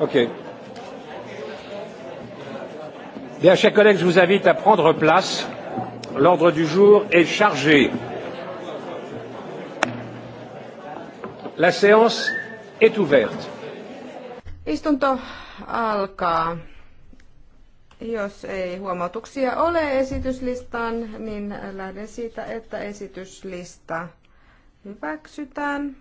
Ok. Bien, chers collègues, je vous invite à prendre place. L'ordre du jour est chargé. La séance est ouverte. Istunto alkaa. Jos ei huomautuksia ole esityslistaan, niin lähden siitä, että esityslista hyväksytään.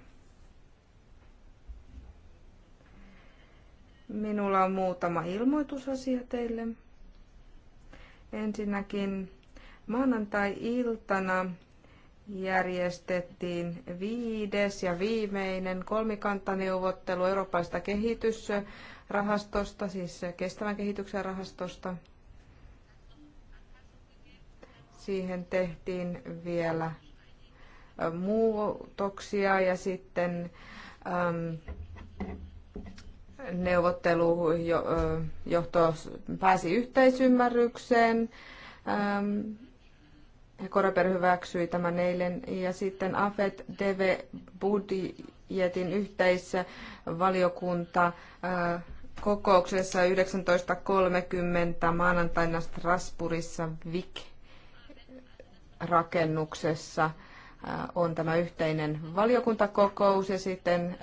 Minulla on muutama ilmoitusasia teille. Ensinnäkin maanantai-iltana järjestettiin viides ja viimeinen kolmikantaneuvottelu Euroopasta kehitysrahastosta, siis kestävän kehityksen rahastosta. Siihen tehtiin vielä äh, muutoksia ja sitten ähm, neuvottelujohto pääsi yhteisymmärrykseen. Ähm, Koreper hyväksyi tämän eilen. Ja sitten AFET Deve budjetin yhteisvaliokunta kokouksessa 19.30 maanantaina Strasbourgissa VIK rakennuksessa on tämä yhteinen valiokuntakokous ja sitten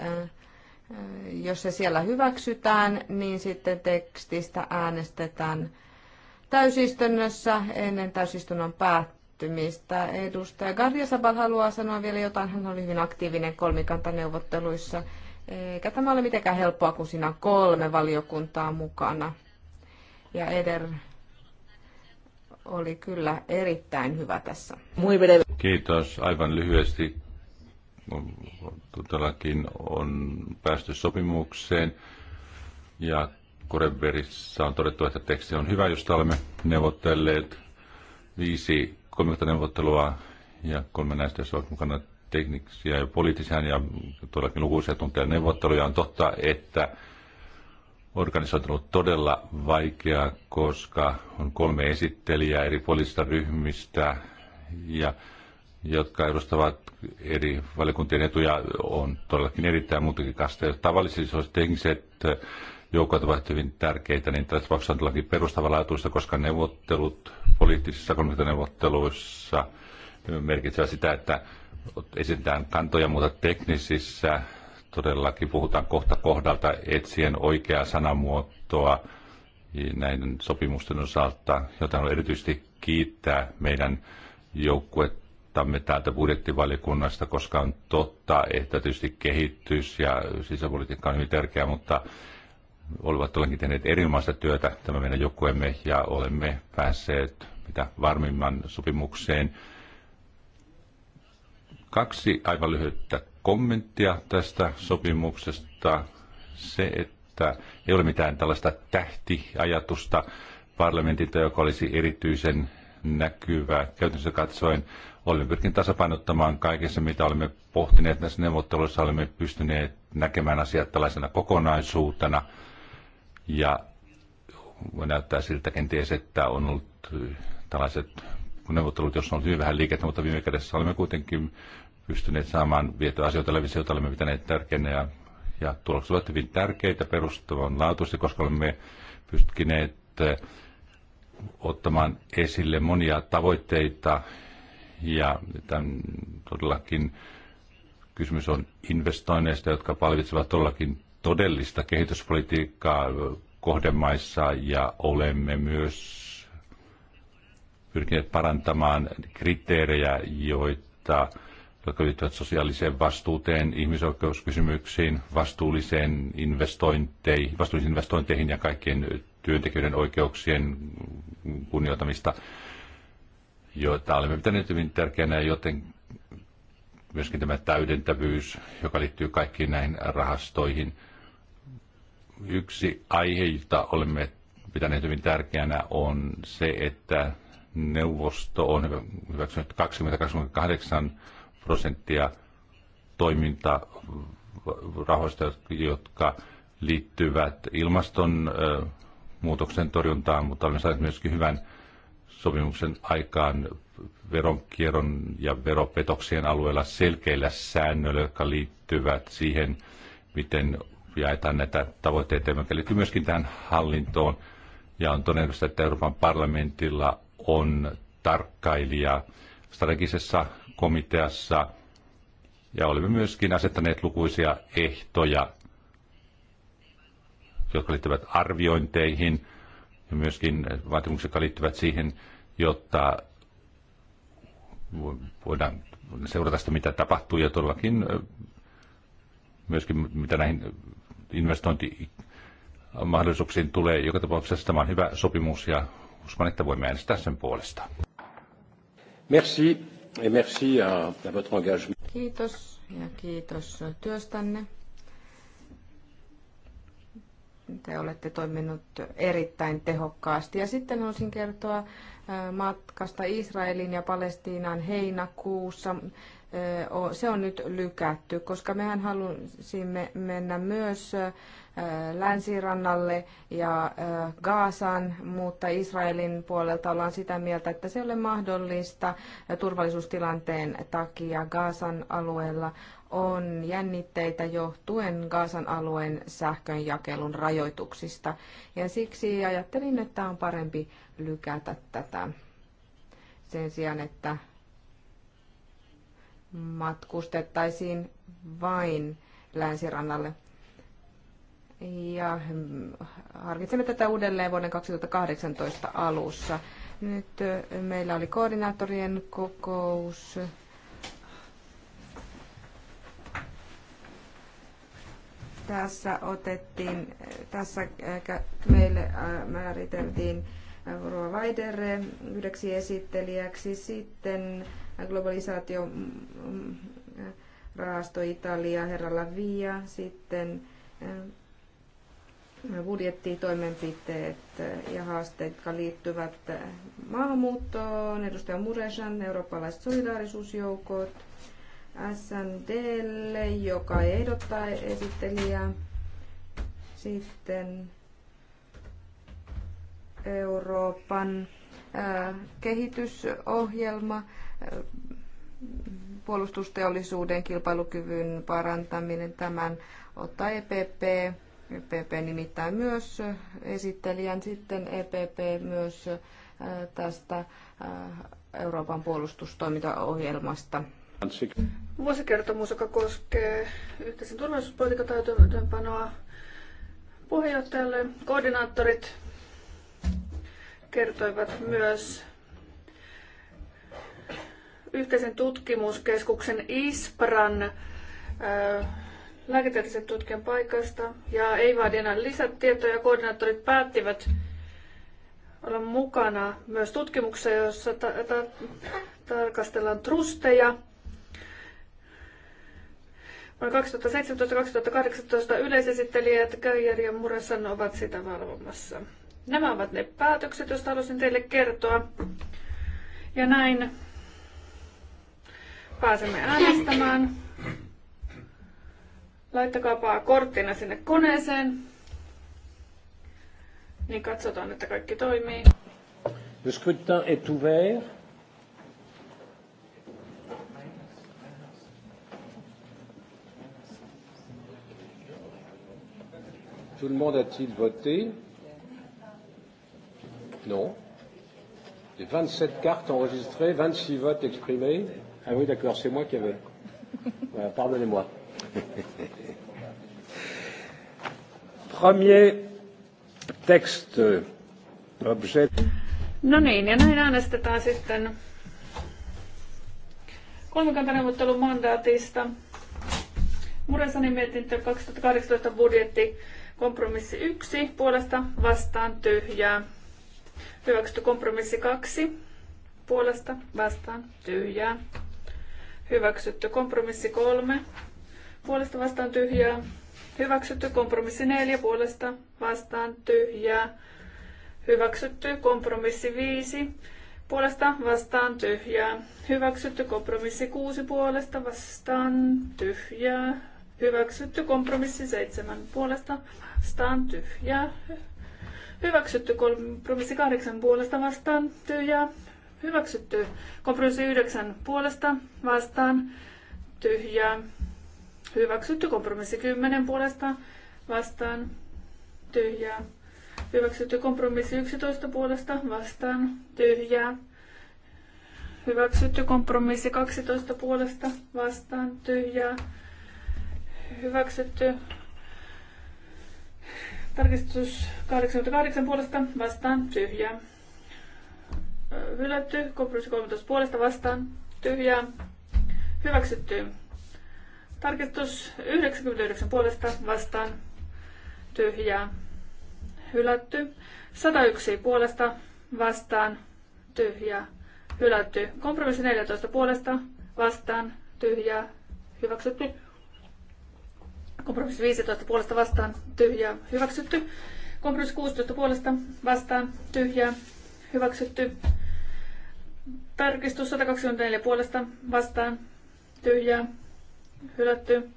jos se siellä hyväksytään, niin sitten tekstistä äänestetään Täysistunnossa ennen täysistunnon päättymistä. Edustaja Garja Sabal haluaa sanoa vielä jotain. Hän oli hyvin aktiivinen kolmikantaneuvotteluissa. Eikä tämä ole mitenkään helppoa, kun siinä on kolme valiokuntaa mukana. Ja Eder oli kyllä erittäin hyvä tässä. Kiitos. Aivan lyhyesti todellakin on päästy sopimukseen ja Koreberissä on todettu, että teksti on hyvä, josta olemme neuvotelleet viisi kolmikta neuvottelua ja kolme näistä, joissa ovat mukana teknisiä ja poliittisia ja todellakin lukuisia tunteja neuvotteluja. On totta, että organisointi on todella vaikeaa, koska on kolme esittelijää eri poliittisista ryhmistä ja jotka edustavat eri valiokuntien etuja, on todellakin erittäin mutkikasta. Jos tavallisesti olisi tekniset joukot ovat hyvin tärkeitä, niin tässä tapauksessa on todellakin perustavanlaatuista, koska neuvottelut poliittisissa kolmikantaneuvotteluissa merkitsevät sitä, että esitetään kantoja, mutta teknisissä todellakin puhutaan kohta kohdalta etsien oikeaa sanamuotoa näiden sopimusten osalta, jota on erityisesti kiittää meidän joukkuetta aloitamme täältä budjettivaliokunnasta, koska on totta, että tietysti kehitys ja sisäpolitiikka on hyvin tärkeää, mutta olivat todellakin tehneet erinomaista työtä tämä meidän joukkueemme ja olemme päässeet mitä varmimman sopimukseen. Kaksi aivan lyhyttä kommenttia tästä sopimuksesta. Se, että ei ole mitään tällaista tähtiajatusta parlamentilta, joka olisi erityisen näkyvä. Käytännössä katsoen Olemme pyrkineet tasapainottamaan kaikessa, mitä olemme pohtineet näissä neuvotteluissa. Olemme pystyneet näkemään asiat tällaisena kokonaisuutena. Ja näyttää siltä kenties, että on ollut eh, tällaiset neuvottelut, joissa on ollut hyvin vähän liikettä, mutta viime kädessä olemme kuitenkin pystyneet saamaan vietyä asioita läpi, joita olemme pitäneet tärkeänä ja, ja tulokset ovat hyvin tärkeitä laatuisesti, koska olemme pystyneet eh, ottamaan esille monia tavoitteita, ja tämän todellakin kysymys on investoinneista, jotka palvitsevat todellakin todellista kehityspolitiikkaa kohdemaissa ja olemme myös pyrkineet parantamaan kriteerejä, joita, jotka liittyvät sosiaaliseen vastuuteen, ihmisoikeuskysymyksiin, vastuulliseen investointeihin, vastuullisiin investointeihin ja kaikkien työntekijöiden oikeuksien kunnioitamista joita olemme pitäneet hyvin tärkeänä, joten myöskin tämä täydentävyys, joka liittyy kaikkiin näihin rahastoihin. Yksi aihe, jota olemme pitäneet hyvin tärkeänä, on se, että neuvosto on hyväksynyt 28 prosenttia toimintarahoista, jotka liittyvät ilmastonmuutoksen torjuntaan, mutta olemme saaneet myöskin hyvän sopimuksen aikaan veronkierron ja veropetoksien alueella selkeillä säännöillä, jotka liittyvät siihen, miten jaetaan näitä tavoitteita, jotka liittyy myöskin tähän hallintoon. Ja on todennäköistä, että Euroopan parlamentilla on tarkkailija strategisessa komiteassa, ja olemme myöskin asettaneet lukuisia ehtoja, jotka liittyvät arviointeihin – ja myöskin vaatimukset, jotka liittyvät siihen, jotta voidaan seurata sitä, mitä tapahtuu ja todellakin myöskin mitä näihin investointimahdollisuuksiin tulee. Joka tapauksessa tämä on hyvä sopimus ja uskon, että voimme äänestää sen puolesta. Merci. Et merci à, à votre engagement. Kiitos ja kiitos työstänne te olette toiminut erittäin tehokkaasti. Ja sitten olisin kertoa matkasta Israelin ja Palestiinan heinäkuussa se on nyt lykätty, koska mehän halusimme mennä myös länsirannalle ja Gaasan, mutta Israelin puolelta ollaan sitä mieltä, että se ei ole mahdollista turvallisuustilanteen takia Gaasan alueella on jännitteitä johtuen Gaasan alueen sähkönjakelun rajoituksista. Ja siksi ajattelin, että on parempi lykätä tätä sen sijaan, että matkustettaisiin vain länsirannalle. Ja harkitsemme tätä uudelleen vuoden 2018 alussa. Nyt meillä oli koordinaattorien kokous. Tässä otettiin, tässä meille määriteltiin Ruova Vaidere yhdeksi esittelijäksi. Sitten globalisaatio mm, mm, äh, rahasto Italia, herra Via, sitten äh, budjettitoimenpiteet äh, ja haasteet, jotka liittyvät maahanmuuttoon, edustaja Muresan, eurooppalaiset solidaarisuusjoukot, SNDlle, joka ehdottaa esittelijää, sitten Euroopan kehitysohjelma, puolustusteollisuuden kilpailukyvyn parantaminen tämän ottaa EPP. EPP nimittäin myös esittelijän, sitten EPP myös tästä Euroopan puolustustoimintaohjelmasta. Vuosikertomus, joka koskee yhteisen turvallisuuspolitiikan täytäntöönpanoa puheenjohtajalle. Koordinaattorit kertoivat myös yhteisen tutkimuskeskuksen ISPRAN lääketieteellisen tutkijan paikasta ja ei vaadi enää lisätietoja. Koordinaattorit päättivät olla mukana myös tutkimuksessa, jossa ta- ta- tarkastellaan trusteja. Vuonna 2017-2018 yleisesittelijät Geijer ja Murasan ovat sitä valvomassa. Nämä ovat ne päätökset, joista halusin teille kertoa. Ja näin Pääsemme äänestämään. Laittakaapa korttina sinne koneeseen. Niin katsotaan, että kaikki toimii. Le scrutin est ouvert. Tout le monde a-t-il voté Non. Les 27 cartes enregistrées, 26 votes exprimés. Ah oui, d'accord, c'est moi qui avais. Voilà, euh, Pardonnez-moi. Premier texte objet. No niin, ja näin äänestetään sitten kolmikantaneuvottelun mandaatista. Muresanin mietintö 2018 budjetti kompromissi 1 puolesta vastaan tyhjää. Hyväksytty kompromissi 2 puolesta vastaan tyhjää. Hyväksytty kompromissi kolme. Puolesta vastaan tyhjää. Hyväksytty kompromissi neljä. Puolesta vastaan tyhjää. Hyväksytty kompromissi viisi. Puolesta vastaan tyhjää. Hyväksytty kompromissi kuusi. Puolesta vastaan tyhjää. Hyväksytty kompromissi seitsemän. Puolesta vastaan tyhjää. Hyväksytty kompromissi kahdeksan puolesta vastaan tyhjää. Hyväksytty. Kompromissi 9 puolesta vastaan. Tyhjää. Hyväksytty. Kompromissi 10 puolesta vastaan. Tyhjää. Hyväksytty. Kompromissi 11 puolesta vastaan. Tyhjää. Hyväksytty. Kompromissi 12 puolesta vastaan. Tyhjää. Hyväksytty. Tarkistus 88 puolesta vastaan tyhjää hylätty, kompromissi 13 puolesta vastaan, tyhjää, hyväksytty. Tarkistus 99 puolesta vastaan, tyhjää, hylätty. 101 puolesta vastaan, tyhjää, hylätty. Kompromissi 14 puolesta vastaan, tyhjää, hyväksytty. Kompromissi 15 puolesta vastaan, tyhjää, hyväksytty. Kompromissi 16 puolesta vastaan, tyhjää, Hyväksytty. Tarkistus 124 puolesta vastaan. Tyhjää. Hylätty.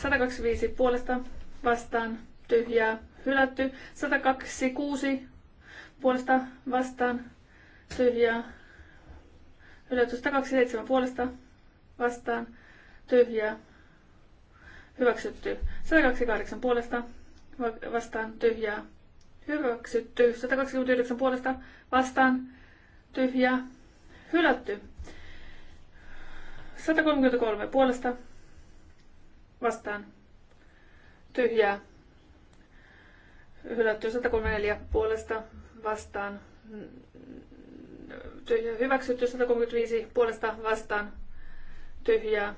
125 puolesta vastaan. Tyhjää. Hylätty. 126 puolesta vastaan. Tyhjää. Hylätty. 127 puolesta vastaan. Tyhjää. Hyväksytty. 128 puolesta vastaan. Tyhjää hyväksytty, 129 puolesta vastaan, tyhjä hylätty. 133 puolesta vastaan, tyhjä hylätty. 134 puolesta vastaan, tyhjä hyväksytty. 135 puolesta vastaan, tyhjä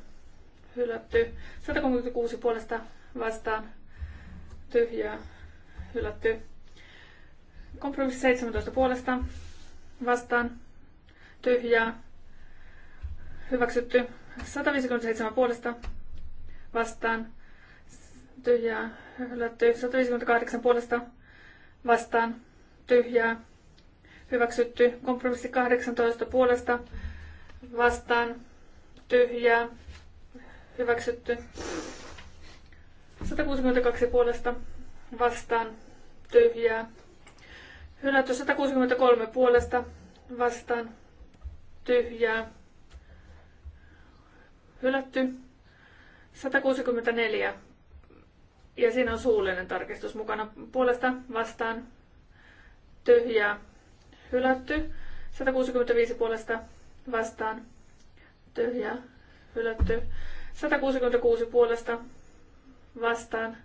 hylätty. 136 puolesta vastaan, tyhjä hylätty. Kompromissi 17 puolesta vastaan tyhjää. Hyväksytty 157 puolesta vastaan tyhjää. Hylätty 158 puolesta vastaan tyhjää. Hyväksytty kompromissi 18 puolesta vastaan tyhjää. Hyväksytty 162 puolesta vastaan tyhjää Hylätty 163 puolesta vastaan. Tyhjää. Hylätty 164. Ja siinä on suullinen tarkistus mukana puolesta vastaan. Tyhjää. Hylätty 165 puolesta vastaan. Tyhjää. Hylätty 166 puolesta vastaan.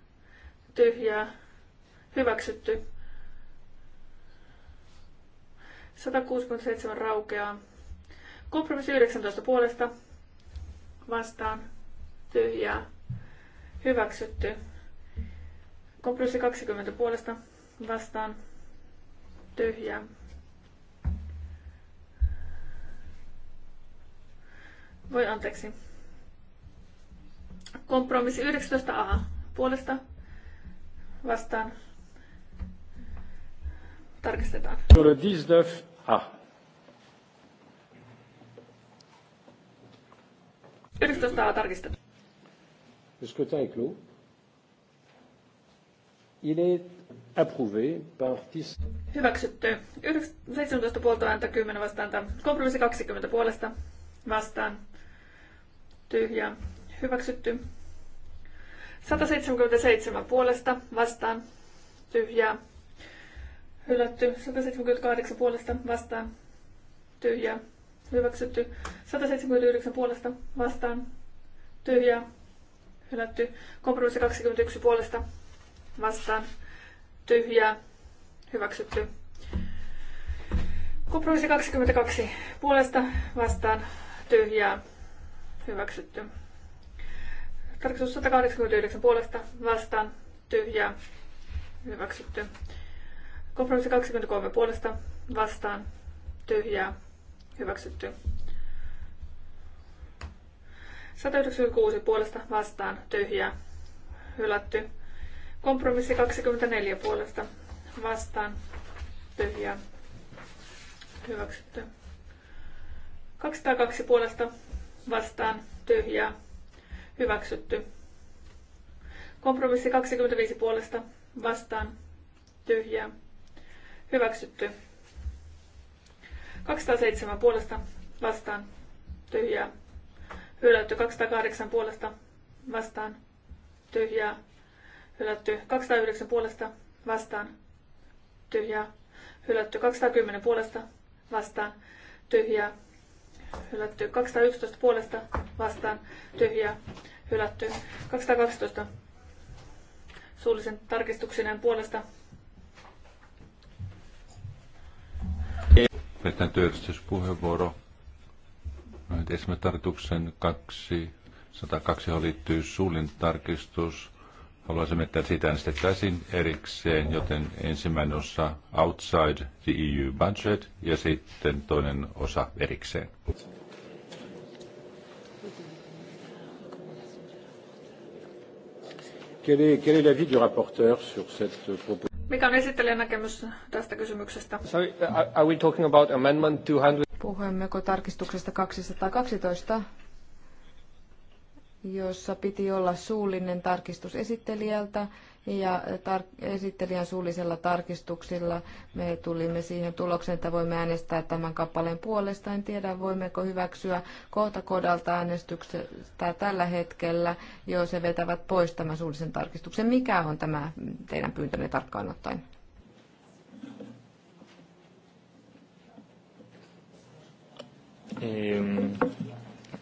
Tyhjää. Hyväksytty. 167 raukeaa. Kompromissi 19 puolesta vastaan tyhjää hyväksytty. Kompromissi 20 puolesta vastaan tyhjää. Voi anteeksi. Kompromissi 19a puolesta vastaan tarkistetaan. 19 Ah. Yhdestoista tarkistettu. Le scrutin est clos. Il est approuvé par 10. Hyväksytty. 17 puolta ääntä, 10 vastaan. Kompromissi 20 puolesta vastaan. Tyhjä. Hyväksytty. 177 puolesta vastaan. Tyhjää hylätty, 178 puolesta vastaan, tyhjää, hyväksytty, 179 puolesta vastaan, tyhjää, hylätty, kompromissi 21 puolesta vastaan, tyhjää, hyväksytty. Kompromissi 22 puolesta vastaan, tyhjää, hyväksytty. Tarkistus 189 puolesta vastaan, tyhjää, hyväksytty. Kompromissi 23 puolesta vastaan tyhjää hyväksytty. 196 puolesta vastaan tyhjää hylätty. Kompromissi 24 puolesta vastaan tyhjää hyväksytty. 202 puolesta vastaan tyhjää hyväksytty. Kompromissi 25 puolesta vastaan tyhjää Hyväksytty. 207 puolesta vastaan. Tyhjää. Hylätty 208 puolesta vastaan. Tyhjää. Hylätty 209 puolesta vastaan. Tyhjää. Hylätty 210 puolesta vastaan. Tyhjää. Hylätty 211 puolesta vastaan. Tyhjää. Hylätty 212 suullisen tarkistuksineen puolesta Vetään työllistyspuheenvuoro. Esimerkiksi tarkoituksen 2, 102 liittyy suullinen tarkistus. Haluaisimme, että siitä äänestettäisiin erikseen, joten ensimmäinen osa outside the EU budget ja sitten toinen osa erikseen. Quel est, quel est l'avis du rapporteur sur cette proposition mikä on esittelijän näkemys tästä kysymyksestä? Sorry, are we talking about amendment 200? Puhuimmeko tarkistuksesta 212, jossa piti olla suullinen tarkistus esittelijältä ja tar- esittelijän suullisella tarkistuksilla me tulimme siihen tulokseen, että voimme äänestää tämän kappaleen puolesta. En tiedä, voimmeko hyväksyä kohta kodalta äänestyksestä tällä hetkellä, jos he vetävät pois tämän suullisen tarkistuksen. Mikä on tämä teidän pyyntönne tarkkaan ottaen?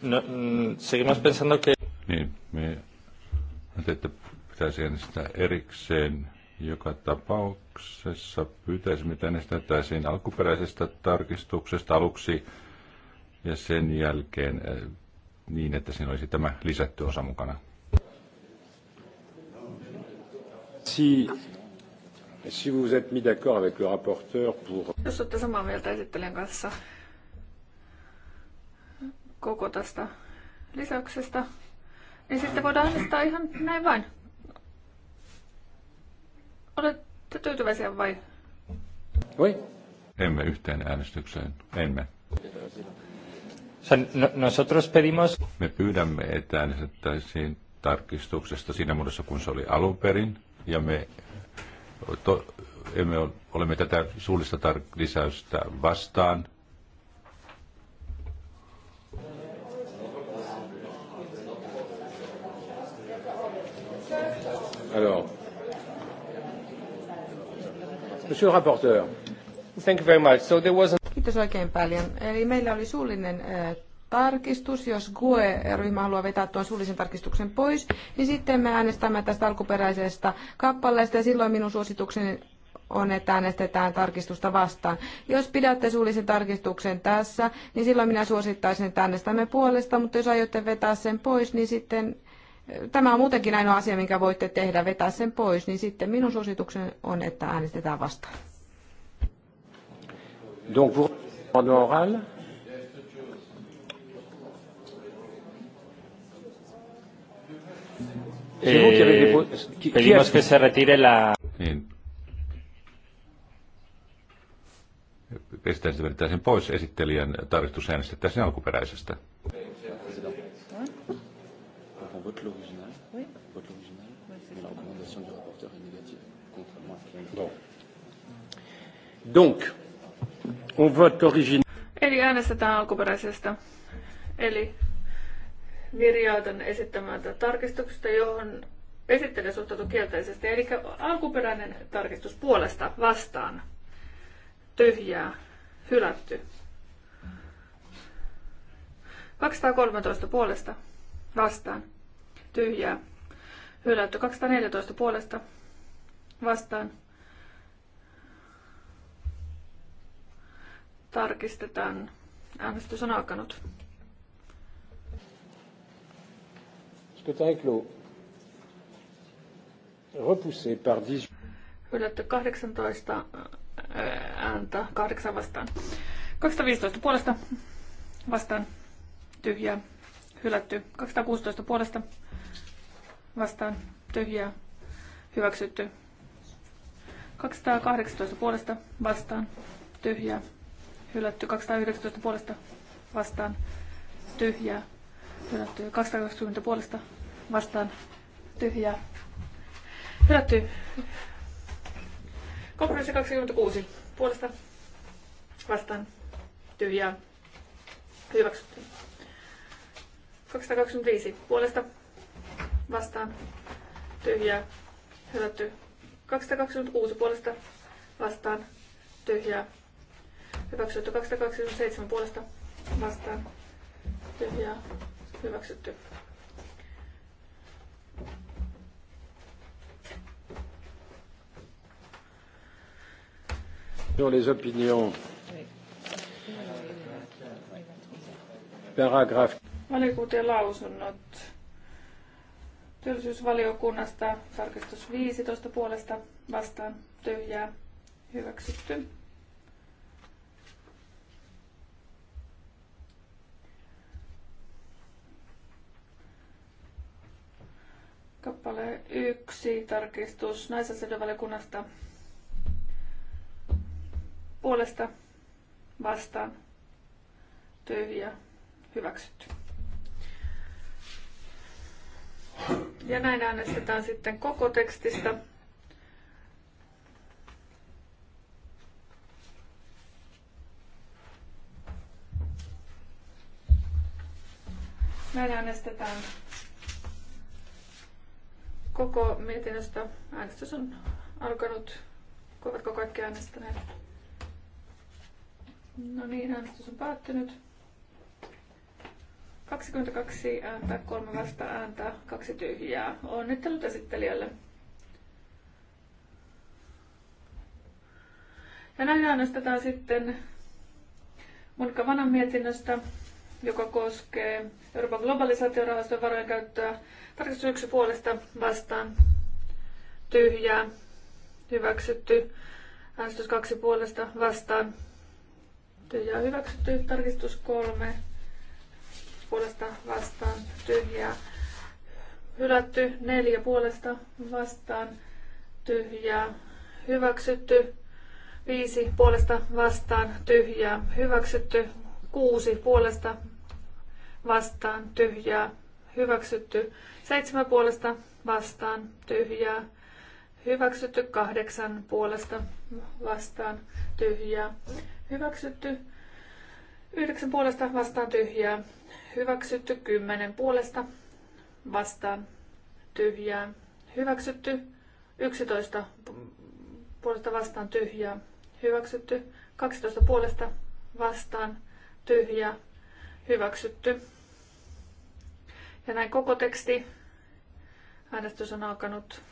No, mm, seguimos pensando que... Niin, me, että pitäisi äänestää erikseen. Joka tapauksessa pyytäisimme, mitä äänestettäisiin alkuperäisestä tarkistuksesta aluksi ja sen jälkeen äh, niin, että siinä olisi tämä lisätty osa mukana. Si, si vous êtes mis d'accord avec le rapporteur pour... Jos olette samaa mieltä esittelijän kanssa koko tästä lisäyksestä, niin sitten voidaan äänestää ihan näin vain. Olette tyytyväisiä vai? Oi. Emme yhteen äänestykseen. Emme. No, nosotros pedimos... Me pyydämme, että äänestettäisiin tarkistuksesta siinä muodossa, kun se oli alun perin, ja me to, emme ole olemme tätä suullista tar- lisäystä vastaan. Alors, Monsieur rapporteur. Thank you very much. So there was a... Kiitos oikein paljon. Eli meillä oli suullinen tarkistus. Jos GUE-ryhmä haluaa vetää tuon suullisen tarkistuksen pois, niin sitten me äänestämme tästä alkuperäisestä kappaleesta ja silloin minun suositukseni on, että äänestetään tarkistusta vastaan. Jos pidätte suullisen tarkistuksen tässä, niin silloin minä suosittaisin, että äänestämme puolesta, mutta jos aiotte vetää sen pois, niin sitten tämä on muutenkin ainoa asia, minkä voitte tehdä, vetää sen pois, niin sitten minun suositukseni on, että äänestetään vastaan. Donc vous orale. Pedimos que se retire la... Niin. Esitän sen pois esittelijän tarkistus alkuperäisestä. Donc, on vote origine. Eli äänestetään alkuperäisestä. Eli Virjautan esittämältä tarkistuksesta, johon esittelijä suhtautui kielteisesti. Eli alkuperäinen tarkistus puolesta vastaan. Tyhjää. Hylätty. 213 puolesta vastaan. Tyhjää. Hylätty. 214 puolesta vastaan. Tarkistetaan. Äänestys on alkanut. Repoussé par 10. Hylätty 18 ääntä, 8 vastaan. 215 puolesta vastaan tyhjää, hylätty. 216 puolesta vastaan tyhjää, hyväksytty. 218 puolesta vastaan tyhjää, hylätty 219 puolesta vastaan tyhjää, hylätty 220 puolesta vastaan tyhjää, hylätty kompromissi 26 puolesta vastaan tyhjää, hyväksytty 225 puolesta vastaan tyhjää, hylätty 226 puolesta vastaan tyhjää, Hyväksytty 227 puolesta vastaan. Tyhjää. Hyväksytty. Sur les opinions. Paragraphe. Valiokuntien lausunnot. Työllisyysvaliokunnasta tarkistus 15 puolesta vastaan tyhjää hyväksytty. Kappale yksi tarkistus naisasioiden puolesta vastaan tyhjä hyväksytty. Ja näin äänestetään sitten koko tekstistä. Näin äänestetään koko mietinnöstä. Äänestys on alkanut. Ovatko kaikki äänestäneet? No niin, äänestys on päättynyt. 22 ääntä, kolme vasta ääntä, kaksi tyhjää. Onnittelut esittelijälle. Ja näin äänestetään sitten Monika Vanan mietinnöstä joka koskee Euroopan globalisaatiorahaston varojen käyttöä. Tarkistus yksi puolesta vastaan tyhjää hyväksytty. Äänestys kaksi puolesta vastaan tyhjää hyväksytty. Tarkistus kolme puolesta vastaan tyhjää hylätty. Neljä puolesta vastaan tyhjää hyväksytty. Viisi puolesta vastaan tyhjää hyväksytty kuusi puolesta vastaan tyhjää hyväksytty. seitsemän puolesta vastaan tyhjää hyväksytty. kahdeksan puolesta vastaan tyhjää hyväksytty. yhdeksän puolesta vastaan tyhjää hyväksytty. kymmenen puolesta vastaan tyhjää hyväksytty. yksitoista puolesta vastaan tyhjää hyväksytty. kaksitoista puolesta vastaan tyhjä, hyväksytty. Ja näin koko teksti. Äänestys on alkanut.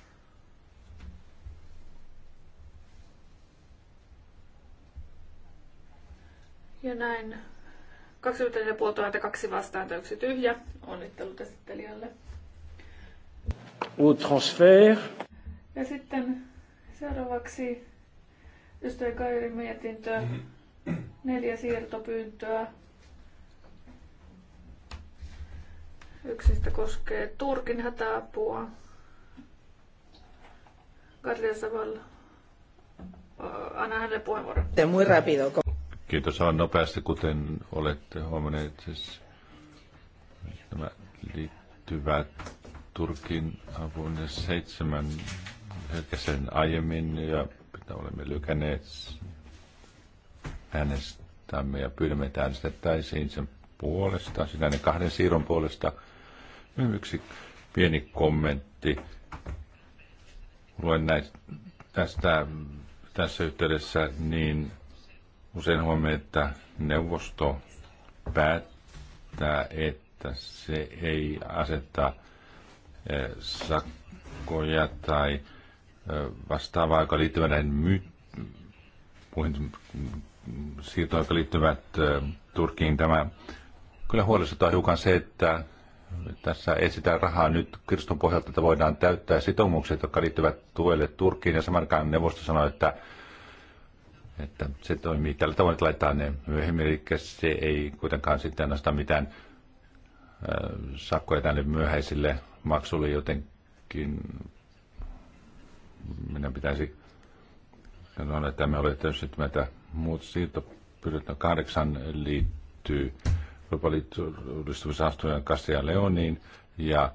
Ja näin 24 kaksi vastaan tai yksi tyhjä. Onnittelut esittelijälle. transfer. Ja sitten seuraavaksi ystävä Kairin mietintö. Mm-hmm. Neljä siirtopyyntöä. Yksistä koskee Turkin hätäapua. Katja Anna hänelle puheenvuoron. Kiitos aivan nopeasti, kuten olette huomanneet. Siis nämä liittyvät Turkin avun ja seitsemän sen aiemmin ja mitä olemme lykänneet äänestämme ja pyydämme, että äänestettäisiin sen puolesta, siis näiden kahden siirron puolesta. Yksi pieni kommentti. Luen näin tästä tässä yhteydessä, niin usein huomioon, että neuvosto päättää, että se ei aseta eh, sakkoja tai eh, vastaavaa, joka liittyy näihin my- siirtoja, jotka liittyvät Turkkiin. Tämä kyllä huolestuttaa hiukan se, että tässä etsitään rahaa nyt kirstun pohjalta, että voidaan täyttää sitoumukset, jotka liittyvät tuelle Turkkiin. Ja samankaan neuvosto sanoi, että, että se toimii tällä tavoin, että laitetaan ne myöhemmin. Eli se ei kuitenkaan sitten anna mitään sakkoja tänne myöhäisille maksulle, jotenkin minä pitäisi sanoin, että me olemme tietysti näitä muut siirtopyrit, no kahdeksan liittyy globaalisuudistusasteen kanssa ja Leoniin, ja,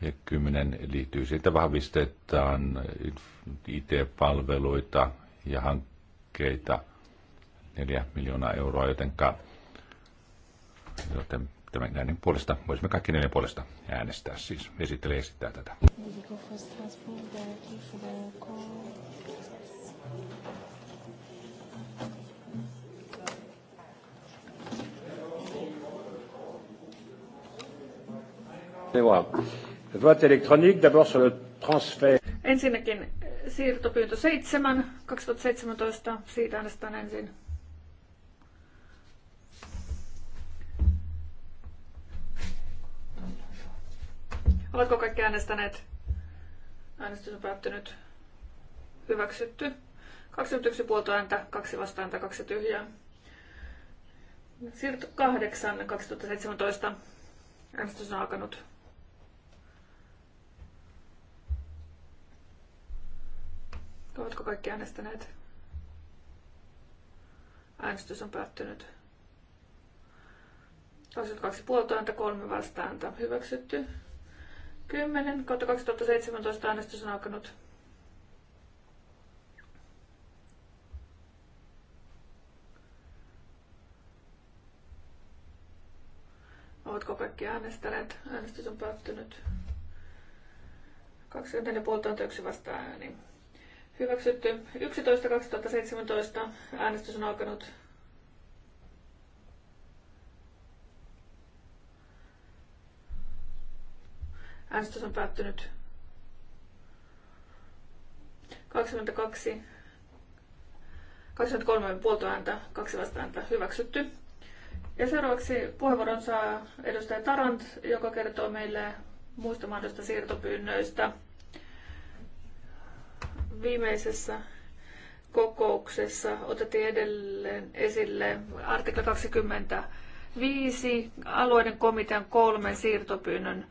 ja kymmenen liittyy siitä vahvistetaan IT-palveluita ja hankkeita 4 miljoonaa euroa, jotenka, joten tämän näiden puolesta, voisimme kaikki neljän puolesta äänestää siis. esittelee esittää tätä. Ensinnäkin siirtopyyntö 7 2017. Siitä äänestetään ensin. Oletko kaikki äänestäneet? Äänestys on päättynyt. Hyväksytty. 21 puolta ääntä, 2 vastaääntä, 2 tyhjää. Siirto 8 2017. Äänestys on alkanut. Oletko kaikki äänestäneet? Äänestys on päättynyt. kaksi puolta ääntä, 3 vastaääntä. Hyväksytty. 10 kautta 2017 äänestys on alkanut. Oletko kaikki äänestäneet? Äänestys on päättynyt. 24 puolta ääntä, yksi vastaan ääni. Hyväksytty 11.2017. Äänestys on alkanut. Äänestys on päättynyt 22 23 puolta ääntä, kaksi vasta ääntä hyväksytty. Ja seuraavaksi puheenvuoron saa edustaja Tarant, joka kertoo meille muista mahdollisista siirtopyynnöistä viimeisessä kokouksessa otettiin edelleen esille artikla 25 alueiden komitean kolmen siirtopyynnön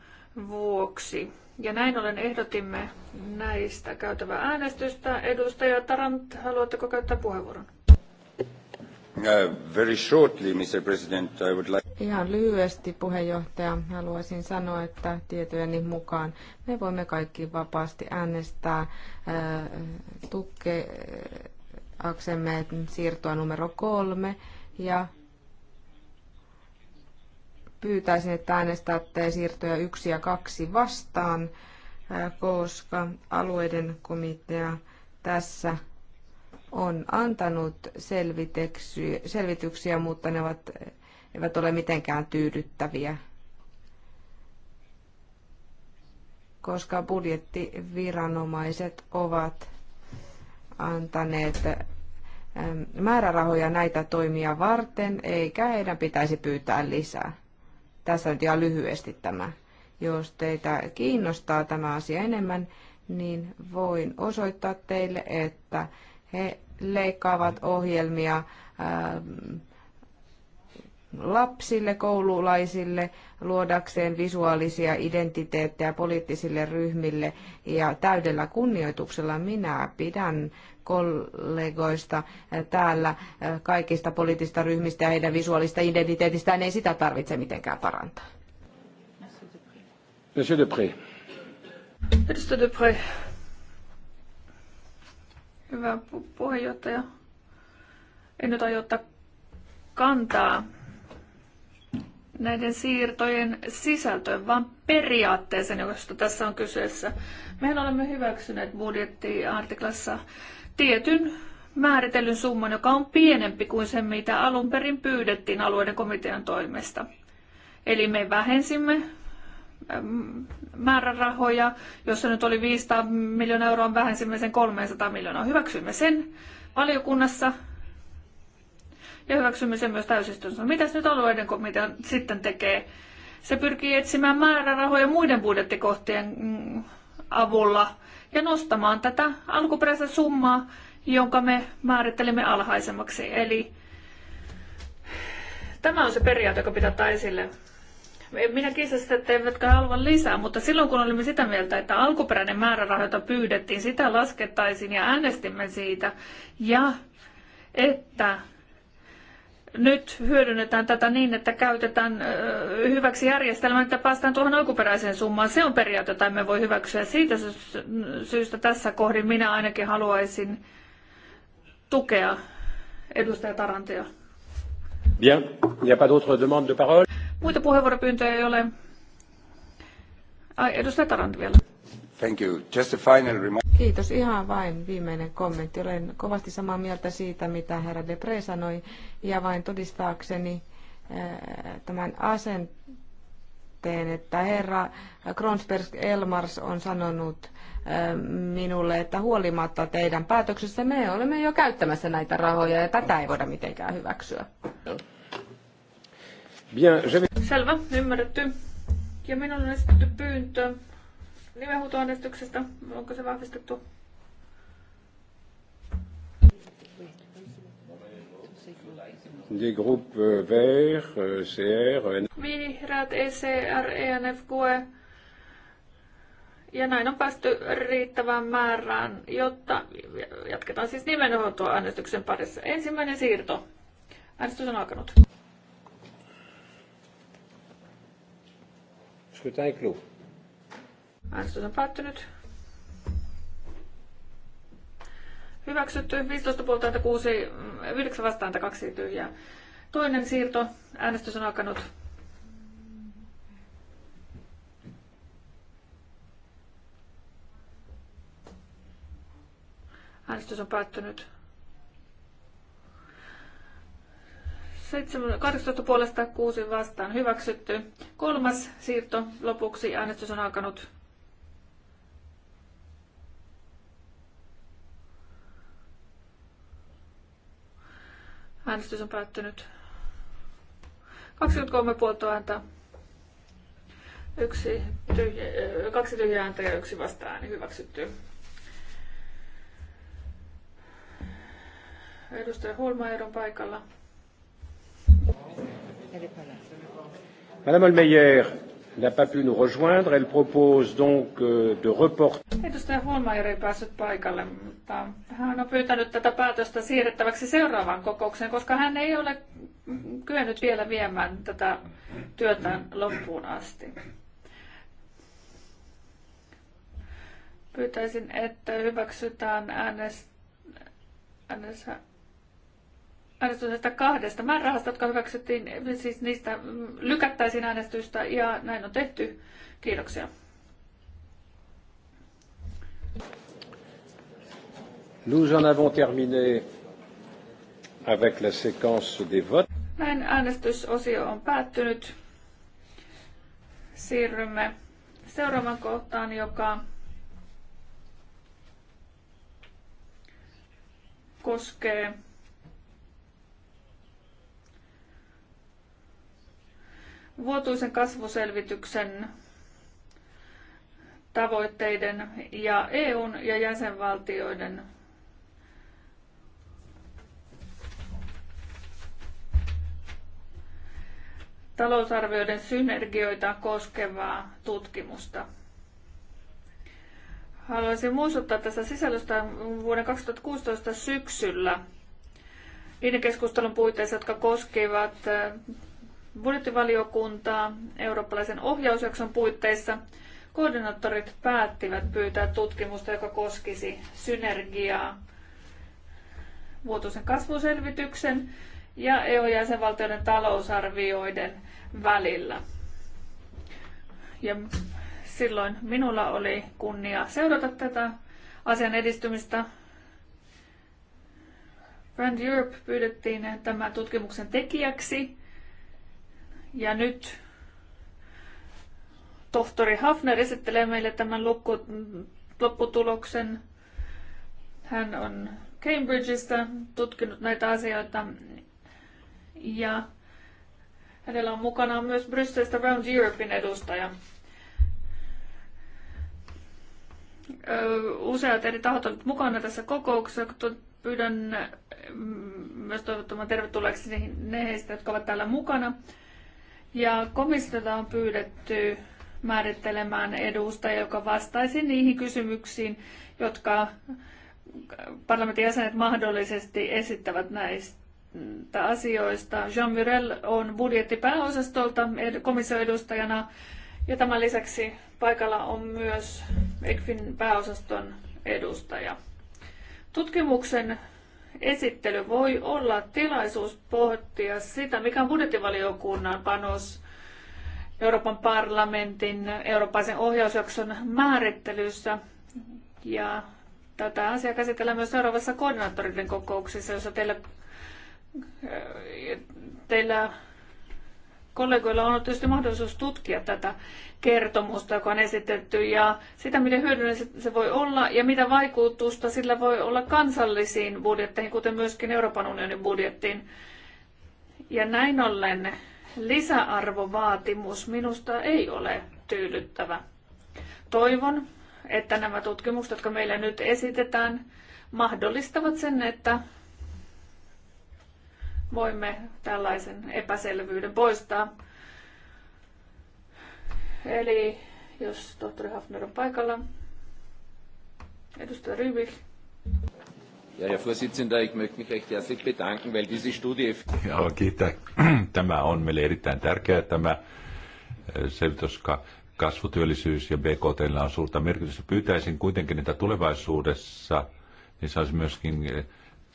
vuoksi. Ja näin ollen ehdotimme näistä käytävää äänestystä. Edustaja Tarant, haluatteko käyttää puheenvuoron? Uh, very shortly, Mr. President, I would like... Ihan lyhyesti puheenjohtaja haluaisin sanoa, että tietojeni mukaan me voimme kaikki vapaasti äänestää uh, tukeaksemme siirtoa numero kolme ja pyytäisin, että äänestätte siirtoja yksi ja kaksi vastaan, uh, koska alueiden komitea tässä on antanut selvityksiä, mutta ne ovat, eivät ole mitenkään tyydyttäviä, koska budjettiviranomaiset ovat antaneet määrärahoja näitä toimia varten, eikä heidän pitäisi pyytää lisää. Tässä nyt ihan lyhyesti tämä. Jos teitä kiinnostaa tämä asia enemmän, niin voin osoittaa teille, että he leikkaavat ohjelmia ähm, lapsille, koululaisille, luodakseen visuaalisia identiteettejä poliittisille ryhmille ja täydellä kunnioituksella minä pidän kollegoista äh, täällä äh, kaikista poliittisista ryhmistä ja heidän visuaalista identiteetistään ei sitä tarvitse mitenkään parantaa. Monsieur Dupré. Monsieur Dupré. Hyvä pu- puheenjohtaja. En nyt aio ottaa kantaa näiden siirtojen sisältöön, vaan periaatteeseen, josta tässä on kyseessä. Mehän olemme hyväksyneet budjettiartiklassa tietyn määritellyn summan, joka on pienempi kuin se, mitä alun perin pyydettiin alueiden komitean toimesta. Eli me vähensimme Ähm, määrärahoja, jossa nyt oli 500 miljoonaa euroa, vähensimme sen 300 miljoonaa. Hyväksymme sen valiokunnassa ja hyväksymme sen myös täysistunnossa. Mitäs nyt alueiden komitea sitten tekee? Se pyrkii etsimään määrärahoja muiden budjettikohtien mm, avulla ja nostamaan tätä alkuperäistä summaa, jonka me määrittelimme alhaisemmaksi. Eli tämä on se periaate, joka pitää ottaa esille minä kiistä sitä, että eivätkä halua lisää, mutta silloin kun olimme sitä mieltä, että alkuperäinen määräraha, jota pyydettiin, sitä laskettaisiin ja äänestimme siitä, ja että nyt hyödynnetään tätä niin, että käytetään hyväksi järjestelmän että päästään tuohon alkuperäiseen summaan. Se on periaate, jota emme voi hyväksyä. Siitä syystä tässä kohdin minä ainakin haluaisin tukea edustaja Tarantia. Bien. Il n'y a pas d'autres demandes de parole. Muita puheenvuoropyyntöjä ei ole. Ai, edustaja Tarant vielä. Thank you. Just a final remark. Kiitos. Ihan vain viimeinen kommentti. Olen kovasti samaa mieltä siitä, mitä herra Depre sanoi, ja vain todistaakseni eh, tämän asenteen, että herra Kronsberg Elmars on sanonut eh, minulle, että huolimatta teidän päätöksessä me olemme jo käyttämässä näitä rahoja, ja tätä ei voida mitenkään hyväksyä. No. Bien, je... Selvä, ymmärretty. Ja minulla on esitetty pyyntö nimenhuutoäänestyksestä. Onko se vahvistettu? des groupes euh, verts, euh, CR, N... Vihreät, ECR, ENF, QE. Ja näin on päästy riittävään määrään, jotta jatketaan siis nimenhoitoäänestyksen parissa. Ensimmäinen siirto. Äänestys on alkanut. Scrutin ei kluu. Äänestys on päättynyt. Hyväksytty 15 puolta 6, 9 vastaan 2 tyhjää. Toinen siirto. Äänestys on alkanut. Äänestys on päättynyt. 7, 18 puolesta 6 vastaan hyväksytty. Kolmas siirto lopuksi. Äänestys on alkanut. Äänestys on päättynyt. 23 puolta ääntä. Yksi tyhjä, kaksi tyhjää ääntä ja yksi vasta hyväksytty. Edustaja Hulmaer on paikalla. Elle n'est pas là. Madame Olmeyer n'a pas pu nous rejoindre. Elle propose donc euh, de reporter. Edustaja Holmeyer ei päässyt paikalle, mutta hän on pyytänyt tätä päätöstä siirrettäväksi seuraavaan kokoukseen, koska hän ei ole kyennyt vielä viemään tätä työtään loppuun asti. Pyytäisin, että hyväksytään äänestys äänessä äänestys kahdesta määrärahasta, jotka hyväksyttiin, siis niistä lykättäisiin äänestystä ja näin on tehty. Kiitoksia. Nous en avons terminé avec la séquence des votes. Näin äänestysosio on päättynyt. Siirrymme seuraavaan kohtaan, joka koskee vuotuisen kasvuselvityksen tavoitteiden ja EUn ja jäsenvaltioiden talousarvioiden synergioita koskevaa tutkimusta. Haluaisin muistuttaa tässä sisällöstä vuoden 2016 syksyllä niiden keskustelun puitteissa, jotka koskivat budjettivaliokuntaa eurooppalaisen ohjausjakson puitteissa koordinaattorit päättivät pyytää tutkimusta, joka koskisi synergiaa vuotuisen kasvuselvityksen ja EU-jäsenvaltioiden talousarvioiden välillä. Ja silloin minulla oli kunnia seurata tätä asian edistymistä. Brand Europe pyydettiin tämän tutkimuksen tekijäksi ja nyt tohtori Hafner esittelee meille tämän lopputuloksen. Hän on Cambridgeista tutkinut näitä asioita ja hänellä on mukana myös Brysselistä Round Europein edustaja. Useat eri tahot ovat mukana tässä kokouksessa. Pyydän mm, myös toivottamaan tervetulleeksi ne heistä, jotka ovat täällä mukana. Ja komissiota on pyydetty määrittelemään edustaja, joka vastaisi niihin kysymyksiin, jotka parlamentin jäsenet mahdollisesti esittävät näistä asioista. Jean Murel on budjettipääosastolta komission edustajana ja tämän lisäksi paikalla on myös ECFin pääosaston edustaja. Tutkimuksen esittely voi olla tilaisuus pohtia sitä, mikä on budjettivaliokunnan panos Euroopan parlamentin eurooppalaisen ohjausjakson määrittelyssä. Ja tätä asiaa käsitellään myös seuraavassa koordinaattoreiden kokouksessa, jossa teillä, teillä Kollegoilla on ollut tietysti mahdollisuus tutkia tätä kertomusta, joka on esitetty, ja sitä, miten hyödyllinen se voi olla, ja mitä vaikutusta sillä voi olla kansallisiin budjetteihin, kuten myöskin Euroopan unionin budjettiin. Ja näin ollen lisäarvovaatimus minusta ei ole tyydyttävä. Toivon, että nämä tutkimukset, jotka meille nyt esitetään, mahdollistavat sen, että voimme tällaisen epäselvyyden poistaa. Eli jos tohtori Hafner on paikalla. Edustaja Rybik. Ja, Herr Vorsitzender, ich möchte mich recht herzlich bedanken, weil diese Studie... Tämä on meille erittäin tärkeä tämä äh, selvitys, kasvutyöllisyys ja BKT on suurta merkitystä. Pyytäisin kuitenkin, että tulevaisuudessa niin saisi myöskin äh,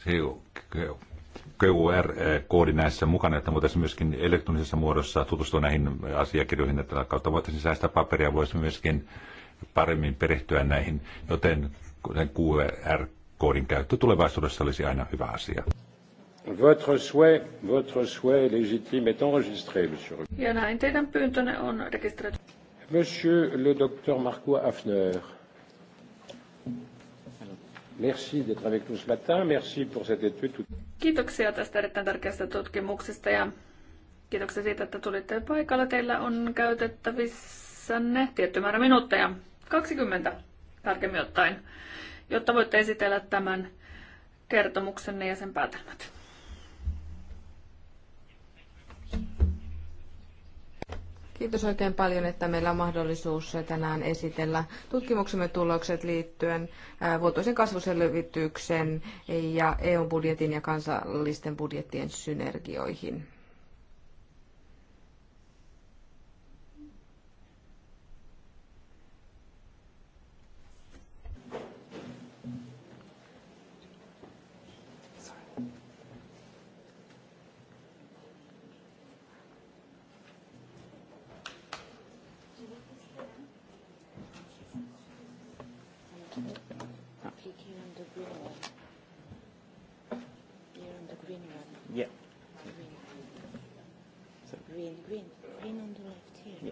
se QR-koodi näissä mukana, että voitaisiin myöskin elektronisessa muodossa tutustua näihin asiakirjoihin, että tällä kautta voitaisiin säästää paperia, voisi myöskin paremmin perehtyä näihin, joten QR-koodin käyttö tulevaisuudessa olisi aina hyvä asia. Votre souhait, votre souhait légitime est enregistré, monsieur. Ja näin teidän pyyntönne on rekisteröity. Monsieur le docteur Marco Hafner. Merci d'être avec nous ce matin. Merci pour cette étude. Kiitoksia tästä erittäin tärkeästä tutkimuksesta ja kiitoksia siitä, että tulitte paikalle. Teillä on käytettävissänne tietty määrä minuutteja, 20 tarkemmin ottaen, jotta voitte esitellä tämän kertomuksenne ja sen päätelmät. Kiitos oikein paljon, että meillä on mahdollisuus tänään esitellä tutkimuksemme tulokset liittyen vuotuisen kasvuselvityksen ja EU-budjetin ja kansallisten budjettien synergioihin. green one. Yeah. Green. So. Green, green, green on the left here. Yeah.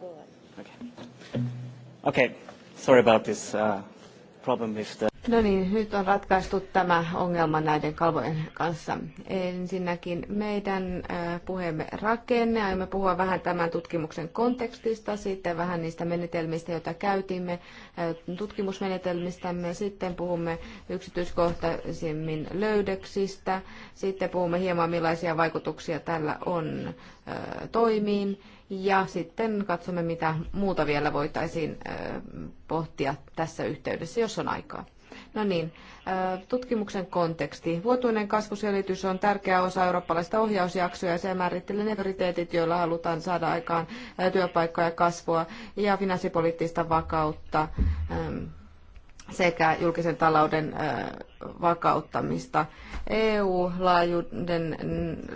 go on. Okay. Okay. Sorry about this uh, problem with the... No niin, nyt on ratkaistu tämä ongelma näiden kalvojen kanssa. Ensinnäkin meidän puheemme rakenne. Aiomme puhua vähän tämän tutkimuksen kontekstista, sitten vähän niistä menetelmistä, joita käytimme, tutkimusmenetelmistämme. Sitten puhumme yksityiskohtaisemmin löydöksistä. Sitten puhumme hieman, millaisia vaikutuksia tällä on toimiin. Ja sitten katsomme, mitä muuta vielä voitaisiin pohtia tässä yhteydessä, jos on aikaa. No niin, tutkimuksen konteksti. Vuotuinen kasvuselitys on tärkeä osa eurooppalaista ohjausjaksoa ja se määrittelee ne prioriteetit, joilla halutaan saada aikaan työpaikkoja, kasvua ja finanssipoliittista vakautta sekä julkisen talouden vakauttamista. EU-laajuuden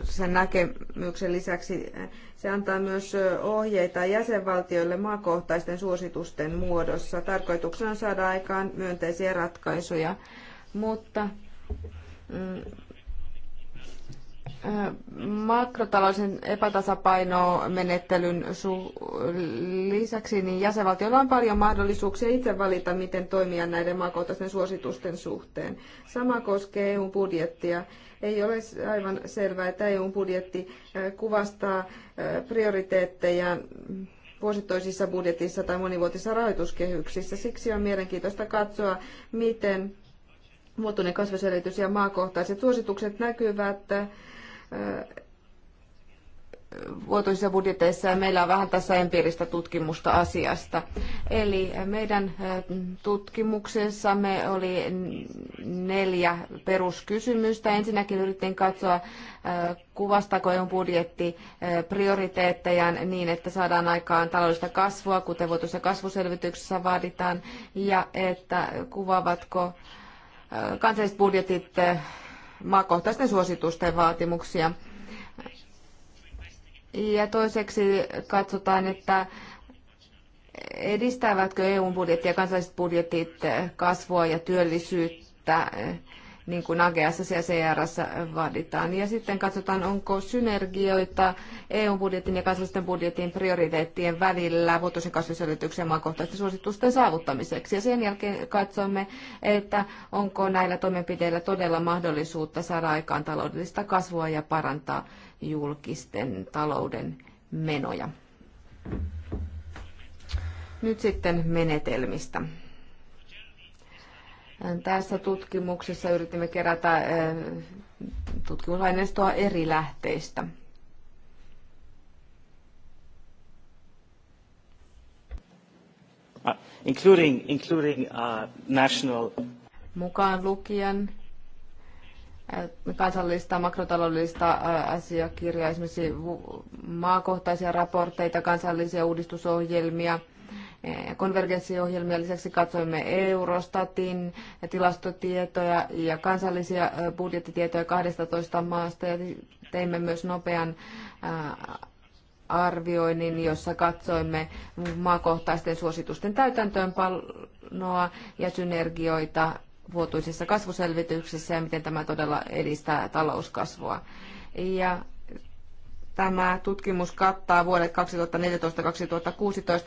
sen näkemyksen lisäksi se antaa myös ohjeita jäsenvaltioille maakohtaisten suositusten muodossa. Tarkoituksena on saada aikaan myönteisiä ratkaisuja, mutta mm, makrotalouden epätasapainomenettelyn lisäksi niin jäsenvaltioilla on paljon mahdollisuuksia itse valita, miten toimia näiden maakohtaisten suositusten suhteen. Sama koskee EU-budjettia. Ei ole aivan selvää, että EU-budjetti kuvastaa prioriteetteja vuosittaisissa budjetissa tai monivuotisissa rahoituskehyksissä. Siksi on mielenkiintoista katsoa, miten muotoinen kasvuselitys ja maakohtaiset suositukset näkyvät vuotuisissa budjeteissa ja meillä on vähän tässä empiiristä tutkimusta asiasta. Eli meidän tutkimuksessamme oli neljä peruskysymystä. Ensinnäkin yritin katsoa, kuvastako jo e budjetti prioriteettejaan niin, että saadaan aikaan taloudellista kasvua, kuten vuotuisessa kasvuselvityksessä vaaditaan, ja että kuvaavatko kansalliset budjetit maakohtaisten suositusten vaatimuksia. Ja toiseksi katsotaan, että edistävätkö eu budjetti ja kansalliset budjetit kasvua ja työllisyyttä niin kuin AGS ja CRS vaaditaan. Ja sitten katsotaan, onko synergioita EU-budjetin ja kansallisten budjetin prioriteettien välillä vuotuisen kasvuselityksen maakohtaisten suositusten saavuttamiseksi. Ja sen jälkeen katsomme, että onko näillä toimenpiteillä todella mahdollisuutta saada aikaan taloudellista kasvua ja parantaa julkisten talouden menoja. Nyt sitten menetelmistä. Tässä tutkimuksessa yritimme kerätä tutkimusaineistoa eri lähteistä. Uh, including, including uh, national... Mukaan lukien kansallista makrotaloudellista asiakirjaa, esimerkiksi maakohtaisia raportteita, kansallisia uudistusohjelmia, konvergenssiohjelmia. Lisäksi katsoimme Eurostatin tilastotietoja ja kansallisia budjettitietoja 12 maasta ja teimme myös nopean arvioinnin, jossa katsoimme maakohtaisten suositusten täytäntöönpanoa ja synergioita vuotuisissa kasvuselvityksissä ja miten tämä todella edistää talouskasvua. Ja Tämä tutkimus kattaa vuodet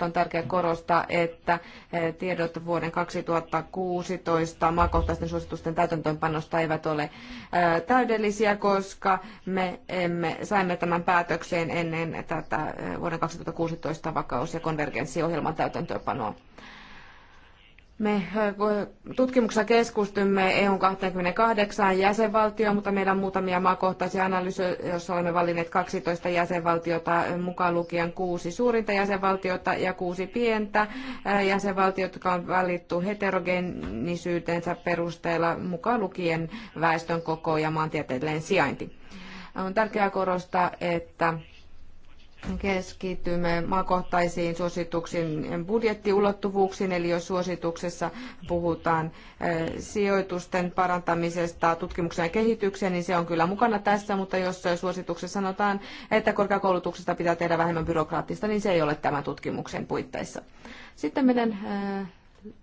2014-2016. On tärkeää korostaa, että eh, tiedot vuoden 2016 maakohtaisten suositusten täytäntöönpanosta eivät ole eh, täydellisiä, koska me emme, saimme tämän päätökseen ennen tätä eh, vuoden 2016 vakaus- ja konvergenssiohjelman täytäntöönpanoa. Me tutkimuksessa keskustymme EUn 28 jäsenvaltioon, mutta meillä on muutamia maakohtaisia analyysejä, joissa olemme valinneet 12 jäsenvaltiota, mukaan lukien kuusi suurinta jäsenvaltiota ja kuusi pientä jäsenvaltiota, jotka on valittu heterogenisyytensä perusteella, mukaan lukien väestön koko ja maantieteellinen sijainti. On tärkeää korostaa, että keskitymme maakohtaisiin suosituksiin budjettiulottuvuuksiin, eli jos suosituksessa puhutaan eh, sijoitusten parantamisesta tutkimukseen ja kehitykseen, niin se on kyllä mukana tässä, mutta jos suosituksessa sanotaan, että korkeakoulutuksesta pitää tehdä vähemmän byrokraattista, niin se ei ole tämän tutkimuksen puitteissa. Sitten meidän eh,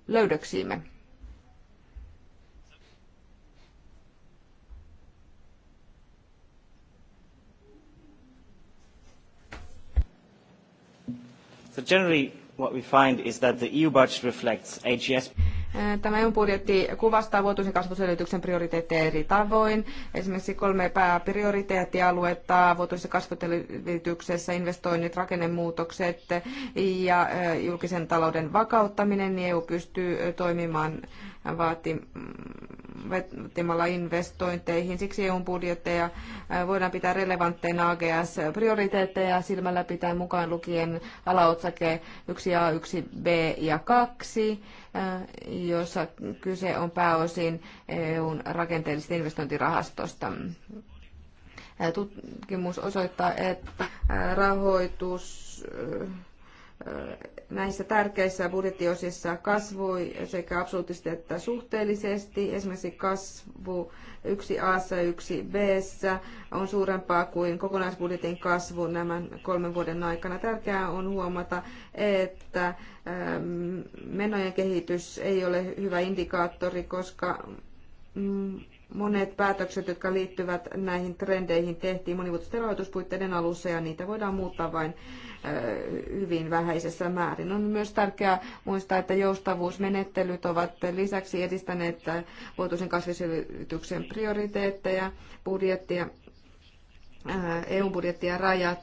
löydöksiimme. generally what we find is that the EU budget reflects AGS. Tämä EU-budjetti kuvastaa vuotuisen kasvuselvityksen prioriteetteja eri tavoin. Esimerkiksi kolme pääprioriteettialuetta vuotuisessa kasvuselvityksessä, investoinnit, rakennemuutokset ja julkisen talouden vakauttaminen, niin EU pystyy toimimaan vaatimalla investointeihin. Siksi EUn budjetteja voidaan pitää relevantteina AGS-prioriteetteja silmällä pitää mukaan lukien alaotsake 1a, 1b ja 2 jossa kyse on pääosin EUn rakenteellisesta investointirahastosta. Tutkimus osoittaa, että rahoitus näissä tärkeissä budjettiosissa kasvoi sekä absoluuttisesti että suhteellisesti. Esimerkiksi kasvu 1A, 1B on suurempaa kuin kokonaisbudjetin kasvu nämä kolmen vuoden aikana. Tärkeää on huomata, että ähm, menojen kehitys ei ole hyvä indikaattori, koska mm, monet päätökset, jotka liittyvät näihin trendeihin, tehtiin monivuotisten rahoituspuitteiden alussa ja niitä voidaan muuttaa vain hyvin vähäisessä määrin. On myös tärkeää muistaa, että joustavuusmenettelyt ovat lisäksi edistäneet vuotuisen kasvisyrityksen prioriteetteja, budjettia EU-budjettia rajat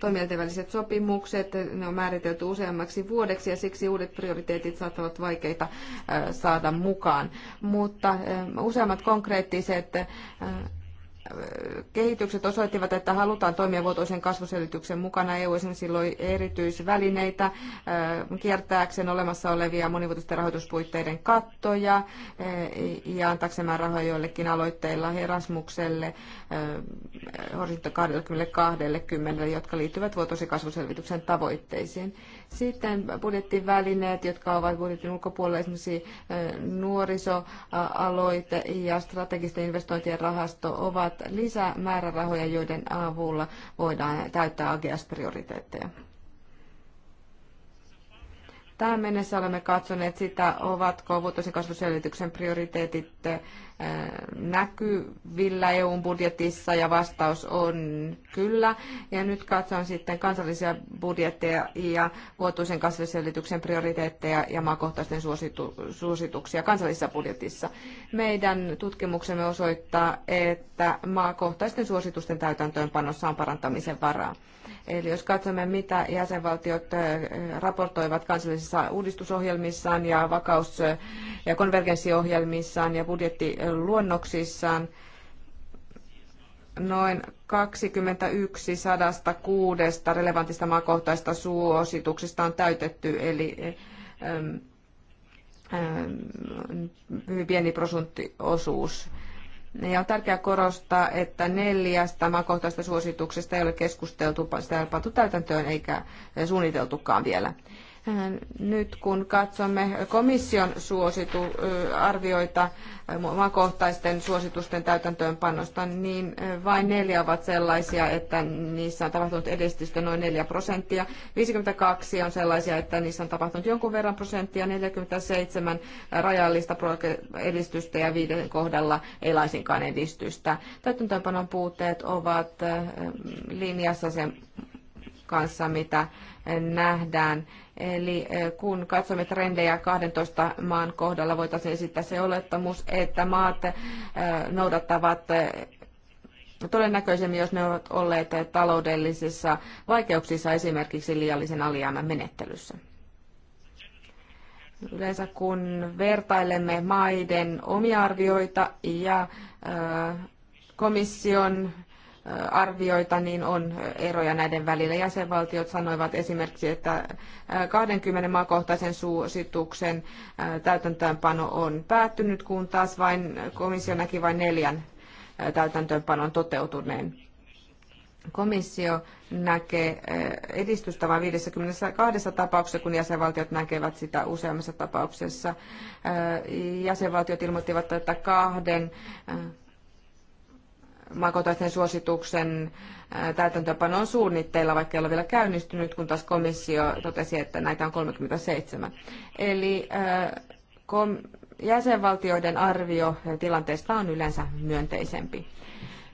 toimijoiden väliset sopimukset, ne on määritelty useammaksi vuodeksi ja siksi uudet prioriteetit saattavat vaikeita saada mukaan. Mutta useammat konkreettiset kehitykset osoittivat, että halutaan toimia vuotuisen kasvuselityksen mukana. EU esimerkiksi silloin erityisvälineitä äh, kiertääkseen olemassa olevia monivuotisten rahoituspuitteiden kattoja äh, ja antaakseen rahoja joillekin aloitteilla Erasmukselle äh, horisontti kymmenelle, jotka liittyvät vuotuisen kasvuselvityksen tavoitteisiin. Sitten budjettivälineet, jotka ovat budjetin ulkopuolella, esimerkiksi nuorisoaloite ja strategisten investointien rahasto, ovat lisämäärärahoja, joiden avulla voidaan täyttää AGS prioriteetteja. Tähän mennessä olemme katsoneet sitä, ovatko vuotuisen kasvuselvityksen prioriteetit näkyvillä eu budjetissa ja vastaus on kyllä. Ja nyt katson sitten kansallisia budjetteja ja vuotuisen kasviselityksen prioriteetteja ja maakohtaisten suosituksia kansallisessa budjetissa. Meidän tutkimuksemme osoittaa, että maakohtaisten suositusten täytäntöönpanossa on parantamisen varaa. Eli jos katsomme, mitä jäsenvaltiot raportoivat kansallisissa uudistusohjelmissaan ja vakaus- ja konvergenssiohjelmissaan ja budjettiluonnoksissaan, noin 21 kuudesta relevantista maakohtaisista suosituksista on täytetty, eli hyvin pieni prosenttiosuus. Ja on tärkeää korostaa, että neljästä maakohtaisesta suosituksesta ei ole keskusteltu, sitä ei ole pantu täytäntöön eikä suunniteltukaan vielä. Äh, nyt kun katsomme komission suositu, äh, arvioita äh, maakohtaisten suositusten täytäntöönpanosta, niin vain neljä ovat sellaisia, että niissä on tapahtunut edistystä noin 4 prosenttia. 52 on sellaisia, että niissä on tapahtunut jonkun verran prosenttia, 47 rajallista edistystä ja viiden kohdalla ei laisinkaan edistystä. Täytäntöönpanon puutteet ovat linjassa sen kanssa, mitä nähdään. Eli eh, kun katsomme trendejä 12 maan kohdalla, voitaisiin esittää se olettamus, että maat eh, noudattavat eh, todennäköisemmin, jos ne ovat olleet taloudellisissa vaikeuksissa esimerkiksi liiallisen alijäämän menettelyssä. Yleensä kun vertailemme maiden omia arvioita ja komission arvioita, niin on eroja näiden välillä. Jäsenvaltiot sanoivat esimerkiksi, että 20 maakohtaisen suosituksen täytäntöönpano on päättynyt, kun taas vain komissio näki vain neljän täytäntöönpanon toteutuneen. Komissio näkee edistystä vain 52 tapauksessa, kun jäsenvaltiot näkevät sitä useammassa tapauksessa. Jäsenvaltiot ilmoittivat, että kahden makotaisen suosituksen täytäntöpano on suunnitteilla, vaikka ei ole vielä käynnistynyt, kun taas komissio totesi, että näitä on 37. Eli jäsenvaltioiden arvio tilanteesta on yleensä myönteisempi.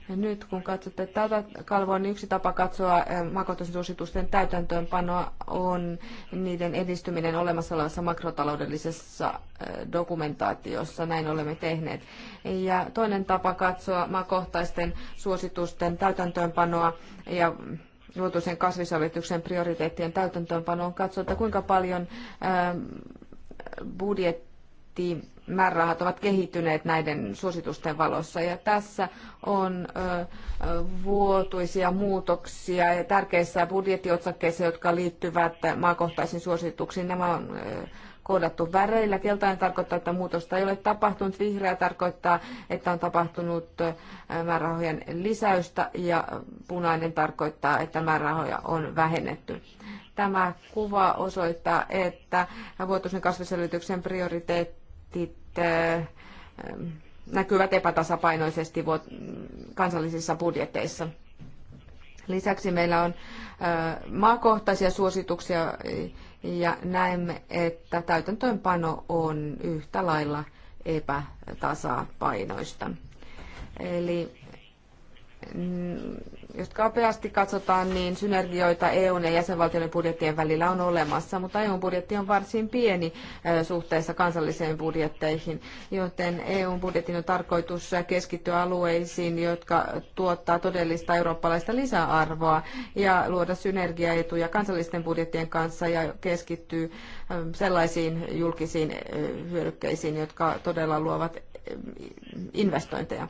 Ja nyt kun katsotte tätä kalvoa, niin yksi tapa katsoa eh, makotussuositusten täytäntöönpanoa on niiden edistyminen olemassa olevassa makrotaloudellisessa eh, dokumentaatiossa. Näin olemme tehneet. Ja toinen tapa katsoa makohtaisten suositusten täytäntöönpanoa ja vuotuisen kasvisavituksen prioriteettien on katsoa, että kuinka paljon eh, budjetti määrärahat ovat kehittyneet näiden suositusten valossa. Ja tässä on vuotuisia muutoksia ja tärkeissä budjettiotsakkeissa, jotka liittyvät maakohtaisiin suosituksiin. Nämä on koodattu väreillä. Keltainen tarkoittaa, että muutosta ei ole tapahtunut. Vihreä tarkoittaa, että on tapahtunut määrärahojen lisäystä ja punainen tarkoittaa, että määrärahoja on vähennetty. Tämä kuva osoittaa, että vuotuisen kasviselvityksen prioriteetti budjetit eh, näkyvät epätasapainoisesti kansallisissa budjeteissa. Lisäksi meillä on eh, maakohtaisia suosituksia ja näemme, että täytäntöönpano on yhtä lailla epätasapainoista. Eli mm, jos kapeasti katsotaan, niin synergioita EUn ja jäsenvaltioiden budjettien välillä on olemassa, mutta EUn budjetti on varsin pieni suhteessa kansalliseen budjetteihin, joten EUn budjetin on tarkoitus keskittyä alueisiin, jotka tuottaa todellista eurooppalaista lisäarvoa ja luoda synergiaetuja kansallisten budjettien kanssa ja keskittyy sellaisiin julkisiin hyödykkeisiin, jotka todella luovat investointeja.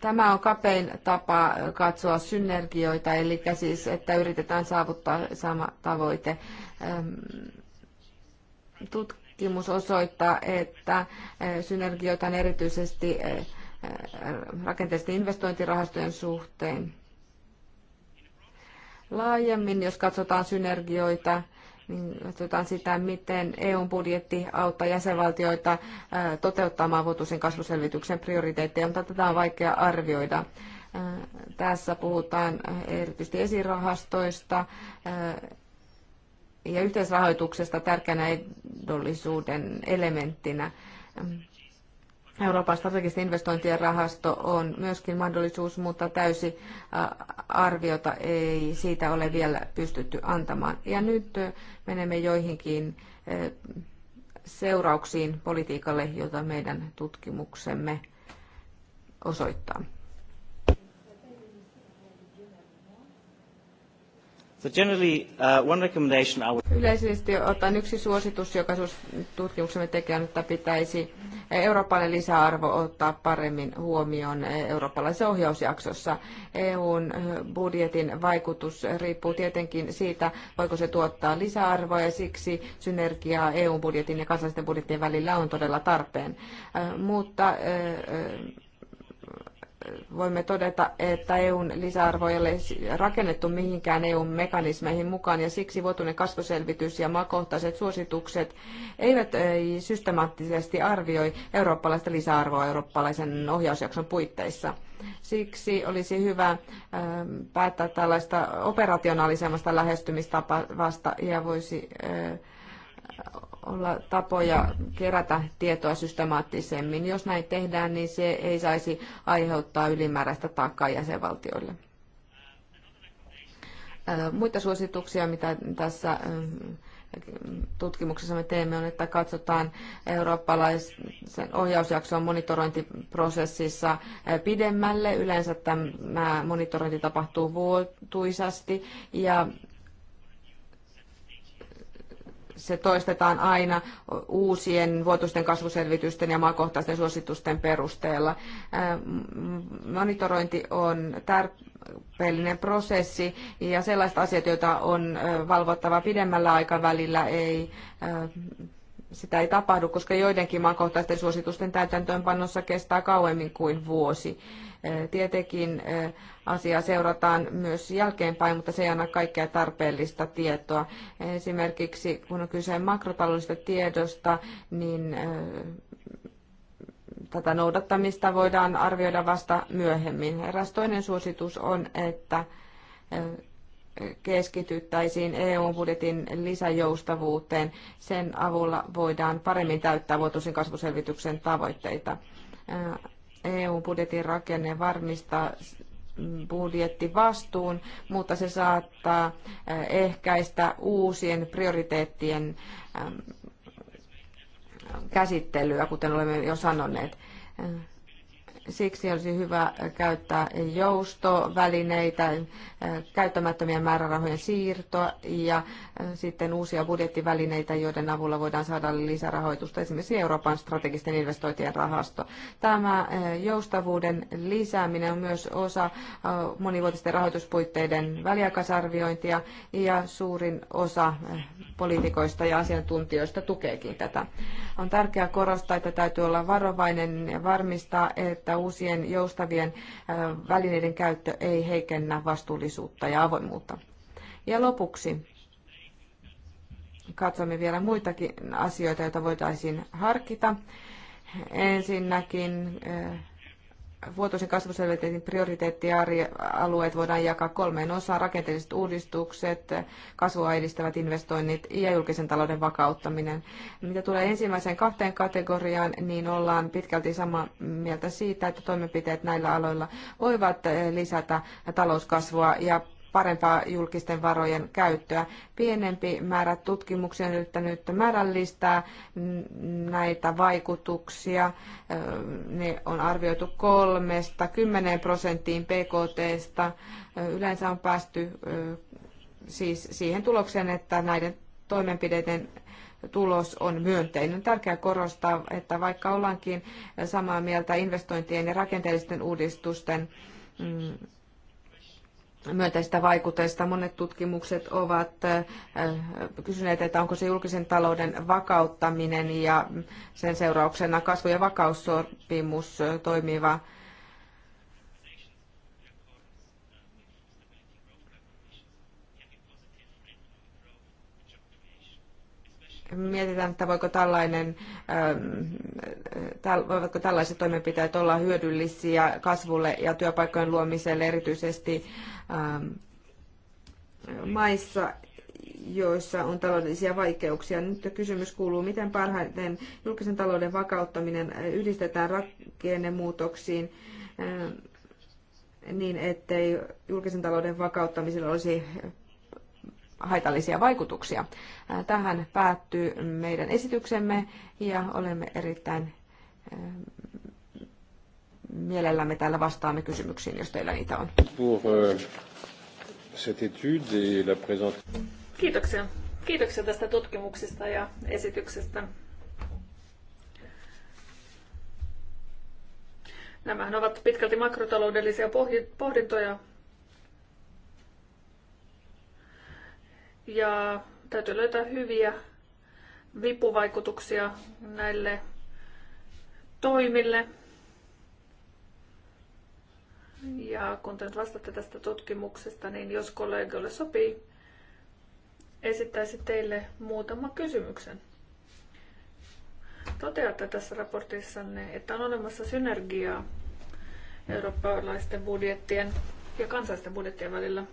Tämä on kapein tapa katsoa synergioita, eli siis, että yritetään saavuttaa sama tavoite. Ehm, tutkimus osoittaa, että e, synergioita on erityisesti e, e, rakenteellisten investointirahastojen suhteen. Laajemmin, jos katsotaan synergioita, niin katsotaan sitä, miten EUn budjetti auttaa jäsenvaltioita toteuttamaan vuotuisen kasvuselvityksen prioriteetteja, mutta tätä on vaikea arvioida. Tässä puhutaan erityisesti esirahastoista ja yhteisrahoituksesta tärkeänä edullisuuden elementtinä. Euroopan strategisten investointien rahasto on myöskin mahdollisuus, mutta täysi äh, arviota ei siitä ole vielä pystytty antamaan. Ja nyt äh, menemme joihinkin äh, seurauksiin politiikalle, jota meidän tutkimuksemme osoittaa. Uh, Yleisesti ottaen yksi suositus, joka tutkimuksemme tekee, on, että pitäisi Euroopalle lisäarvo ottaa paremmin huomioon eurooppalaisessa ohjausjaksossa. EUn eh, budjetin vaikutus riippuu tietenkin siitä, voiko se tuottaa lisäarvoa ja siksi synergiaa EUn budjetin ja kansallisten budjettien välillä on todella tarpeen. Eh, mutta eh, voimme todeta, että EUn lisäarvo ei ole rakennettu mihinkään EUn mekanismeihin mukaan ja siksi vuotuinen kasvuselvitys ja maakohtaiset suositukset eivät eh, systemaattisesti arvioi eurooppalaista lisäarvoa eurooppalaisen ohjausjakson puitteissa. Siksi olisi hyvä eh, päättää tällaista operationaalisemmasta lähestymistapasta ja voisi eh, olla tapoja kerätä tietoa systemaattisemmin. Jos näin tehdään, niin se ei saisi aiheuttaa ylimääräistä taakkaa jäsenvaltioille. Muita suosituksia, mitä tässä tutkimuksessa me teemme, on, että katsotaan eurooppalaisen ohjausjakson monitorointiprosessissa pidemmälle. Yleensä tämä monitorointi tapahtuu vuotuisasti ja se toistetaan aina uusien vuotuisten kasvuselvitysten ja maakohtaisten suositusten perusteella. Monitorointi on tarpeellinen prosessi ja sellaiset asiat, joita on valvottava pidemmällä aikavälillä, ei sitä ei tapahdu, koska joidenkin maankohtaisten suositusten täytäntöönpannossa kestää kauemmin kuin vuosi. Tietenkin asiaa seurataan myös jälkeenpäin, mutta se ei anna kaikkea tarpeellista tietoa. Esimerkiksi kun on kyse makrotaloudellisesta tiedosta, niin tätä noudattamista voidaan arvioida vasta myöhemmin. Eräs toinen suositus on, että keskityttäisiin EU-budjetin lisäjoustavuuteen. Sen avulla voidaan paremmin täyttää vuotuisen kasvuselvityksen tavoitteita. EU-budjetin rakenne varmistaa budjettivastuun, mutta se saattaa eh, ehkäistä uusien prioriteettien eh, käsittelyä, kuten olemme jo sanoneet. Eh, Siksi olisi hyvä käyttää joustovälineitä, äh, käyttämättömien määrärahojen siirtoa ja äh, sitten uusia budjettivälineitä, joiden avulla voidaan saada lisärahoitusta, esimerkiksi Euroopan strategisten investointien rahasto. Tämä äh, joustavuuden lisääminen on myös osa monivuotisten rahoituspuitteiden väliaikaisarviointia ja suurin osa poliitikoista ja asiantuntijoista tukeekin tätä. On tärkeää korostaa, että täytyy olla varovainen ja varmistaa, että uusien joustavien välineiden käyttö ei heikennä vastuullisuutta ja avoimuutta. Ja lopuksi katsomme vielä muitakin asioita, joita voitaisiin harkita. Ensinnäkin vuotuisen kasvuselviteetin prioriteettialueet voidaan jakaa kolmeen osaan. Rakenteelliset uudistukset, kasvua edistävät investoinnit ja julkisen talouden vakauttaminen. Mitä tulee ensimmäiseen kahteen kategoriaan, niin ollaan pitkälti samaa mieltä siitä, että toimenpiteet näillä aloilla voivat eh, lisätä talouskasvua ja parempaa julkisten varojen käyttöä. Pienempi määrä tutkimuksen on yrittänyt määrällistää näitä vaikutuksia. Ne on arvioitu kolmesta kymmeneen prosenttiin PKTstä. Yleensä on päästy siis siihen tulokseen, että näiden toimenpiteiden tulos on myönteinen. Tärkeää korostaa, että vaikka ollaankin samaa mieltä investointien ja rakenteellisten uudistusten mm, myönteistä vaikutusta. Monet tutkimukset ovat äh, äh, kysyneet, että onko se julkisen talouden vakauttaminen ja sen seurauksena kasvu- ja vakaussopimus äh, toimiva mietitään, että voiko tällainen, ähm, voivatko tällaiset toimenpiteet olla hyödyllisiä kasvulle ja työpaikkojen luomiselle erityisesti ähm, maissa, joissa on taloudellisia vaikeuksia. Nyt kysymys kuuluu, miten parhaiten julkisen talouden vakauttaminen yhdistetään rakennemuutoksiin ähm, niin, ettei julkisen talouden vakauttamisella olisi haitallisia vaikutuksia. Tähän päättyy meidän esityksemme ja olemme erittäin mielellämme täällä vastaamme kysymyksiin, jos teillä niitä on. Kiitoksia. Kiitoksia tästä tutkimuksesta ja esityksestä. Nämähän ovat pitkälti makrotaloudellisia pohdintoja, Ja täytyy löytää hyviä vipuvaikutuksia näille toimille. Ja kun te nyt tästä tutkimuksesta, niin jos kollegiolle sopii, esittäisin teille muutaman kysymyksen. Toteatte tässä raportissanne, että on olemassa synergiaa eurooppalaisten budjettien ja kansallisten budjettien välillä –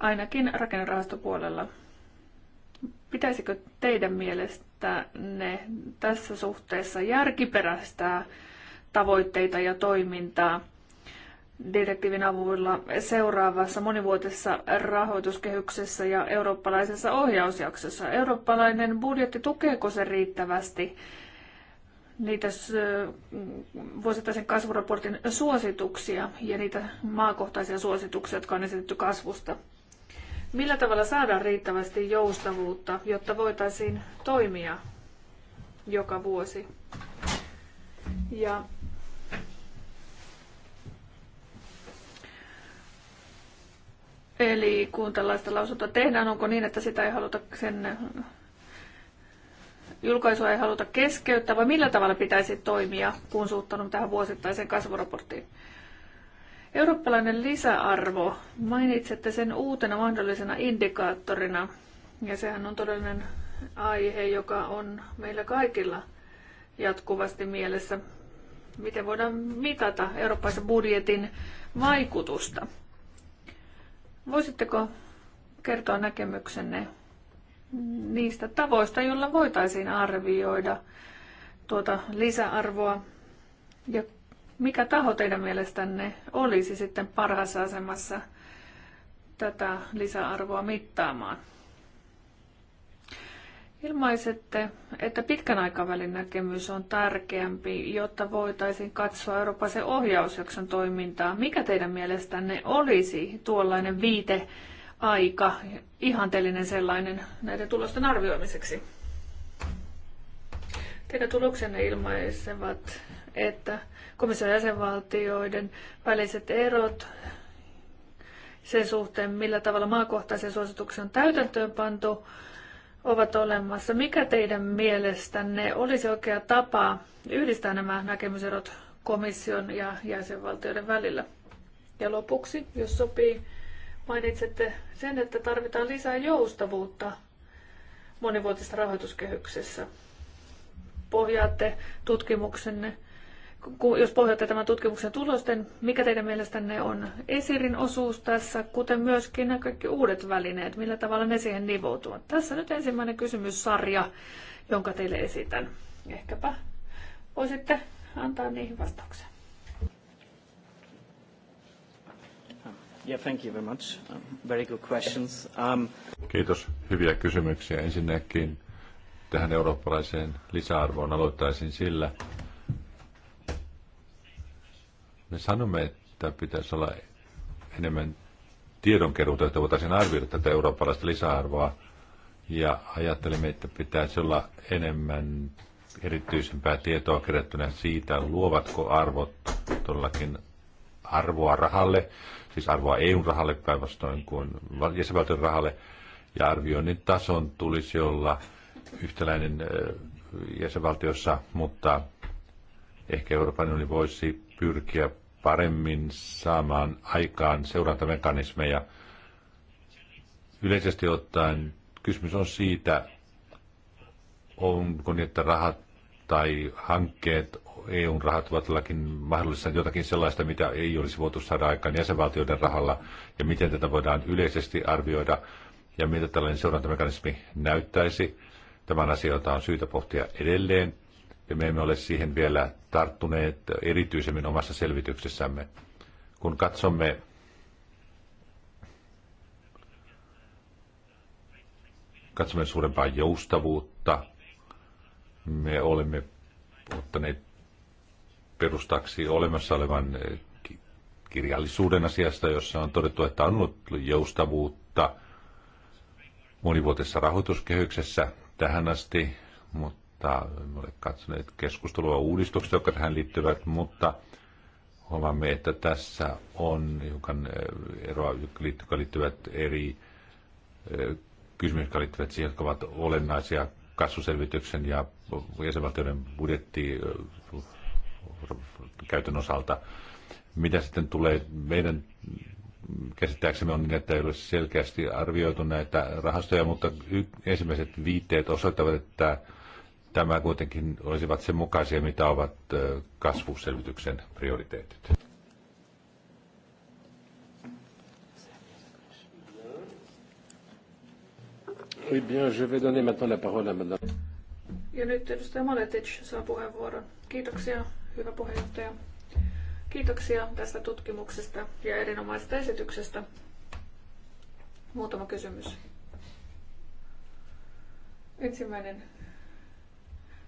ainakin rakennerahastopuolella. Pitäisikö teidän ne tässä suhteessa järkiperäistää tavoitteita ja toimintaa direktiivin avulla seuraavassa monivuotisessa rahoituskehyksessä ja eurooppalaisessa ohjausjaksossa? Eurooppalainen budjetti, tukeeko se riittävästi niitä vuosittaisen kasvuraportin suosituksia ja niitä maakohtaisia suosituksia, jotka on esitetty kasvusta? Millä tavalla saadaan riittävästi joustavuutta, jotta voitaisiin toimia joka vuosi? Ja Eli kun tällaista lausuntoa tehdään, onko niin, että sitä ei haluta sen julkaisua ei haluta keskeyttää, vai millä tavalla pitäisi toimia, kun suhtaudun tähän vuosittaiseen kasvuraporttiin? Eurooppalainen lisäarvo, mainitsette sen uutena mahdollisena indikaattorina, ja sehän on todellinen aihe, joka on meillä kaikilla jatkuvasti mielessä. Miten voidaan mitata eurooppalaisen budjetin vaikutusta? Voisitteko kertoa näkemyksenne niistä tavoista, joilla voitaisiin arvioida tuota lisäarvoa ja mikä taho teidän mielestänne olisi sitten parhaassa asemassa tätä lisäarvoa mittaamaan? Ilmaisette, että pitkän aikavälin näkemys on tärkeämpi, jotta voitaisiin katsoa Euroopan se ohjausjakson toimintaa. Mikä teidän mielestänne olisi tuollainen viite aika, ihanteellinen sellainen näiden tulosten arvioimiseksi? Teidän tuloksenne ilmaisevat, että komission jäsenvaltioiden väliset erot sen suhteen, millä tavalla maakohtaisen suosituksen on täytäntöönpantu, ovat olemassa. Mikä teidän mielestänne olisi oikea tapa yhdistää nämä näkemyserot komission ja jäsenvaltioiden välillä? Ja lopuksi, jos sopii, mainitsette sen, että tarvitaan lisää joustavuutta monivuotisessa rahoituskehyksessä. Pohjaatte tutkimuksenne jos pohjatte tämän tutkimuksen tulosten, mikä teidän mielestänne on esirin osuus tässä, kuten myöskin nämä kaikki uudet välineet, millä tavalla ne siihen nivoutuvat? Tässä nyt ensimmäinen kysymyssarja, jonka teille esitän. Ehkäpä voisitte antaa niihin vastauksen. Yeah, thank you very much. Um, very good questions. Um... Kiitos. Hyviä kysymyksiä. Ensinnäkin tähän eurooppalaiseen lisäarvoon aloittaisin sillä, me sanomme, että pitäisi olla enemmän tiedonkeruuta, että voitaisiin arvioida tätä eurooppalaista lisäarvoa. Ja ajattelimme, että pitäisi olla enemmän erityisempää tietoa kerättynä siitä, luovatko arvot todellakin arvoa rahalle, siis arvoa EU-rahalle päinvastoin kuin jäsenvaltion rahalle, ja arvioinnin tason tulisi olla yhtäläinen jäsenvaltiossa, mutta ehkä Euroopan unioni voisi pyrkiä paremmin saamaan aikaan seurantamekanismeja. Yleisesti ottaen kysymys on siitä, onko niin, että rahat tai hankkeet, EUn rahat ovat jollakin mahdollista jotakin sellaista, mitä ei olisi voitu saada aikaan jäsenvaltioiden rahalla, ja miten tätä voidaan yleisesti arvioida, ja miltä tällainen seurantamekanismi näyttäisi. Tämän asia, on syytä pohtia edelleen ja me emme ole siihen vielä tarttuneet erityisemmin omassa selvityksessämme. Kun katsomme katsomme suurempaa joustavuutta, me olemme ottaneet perustaksi olemassa olevan eh, kirjallisuuden asiasta, jossa on todettu, että on ollut joustavuutta monivuotisessa rahoituskehyksessä tähän asti, mutta tota, ole katsoneet keskustelua uudistuksista, jotka tähän liittyvät, mutta huomaamme, että tässä on hiukan eh, eroa, jotka liittyvät eri eh, kysymyksiä, jotka liittyvät siihen, jotka ovat olennaisia kasvuselvityksen ja jäsenvaltioiden budjetti eh, käytön osalta. Mitä sitten tulee meidän käsittääksemme on niin, että ei ole selkeästi arvioitu näitä rahastoja, mutta ensimmäiset viitteet osoittavat, että tämä kuitenkin olisivat sen mukaisia, mitä ovat kasvuselvityksen prioriteetit. Eh bien, je vais donner maintenant la parole à madame. Ja nyt edustaja Maletic saa puheenvuoron. Kiitoksia, hyvä puheenjohtaja. Kiitoksia tästä tutkimuksesta ja erinomaisesta esityksestä. Muutama kysymys. Ensimmäinen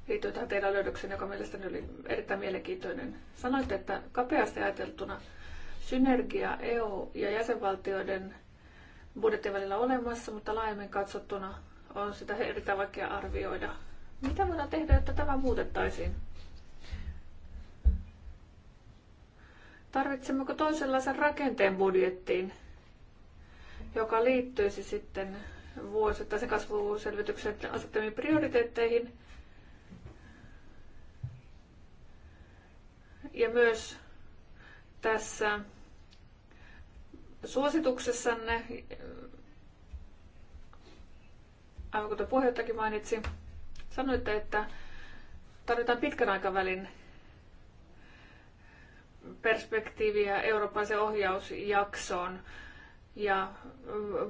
liittyy tähän teidän löydökseen, joka mielestäni oli erittäin mielenkiintoinen. Sanoitte, että kapeasti ajateltuna synergia EU- ja jäsenvaltioiden budjettien välillä olemassa, mutta laajemmin katsottuna on sitä erittäin vaikea arvioida. Mitä voidaan tehdä, jotta tämä muutettaisiin? Tarvitsemmeko toisenlaisen rakenteen budjettiin, joka liittyisi sitten vuosittaisen kasvuselvityksen asettamiin prioriteetteihin – Ja myös tässä suosituksessanne, aivan kuten puheenjohtajakin mainitsi, sanoitte, että tarvitaan pitkän aikavälin perspektiiviä eurooppalaisen ohjausjaksoon ja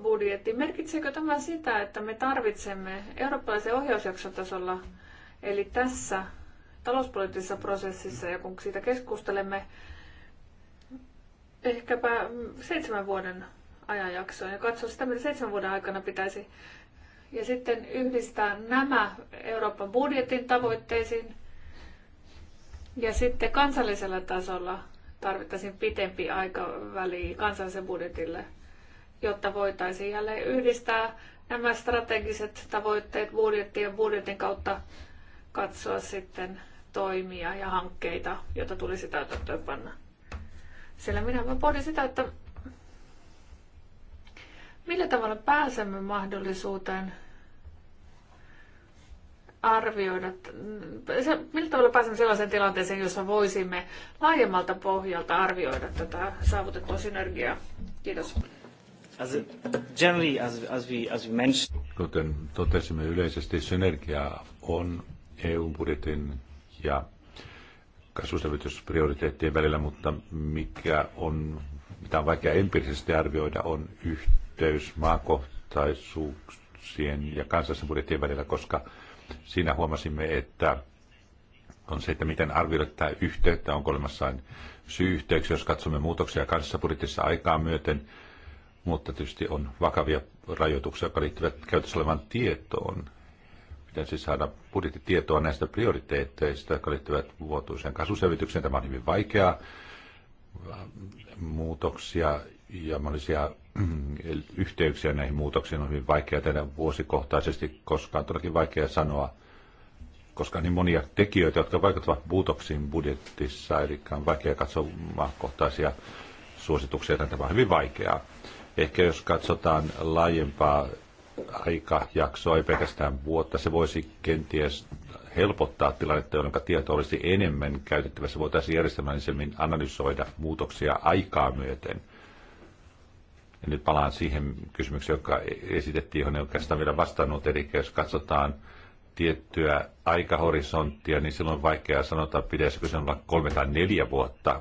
budjetti. Merkitseekö tämä sitä, että me tarvitsemme eurooppalaisen ohjausjakson tasolla, eli tässä talouspoliittisessa prosessissa ja kun siitä keskustelemme ehkäpä seitsemän vuoden ajanjaksoon ja katsoa sitä, mitä seitsemän vuoden aikana pitäisi ja sitten yhdistää nämä Euroopan budjetin tavoitteisiin ja sitten kansallisella tasolla tarvittaisiin pitempi aikaväli kansallisen budjetille, jotta voitaisiin jälleen yhdistää nämä strategiset tavoitteet budjettien ja budjetin kautta katsoa sitten toimia ja hankkeita, joita tulisi panna. Sillä minä vaan pohdin sitä, että millä tavalla pääsemme mahdollisuuteen arvioida, millä tavalla pääsemme sellaiseen tilanteeseen, jossa voisimme laajemmalta pohjalta arvioida tätä saavutettua synergiaa. Kiitos. As, generally, as, as we, as we mentioned... Kuten totesimme yleisesti, synergia on EU-budjetin ja kasvuselvitysprioriteettien välillä, mutta mikä on, mitä on vaikea empiirisesti arvioida, on yhteys maakohtaisuuksien ja kansallisen budjettien välillä, koska siinä huomasimme, että on se, että miten arvioida tämä yhteyttä, onko olemassa syy-yhteyksiä, jos katsomme muutoksia kansallisessa budjetissa aikaa myöten, mutta tietysti on vakavia rajoituksia, jotka liittyvät käytössä olevaan tietoon pitäisi saada budjettitietoa näistä prioriteetteista, jotka liittyvät vuotuiseen kasvuselvitykseen. Tämä on hyvin vaikeaa. Äh, muutoksia ja mahdollisia äh, yhteyksiä näihin muutoksiin on hyvin vaikea tehdä vuosikohtaisesti, koska on todellakin vaikea sanoa, koska on niin monia tekijöitä, jotka vaikuttavat muutoksiin budjetissa, eli on vaikea katsoa maakohtaisia suosituksia, tämä on hyvin vaikeaa. Ehkä jos katsotaan laajempaa aikajaksoa, ei pelkästään vuotta. Se voisi kenties helpottaa tilannetta, jolloin tieto olisi enemmän käytettävissä. Voitaisiin järjestelmällisemmin analysoida muutoksia aikaa myöten. Ja nyt palaan siihen kysymykseen, joka esitettiin, johon ei oikeastaan vielä vastannut. Eli jos katsotaan tiettyä aikahorisonttia, niin silloin on vaikea sanota, pitäisikö se olla kolme tai neljä vuotta.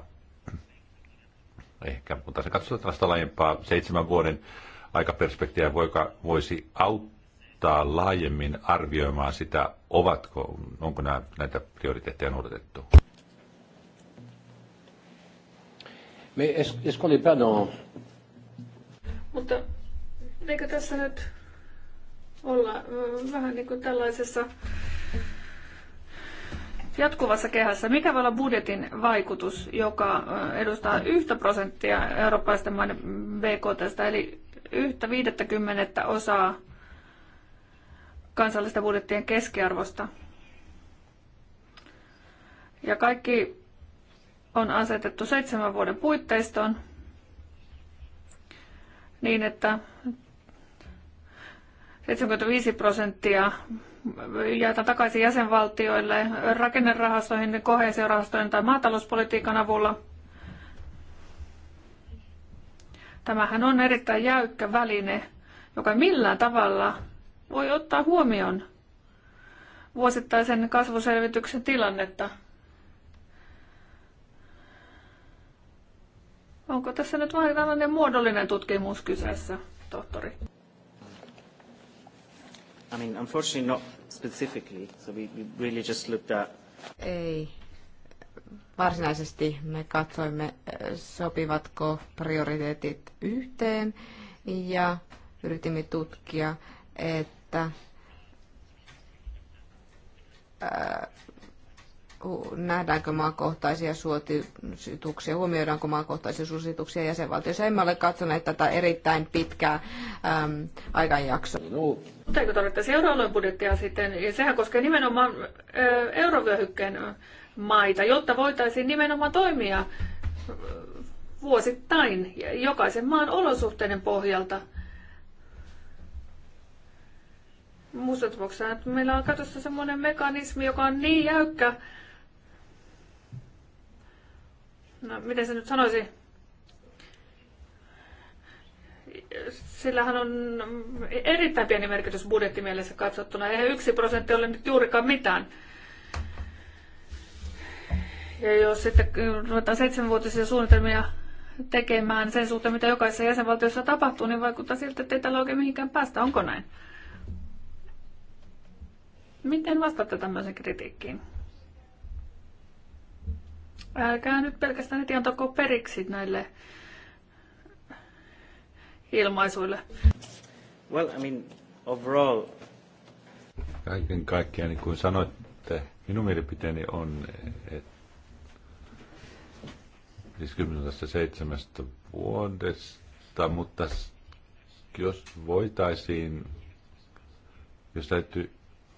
Ehkä, mutta se katsotaan tällaista laajempaa seitsemän vuoden aikaperspektiä voika voisi auttaa laajemmin arvioimaan sitä, ovatko, onko nämä, näitä prioriteetteja noudatettu? Mais est-ce, pas dans... Mutta eikö tässä nyt olla vähän niin kuin tällaisessa jatkuvassa kehässä. Mikä voi olla budjetin vaikutus, joka edustaa yhtä prosenttia eurooppalaisten maiden BKTstä, eli yhtä viidettä kymmenettä osaa kansallista budjettien keskiarvosta. Ja kaikki on asetettu seitsemän vuoden puitteistoon niin, että 75 prosenttia jaetaan takaisin jäsenvaltioille rakennerahastoihin, koheisiorahastojen tai maatalouspolitiikan avulla – Tämähän on erittäin jäykkä väline, joka millään tavalla voi ottaa huomioon vuosittaisen kasvuselvityksen tilannetta. Onko tässä nyt vain tällainen muodollinen tutkimus kyseessä, tohtori? I mean, unfortunately not specifically, so we, we really just looked at... Ei varsinaisesti me katsoimme, äh, sopivatko prioriteetit yhteen ja yritimme tutkia, että äh, nähdäänkö maakohtaisia suosituksia, huomioidaanko maakohtaisia suosituksia jäsenvaltioissa. Emme ole katsoneet tätä erittäin pitkää äm, aikajaksoa. Mutta eikö tarvitse euroalueen budjettia sitten? Ja sehän koskee nimenomaan ö, äh, eurovyöhykkeen maita, jotta voitaisiin nimenomaan toimia vuosittain jokaisen maan olosuhteiden pohjalta. Muussa että meillä on katossa semmoinen mekanismi, joka on niin jäykkä, no miten se nyt sanoisi, sillähän on erittäin pieni merkitys budjettimielessä katsottuna. Eihän yksi prosentti ole nyt juurikaan mitään. Ja jos sitten ruvetaan seitsemänvuotisia suunnitelmia tekemään sen suhteen, mitä jokaisessa jäsenvaltiossa tapahtuu, niin vaikuttaa siltä, että ei täällä oikein mihinkään päästä. Onko näin? Miten vastaatte tämmöiseen kritiikkiin? Älkää nyt pelkästään heti antako periksi näille ilmaisuille. Well, I mean, overall... Kaiken kaikkiaan, niin kuin sanoitte, minun mielipiteeni on, että siis 57 vuodesta, mutta jos voitaisiin, jos täytyy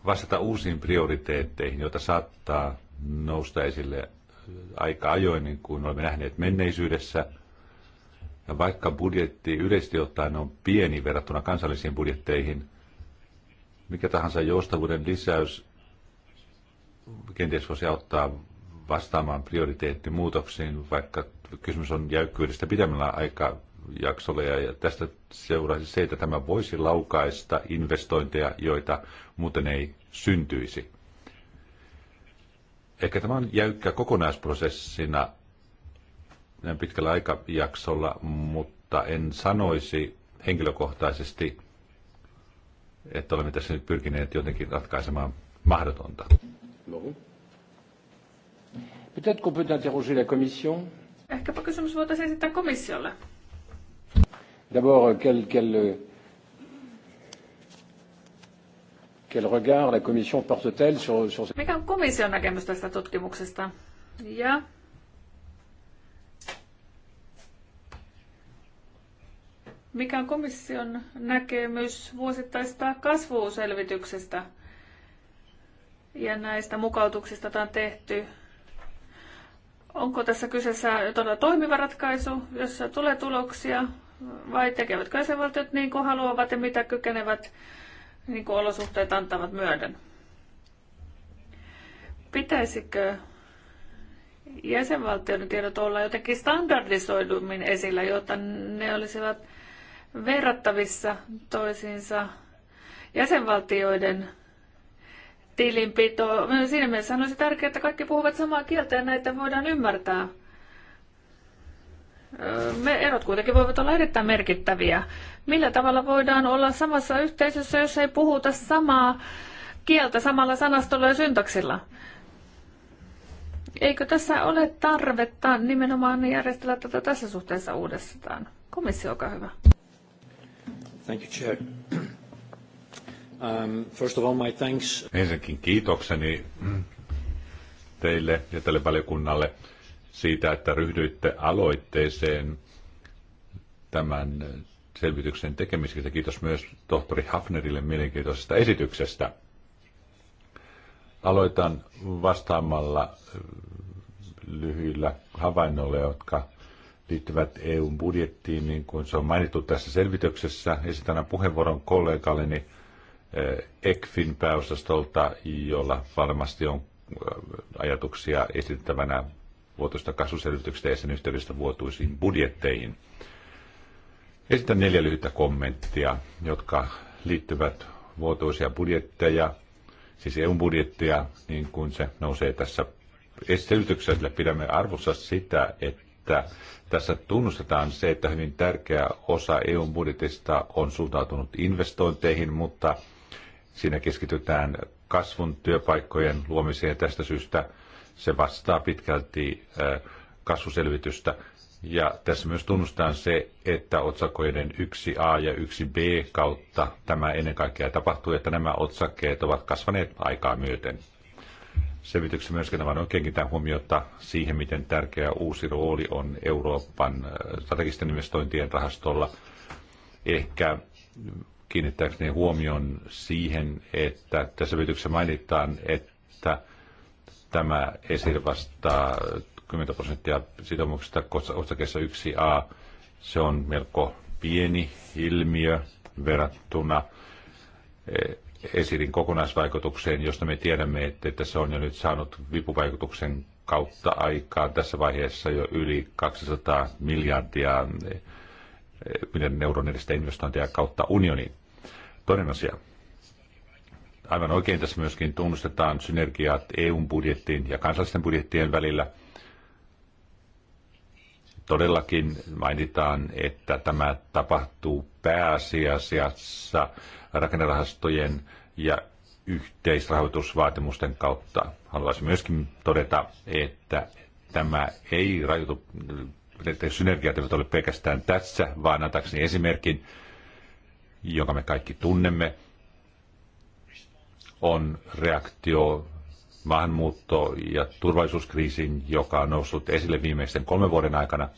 vastata uusiin prioriteetteihin, joita saattaa nousta esille aika ajoin, niin kuin olemme nähneet menneisyydessä. Ja vaikka budjetti yleisesti ottaen on pieni verrattuna kansallisiin budjetteihin, mikä tahansa joustavuuden lisäys kenties voisi auttaa vastaamaan prioriteettimuutoksiin, vaikka kysymys on jäykkyydestä pidemmällä aikajaksolla. Ja tästä seuraisi se, että tämä voisi laukaista investointeja, joita muuten ei syntyisi. Ehkä tämä on jäykkä kokonaisprosessina näin pitkällä aikajaksolla, mutta en sanoisi henkilökohtaisesti, että olemme tässä nyt pyrkineet jotenkin ratkaisemaan mahdotonta. No. Peut-être qu'on peut interroger la Commission. Ehkäpä kysymys voitaisiin esittää komissiolle. D'abord, quel, quel, quel regard la Commission porte-t-elle sur, sur... Mikä on komission näkemys tästä tutkimuksesta? Ja Mikä on komission näkemys vuosittaista kasvuselvityksestä ja näistä mukautuksista, joita on tehty Onko tässä kyseessä todella toimiva ratkaisu, jossa tulee tuloksia, vai tekevätkö jäsenvaltiot niin kuin haluavat ja mitä kykenevät, niin kuin olosuhteet antavat myöden? Pitäisikö jäsenvaltioiden tiedot olla jotenkin standardisoidummin esillä, jotta ne olisivat verrattavissa toisiinsa jäsenvaltioiden tilinpito. Siinä mielessä olisi tärkeää, että kaikki puhuvat samaa kieltä ja näitä voidaan ymmärtää. Me erot kuitenkin voivat olla erittäin merkittäviä. Millä tavalla voidaan olla samassa yhteisössä, jos ei puhuta samaa kieltä samalla sanastolla ja syntaksilla? Eikö tässä ole tarvetta nimenomaan järjestellä tätä tässä suhteessa uudestaan? Komissio, olkaa hyvä. Thank you, Chair. Um, first of all, my thanks. Ensinnäkin kiitokseni teille ja tälle valiokunnalle siitä, että ryhdyitte aloitteeseen tämän selvityksen tekemisestä. Kiitos myös tohtori Hafnerille mielenkiintoisesta esityksestä. Aloitan vastaamalla äh, lyhyillä havainnoilla, jotka liittyvät EUn budjettiin, niin kuin se on mainittu tässä selvityksessä. Esitän puheenvuoron kollegalleni Eh, ECFin pääosastolta, jolla varmasti on eh, ajatuksia esittävänä vuotuista kasvuselvityksestä ja sen yhteydestä vuotuisiin budjetteihin. Esitän neljä lyhyttä kommenttia, jotka liittyvät vuotuisia budjetteja, siis EU-budjettia, niin kuin se nousee tässä selvityksessä, pidämme arvossa sitä, että tässä tunnustetaan se, että hyvin tärkeä osa eu budjetista on suuntautunut investointeihin, mutta Siinä keskitytään kasvun työpaikkojen luomiseen tästä syystä se vastaa pitkälti kasvuselvitystä. Ja tässä myös tunnustetaan se, että otsakoiden 1a ja 1b kautta tämä ennen kaikkea tapahtuu, että nämä otsakkeet ovat kasvaneet aikaa myöten. Selvityksessä myöskin on oikeinkin huomiota siihen, miten tärkeä uusi rooli on Euroopan strategisten investointien rahastolla. Ehkä kiinnittääkseni huomion siihen, että tässä yrityksessä mainitaan, että tämä esir vastaa 10 prosenttia sitoumuksista osakeessa 1a. Se on melko pieni ilmiö verrattuna e, esirin kokonaisvaikutukseen, josta me tiedämme, että, se on jo nyt saanut vipuvaikutuksen kautta aikaan tässä vaiheessa jo yli 200 miljardia e, e, miljardin euron edestä investointia kautta unioniin. Toinen asia. Aivan oikein tässä myöskin tunnustetaan synergiat EUn budjettiin ja kansallisten budjettien välillä. Todellakin mainitaan, että tämä tapahtuu pääasiassa rakennerahastojen ja yhteisrahoitusvaatimusten kautta. Haluaisin myöskin todeta, että tämä ei rajoitu, että synergiat eivät ole pelkästään tässä, vaan antaakseni esimerkin jonka me kaikki tunnemme, on reaktio maahanmuutto- ja turvallisuuskriisiin, joka on noussut esille viimeisten kolmen vuoden aikana.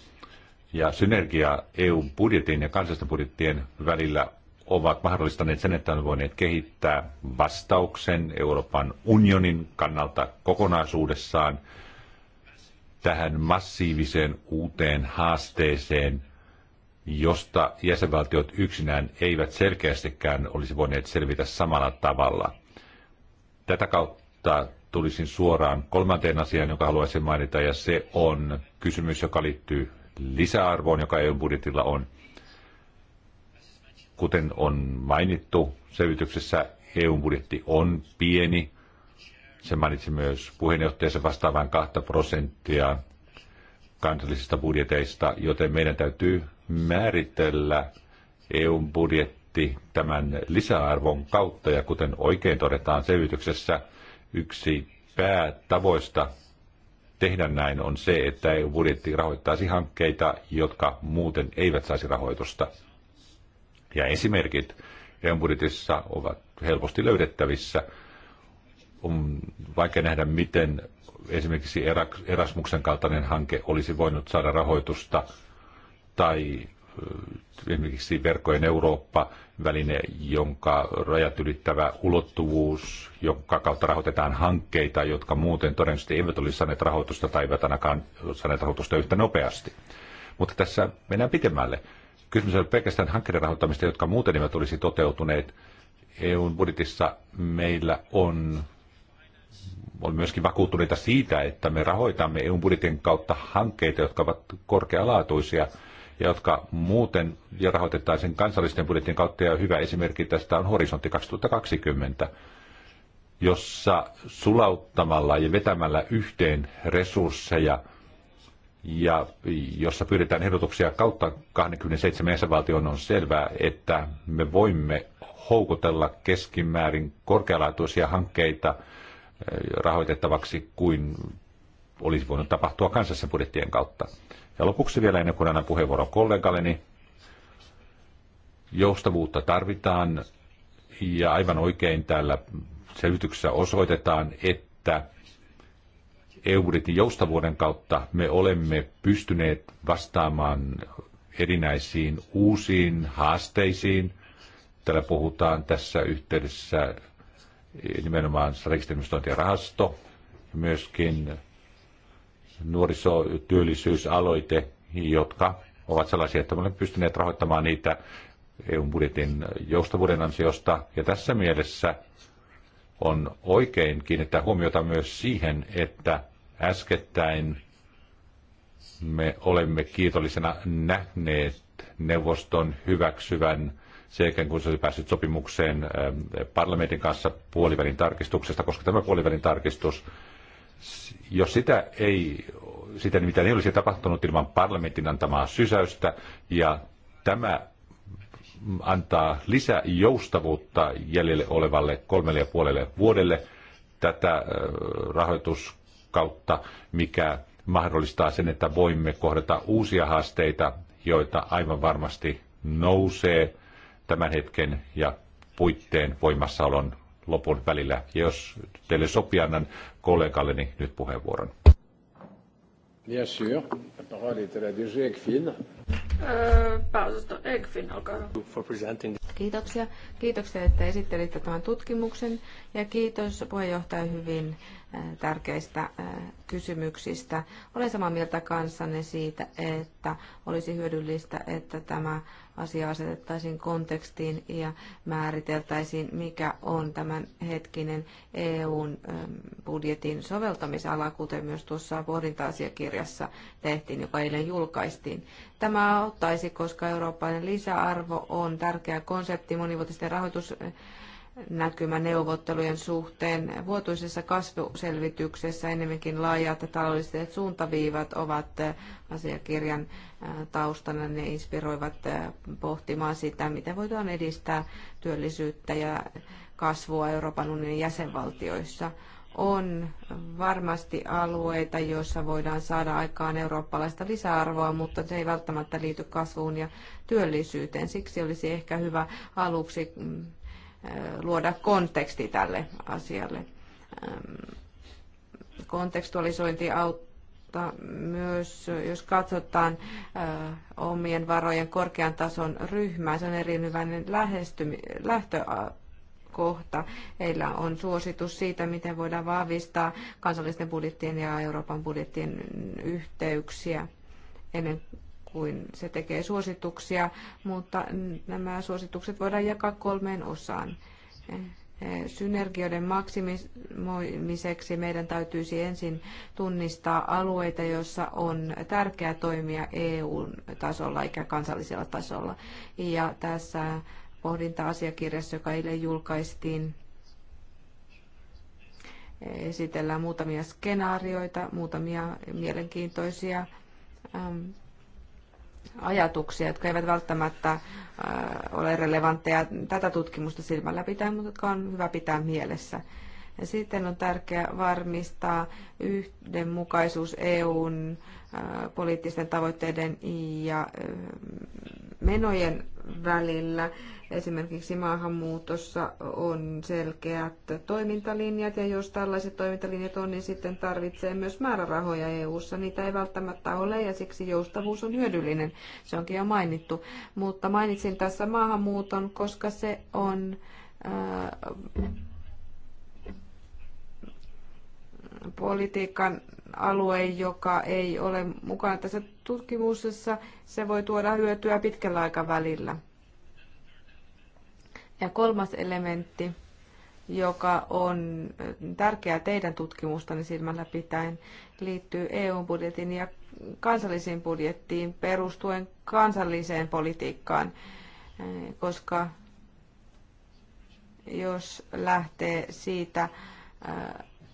Ja synergia EU-budjetin ja kansallisten budjettien välillä ovat mahdollistaneet sen, että olemme voineet kehittää vastauksen Euroopan unionin kannalta kokonaisuudessaan tähän massiiviseen uuteen haasteeseen – josta jäsenvaltiot yksinään eivät selkeästikään olisi voineet selvitä samalla tavalla. Tätä kautta tulisin suoraan kolmanteen asiaan, jonka haluaisin mainita, ja se on kysymys, joka liittyy lisäarvoon, joka EU-budjetilla on. Kuten on mainittu selvityksessä, EU-budjetti on pieni. Se mainitsi myös puheenjohtajansa vastaavan kahta prosenttia kansallisista budjeteista, joten meidän täytyy määritellä EUn budjetti tämän lisäarvon kautta, ja kuten oikein todetaan selvityksessä, yksi päätavoista tehdä näin on se, että EU-budjetti rahoittaisi hankkeita, jotka muuten eivät saisi rahoitusta. Ja esimerkit EU-budjetissa ovat helposti löydettävissä. On vaikea nähdä, miten esimerkiksi Erasmuksen kaltainen hanke olisi voinut saada rahoitusta – tai esimerkiksi verkkojen Eurooppa-väline, jonka rajat ylittävä ulottuvuus, jonka kautta rahoitetaan hankkeita, jotka muuten todennäköisesti eivät olisi saaneet rahoitusta tai eivät ainakaan saaneet rahoitusta yhtä nopeasti. Mutta tässä mennään pitemmälle. Kysymys on pelkästään hankkeiden rahoittamista, jotka muuten eivät olisi toteutuneet. EUn budjetissa meillä on on myöskin vakuuttuneita siitä, että me rahoitamme EUn budjetin kautta hankkeita, jotka ovat korkealaatuisia – jotka muuten ja rahoitettaisiin kansallisten budjettien kautta. Ja hyvä esimerkki tästä on Horisontti 2020, jossa sulauttamalla ja vetämällä yhteen resursseja ja jossa pyydetään ehdotuksia kautta 27 jäsenvaltion on selvää, että me voimme houkutella keskimäärin korkealaatuisia hankkeita eh, rahoitettavaksi kuin olisi voinut tapahtua kansallisen budjettien kautta. Ja lopuksi vielä ennen kuin annan puheenvuoron kollegalleni, joustavuutta tarvitaan ja aivan oikein täällä selvityksessä osoitetaan, että EU-budjetin joustavuuden kautta me olemme pystyneet vastaamaan erinäisiin uusiin haasteisiin. Täällä puhutaan tässä yhteydessä nimenomaan strategisten rahasto, myöskin nuorisotyöllisyysaloite, jotka ovat sellaisia, että me olemme pystyneet rahoittamaan niitä eu budjetin joustavuuden ansiosta. Ja tässä mielessä on oikein kiinnittää huomiota myös siihen, että äskettäin me olemme kiitollisena nähneet neuvoston hyväksyvän sen jälkeen, kun se oli päässyt sopimukseen ähm, parlamentin kanssa puolivälin tarkistuksesta, koska tämä puolivälin tarkistus jos sitä ei, sitä mitä ei olisi tapahtunut ilman parlamentin antamaa sysäystä, ja tämä antaa lisää joustavuutta jäljelle olevalle kolmelle ja puolelle vuodelle tätä rahoituskautta, mikä mahdollistaa sen, että voimme kohdata uusia haasteita, joita aivan varmasti nousee tämän hetken ja puitteen voimassaolon lopun välillä. Ja jos teille sopii, annan kollegalleni nyt puheenvuoron. Bien sûr. La parole est à la DG ECFIN. Öö, ECFIN, olkaa hyvä. Kiitoksia. Kiitoksia, että esittelitte tämän tutkimuksen ja kiitos puheenjohtaja hyvin tärkeistä kysymyksistä. Olen samaa mieltä kanssanne siitä, että olisi hyödyllistä, että tämä asia asetettaisiin kontekstiin ja määriteltäisiin, mikä on tämän hetkinen EUn budjetin soveltamisala, kuten myös tuossa pohdinta-asiakirjassa tehtiin, joka eilen julkaistiin. Tämä auttaisi, koska eurooppalainen lisäarvo on tärkeä konsepti monivuotisten rahoitus näkymä neuvottelujen suhteen. Vuotuisessa kasvuselvityksessä enemmänkin laajat taloudelliset suuntaviivat ovat eh, asiakirjan eh, taustana. Ne inspiroivat eh, pohtimaan sitä, miten voidaan edistää työllisyyttä ja kasvua Euroopan unionin jäsenvaltioissa. On varmasti alueita, joissa voidaan saada aikaan eurooppalaista lisäarvoa, mutta se ei välttämättä liity kasvuun ja työllisyyteen. Siksi olisi ehkä hyvä aluksi mm, Eh, luoda konteksti tälle asialle. Ehm, kontekstualisointi auttaa myös, jos katsotaan eh, omien varojen korkean tason ryhmää, se on erinomainen kohta. Heillä on suositus siitä, miten voidaan vahvistaa kansallisten budjettien ja Euroopan budjettien yhteyksiä ennen kuin se tekee suosituksia, mutta nämä suositukset voidaan jakaa kolmeen osaan. Synergioiden maksimoimiseksi meidän täytyisi ensin tunnistaa alueita, joissa on tärkeää toimia EU-tasolla eikä kansallisella tasolla. Ja tässä pohdinta-asiakirjassa, joka eilen julkaistiin, esitellään muutamia skenaarioita, muutamia mielenkiintoisia ähm, ajatuksia, jotka eivät välttämättä ole relevantteja tätä tutkimusta silmällä pitää, mutta jotka on hyvä pitää mielessä. Ja sitten on tärkeää varmistaa yhdenmukaisuus EUn poliittisten tavoitteiden ja menojen välillä. Esimerkiksi maahanmuutossa on selkeät toimintalinjat, ja jos tällaiset toimintalinjat on, niin sitten tarvitsee myös määrärahoja EU-ssa. Niitä ei välttämättä ole, ja siksi joustavuus on hyödyllinen. Se onkin jo mainittu. Mutta mainitsin tässä maahanmuuton, koska se on... Ää, politiikan alue, joka ei ole mukana tässä tutkimuksessa, se voi tuoda hyötyä pitkällä aikavälillä. Ja kolmas elementti, joka on tärkeää teidän tutkimustanne silmällä pitäen, liittyy EU-budjetin ja kansallisiin budjettiin perustuen kansalliseen politiikkaan, koska jos lähtee siitä,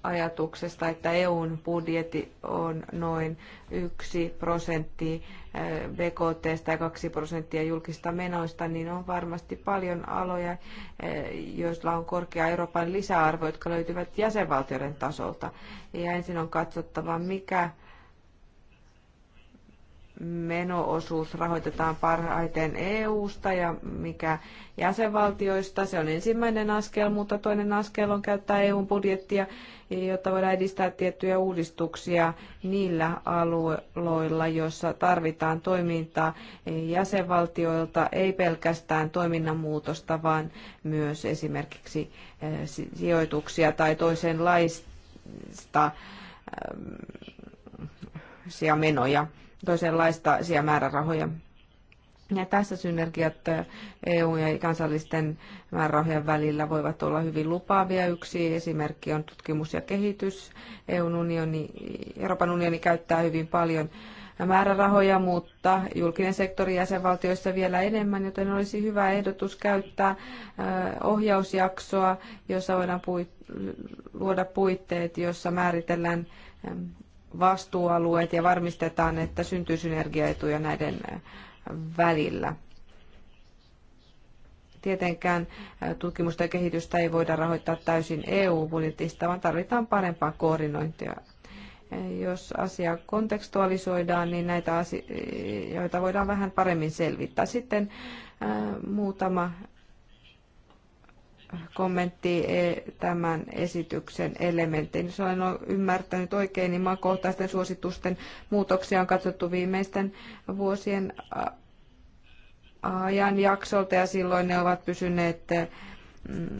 ajatuksesta, että EUn budjetti on noin 1 prosentti eh, BKT ja 2 prosenttia julkista menoista, niin on varmasti paljon aloja, eh, joilla on korkea Euroopan lisäarvo, jotka löytyvät jäsenvaltioiden tasolta. Ja ensin on katsottava, mikä menoosuus rahoitetaan parhaiten EU-sta ja mikä jäsenvaltioista. Se on ensimmäinen askel, mutta toinen askel on käyttää EU-budjettia, jotta voidaan edistää tiettyjä uudistuksia niillä alueilla, joissa tarvitaan toimintaa jäsenvaltioilta, ei pelkästään toiminnan muutosta, vaan myös esimerkiksi eh, sijoituksia tai toisenlaista eh, menoja toisenlaisia määrärahoja. Ja tässä synergiat EU- ja kansallisten määrärahojen välillä voivat olla hyvin lupaavia. Yksi esimerkki on tutkimus ja kehitys. EUn unioni, Euroopan unioni käyttää hyvin paljon määrärahoja, mutta julkinen sektori jäsenvaltioissa vielä enemmän, joten olisi hyvä ehdotus käyttää ohjausjaksoa, jossa voidaan puit- luoda puitteet, jossa määritellään vastuualueet ja varmistetaan, että syntyy synergiaetuja näiden välillä. Tietenkään tutkimusta ja kehitystä ei voida rahoittaa täysin EU-budjetista, vaan tarvitaan parempaa koordinointia. Jos asia kontekstualisoidaan, niin näitä asioita voidaan vähän paremmin selvittää. Sitten muutama kommentti e, tämän esityksen elementtiin. Jos olen ymmärtänyt oikein, niin maakohtaisten suositusten muutoksia on katsottu viimeisten vuosien ajanjaksolta ja silloin ne ovat pysyneet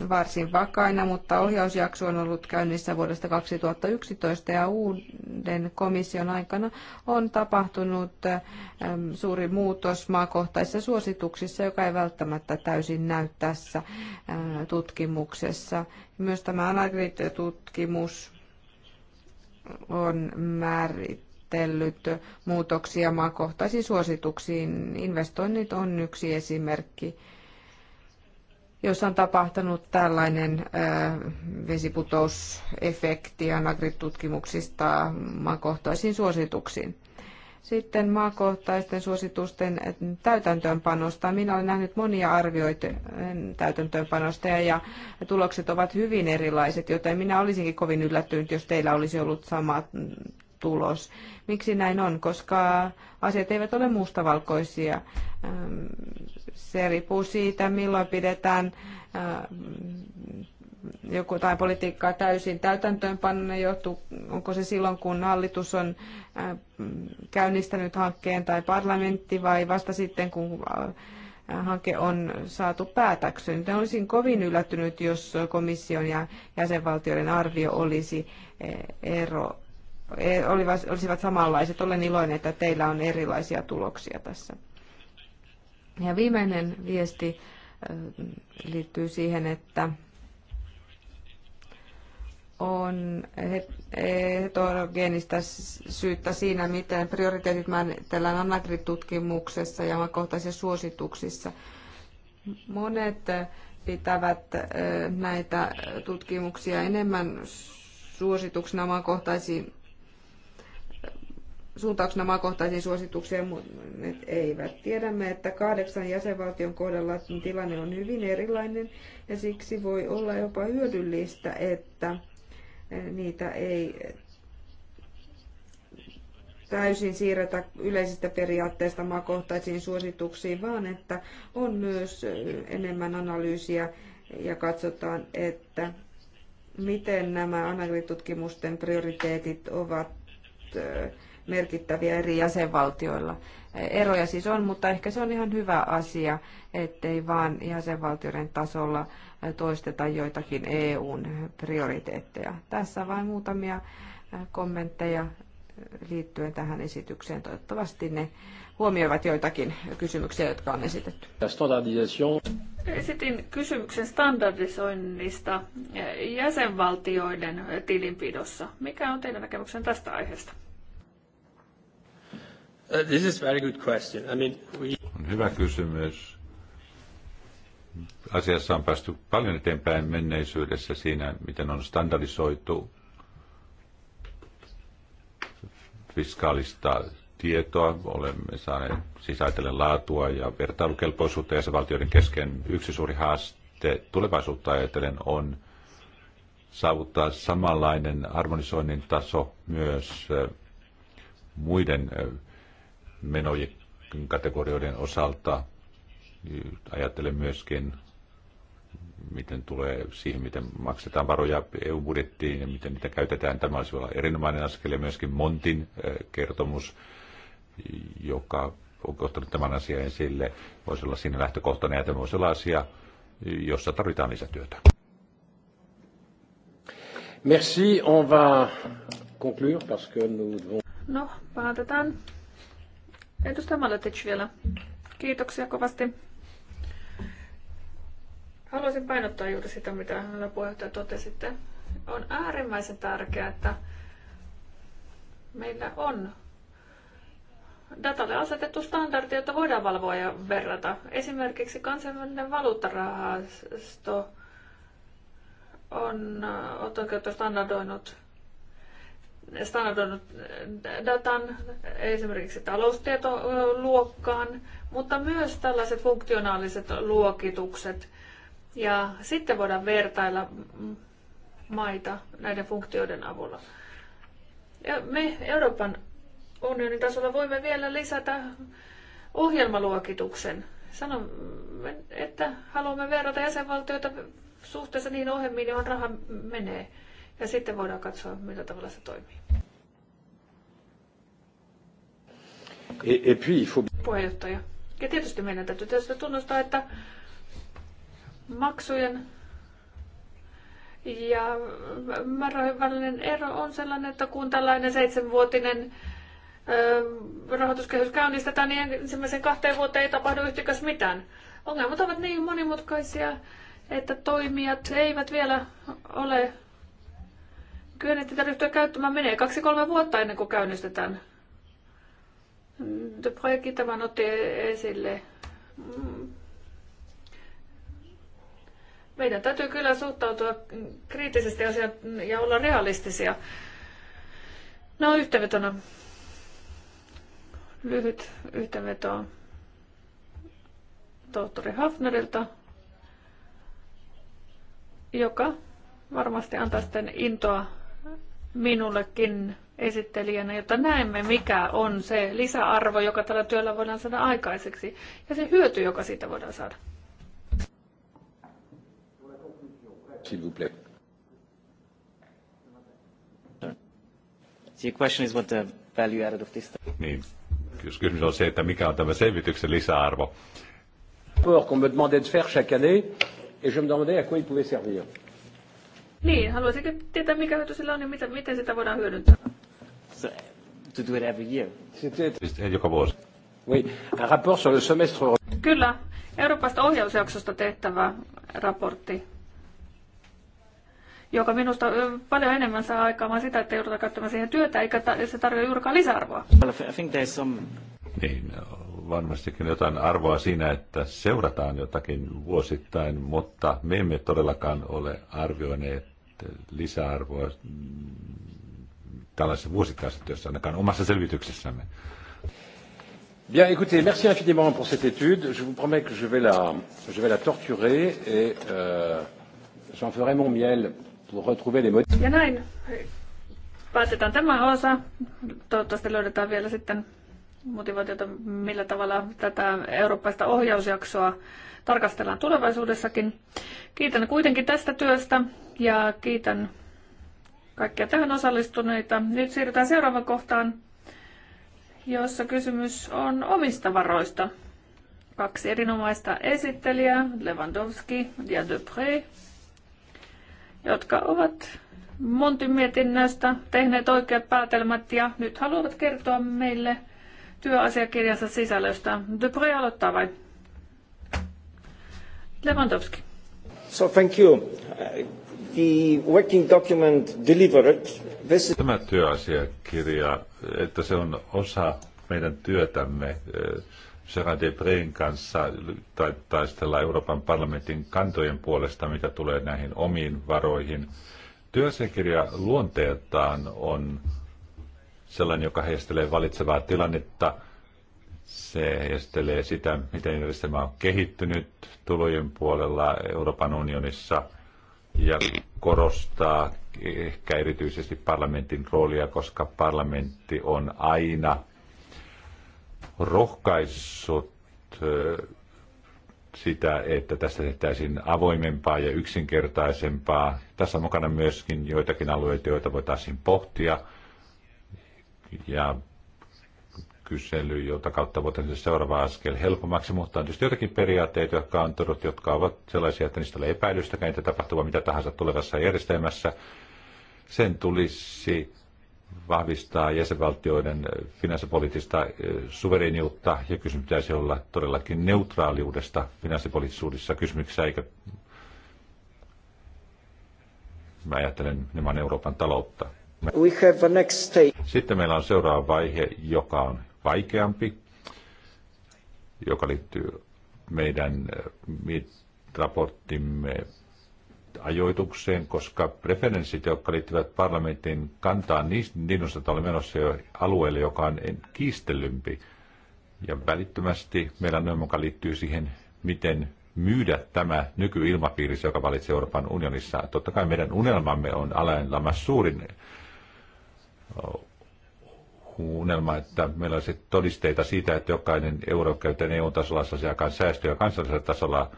varsin vakaina, mutta ohjausjakso on ollut käynnissä vuodesta 2011 ja uuden komission aikana on tapahtunut suuri muutos maakohtaisissa suosituksissa, joka ei välttämättä täysin näy tässä tutkimuksessa. Myös tämä Anagrit-tutkimus on määritellyt muutoksia maakohtaisiin suosituksiin. Investoinnit on yksi esimerkki jos on tapahtunut tällainen vesiputousefekti ja Nagrit-tutkimuksista maakohtaisiin suosituksiin. Sitten maakohtaisten suositusten täytäntöönpanosta. Minä olen nähnyt monia arvioita täytäntöönpanosta ja tulokset ovat hyvin erilaiset, joten minä olisinkin kovin yllättynyt, jos teillä olisi ollut samat tulos. Miksi näin on? Koska asiat eivät ole mustavalkoisia. Se riippuu siitä, milloin pidetään joku tai politiikkaa täysin täytäntöönpanna johtuu, onko se silloin, kun hallitus on käynnistänyt hankkeen tai parlamentti vai vasta sitten, kun hanke on saatu päätöksen. Olisin kovin yllättynyt, jos komission ja jäsenvaltioiden arvio olisi e, ero E, olisivat samanlaiset. Olen iloinen, että teillä on erilaisia tuloksia tässä. Ja viimeinen viesti liittyy siihen, että on heterogeenista syyttä siinä, miten prioriteetit määritellään Anagri-tutkimuksessa ja maakohtaisissa suosituksissa. Monet pitävät näitä tutkimuksia enemmän suosituksena maakohtaisiin suuntauksena maakohtaisiin suosituksiin, ne eivät. Tiedämme, että kahdeksan jäsenvaltion kohdalla tilanne on hyvin erilainen ja siksi voi olla jopa hyödyllistä, että eh, niitä ei täysin siirretä yleisistä periaatteista maakohtaisiin suosituksiin, vaan että on myös eh, enemmän analyysiä ja katsotaan, että miten nämä analitutkimusten prioriteetit ovat eh, merkittäviä eri jäsenvaltioilla. Eroja siis on, mutta ehkä se on ihan hyvä asia, ettei vaan jäsenvaltioiden tasolla toisteta joitakin EUn prioriteetteja. Tässä vain muutamia kommentteja liittyen tähän esitykseen. Toivottavasti ne huomioivat joitakin kysymyksiä, jotka on esitetty. Esitin kysymyksen standardisoinnista jäsenvaltioiden tilinpidossa. Mikä on teidän näkemyksen tästä aiheesta? Uh, this is very good question. I mean, we... On hyvä kysymys. Asiassa on päästy paljon eteenpäin menneisyydessä siinä, miten on standardisoitu fiskaalista tietoa. Olemme saaneet sisäitellen laatua ja vertailukelpoisuutta valtioiden kesken. Yksi suuri haaste tulevaisuutta ajatellen on saavuttaa samanlainen harmonisoinnin taso myös äh, muiden äh, menojen kategorioiden osalta. Ajattelen myöskin, miten tulee siihen, miten maksetaan varoja EU-budjettiin ja miten niitä käytetään. Tämä olisi olla erinomainen askel ja myöskin Montin eh, kertomus, joka on ottanut tämän asian esille, voisi olla siinä lähtökohtana ja tämä voisi olla asia, jossa tarvitaan lisätyötä. Merci, on va conclure parce que nous devons... No, päätetään. Edustaja Maletic vielä. Kiitoksia kovasti. Haluaisin painottaa juuri sitä, mitä hänellä puheenjohtaja totesitte. On äärimmäisen tärkeää, että meillä on datalle asetettu standardi, jota voidaan valvoa ja verrata. Esimerkiksi kansainvälinen valuuttarahasto on äh, oikeutta standardoinut standardoidut eh, datan eh, esimerkiksi taloustietoluokkaan, mutta myös tällaiset funktionaaliset luokitukset. Ja sitten voidaan vertailla maita näiden funktioiden avulla. Ja me Euroopan unionin tasolla voimme vielä lisätä ohjelmaluokituksen. Sanomme, että haluamme verrata jäsenvaltioita suhteessa niihin ohjelmiin, johon raha menee. Ja sitten voidaan katsoa, millä tavalla se toimii. Et, et puis, il faut... Puheenjohtaja. Ja tietysti meidän täytyy tietysti tunnustaa, että maksujen ja määrärahojen välinen ero on sellainen, että kun tällainen seitsemänvuotinen rahoituskehys käynnistetään, niin ensimmäisen kahteen vuoteen ei tapahdu yhtikäs mitään. Ongelmat ovat niin monimutkaisia, että toimijat eivät vielä ole Kyllä pitää ryhtyä käyttämään menee kaksi-kolme vuotta ennen kuin käynnistetään. Projekti tämän otti esille. Meidän täytyy kyllä suhtautua kriittisesti asiaan ja olla realistisia. No yhteenvetona. Lyhyt yhteenveto tohtori Hafnerilta, joka varmasti antaa sitten intoa minullekin esittelijänä, jotta näemme, mikä on se lisäarvo, joka tällä työllä voidaan saada aikaiseksi ja se hyöty, joka siitä voidaan saada. S'il vous plaît. The question is what the value added of this. Niin. Jos kysymys on se, että mikä on tämä selvityksen lisäarvo. Pour qu'on me demandait de faire chaque année, et je me demandais à quoi il pouvait servir. Niin, haluaisinkin tietää, mikä hyöty sillä on ja miten, miten sitä voidaan hyödyntää. So, to do it every year. Siis joka vuosi. Oui, un rapport sur le semestre Kyllä, Euroopasta ohjausjaksosta tehtävä raportti, joka minusta paljon enemmän saa aikaan sitä, että joudutaan katsomaan siihen työtä, eikä se tarvitse juurikaan lisäarvoa. I think there's some... Niin, varmastikin jotain arvoa siinä, että seurataan jotakin vuosittain, mutta me emme todellakaan ole arvioineet lisäarvoa mm, tällaisessa vuosittaisessa työssä, ainakaan omassa selvityksessämme. Bien, écoutez, merci infiniment pour cette étude. Je vous promets que je vais la, je vais la torturer et euh, j'en ferai mon miel pour retrouver les motifs. Ja näin. Päätetään tämä osa. Toivottavasti löydetään vielä sitten motivaatiota, millä tavalla tätä eurooppaista ohjausjaksoa tarkastellaan tulevaisuudessakin. Kiitän kuitenkin tästä työstä ja kiitän kaikkia tähän osallistuneita. Nyt siirrytään seuraavaan kohtaan, jossa kysymys on omista varoista. Kaksi erinomaista esittelijää, Lewandowski ja Dupré, jotka ovat Montin mietinnöstä tehneet oikeat päätelmät ja nyt haluavat kertoa meille työasiakirjansa sisällöstä. Dupré aloittaa vai? Lewandowski. So thank you. The working document delivered. This... Tämä työasiakirja, että se on osa meidän työtämme Sarah eh, Debreen kanssa tai taistella Euroopan parlamentin kantojen puolesta, mitä tulee näihin omiin varoihin. Työasiakirja luonteeltaan on sellainen, joka heistelee valitsevaa tilannetta – se heijastelee sitä, miten järjestelmä on kehittynyt tulojen puolella Euroopan unionissa ja korostaa ehkä erityisesti parlamentin roolia, koska parlamentti on aina rohkaissut sitä, että tässä tehtäisiin avoimempaa ja yksinkertaisempaa. Tässä on mukana myöskin joitakin alueita, joita voitaisiin pohtia. Ja kysely, jota kautta voitaisiin seuraava askel helpommaksi, mutta on tietysti jotakin periaatteita, jotka on todettu, jotka ovat sellaisia, että niistä ei ole epäilystäkään, että tapahtuva mitä tahansa tulevassa järjestelmässä. Sen tulisi vahvistaa jäsenvaltioiden finanssipoliittista suvereniutta ja kysymys pitäisi olla todellakin neutraaliudesta finanssipoliittisuudessa kysymyksessä, eikä mä ajattelen nimenomaan Euroopan taloutta. Sitten meillä on seuraava vaihe, joka on vaikeampi, joka liittyy meidän raporttimme ajoitukseen, koska preferenssit, jotka liittyvät parlamentin kantaan, niin on oli menossa jo alueelle, joka on kiistellympi. Ja välittömästi meillä on joka liittyy siihen, miten myydä tämä nykyilmapiiri, joka valitsee Euroopan unionissa. Totta kai meidän unelmamme on Alain suurin unelma, että meillä olisi todisteita siitä, että jokainen euro käytetään EU-tasolla asiakkaan säästöjä kansallisella tasolla.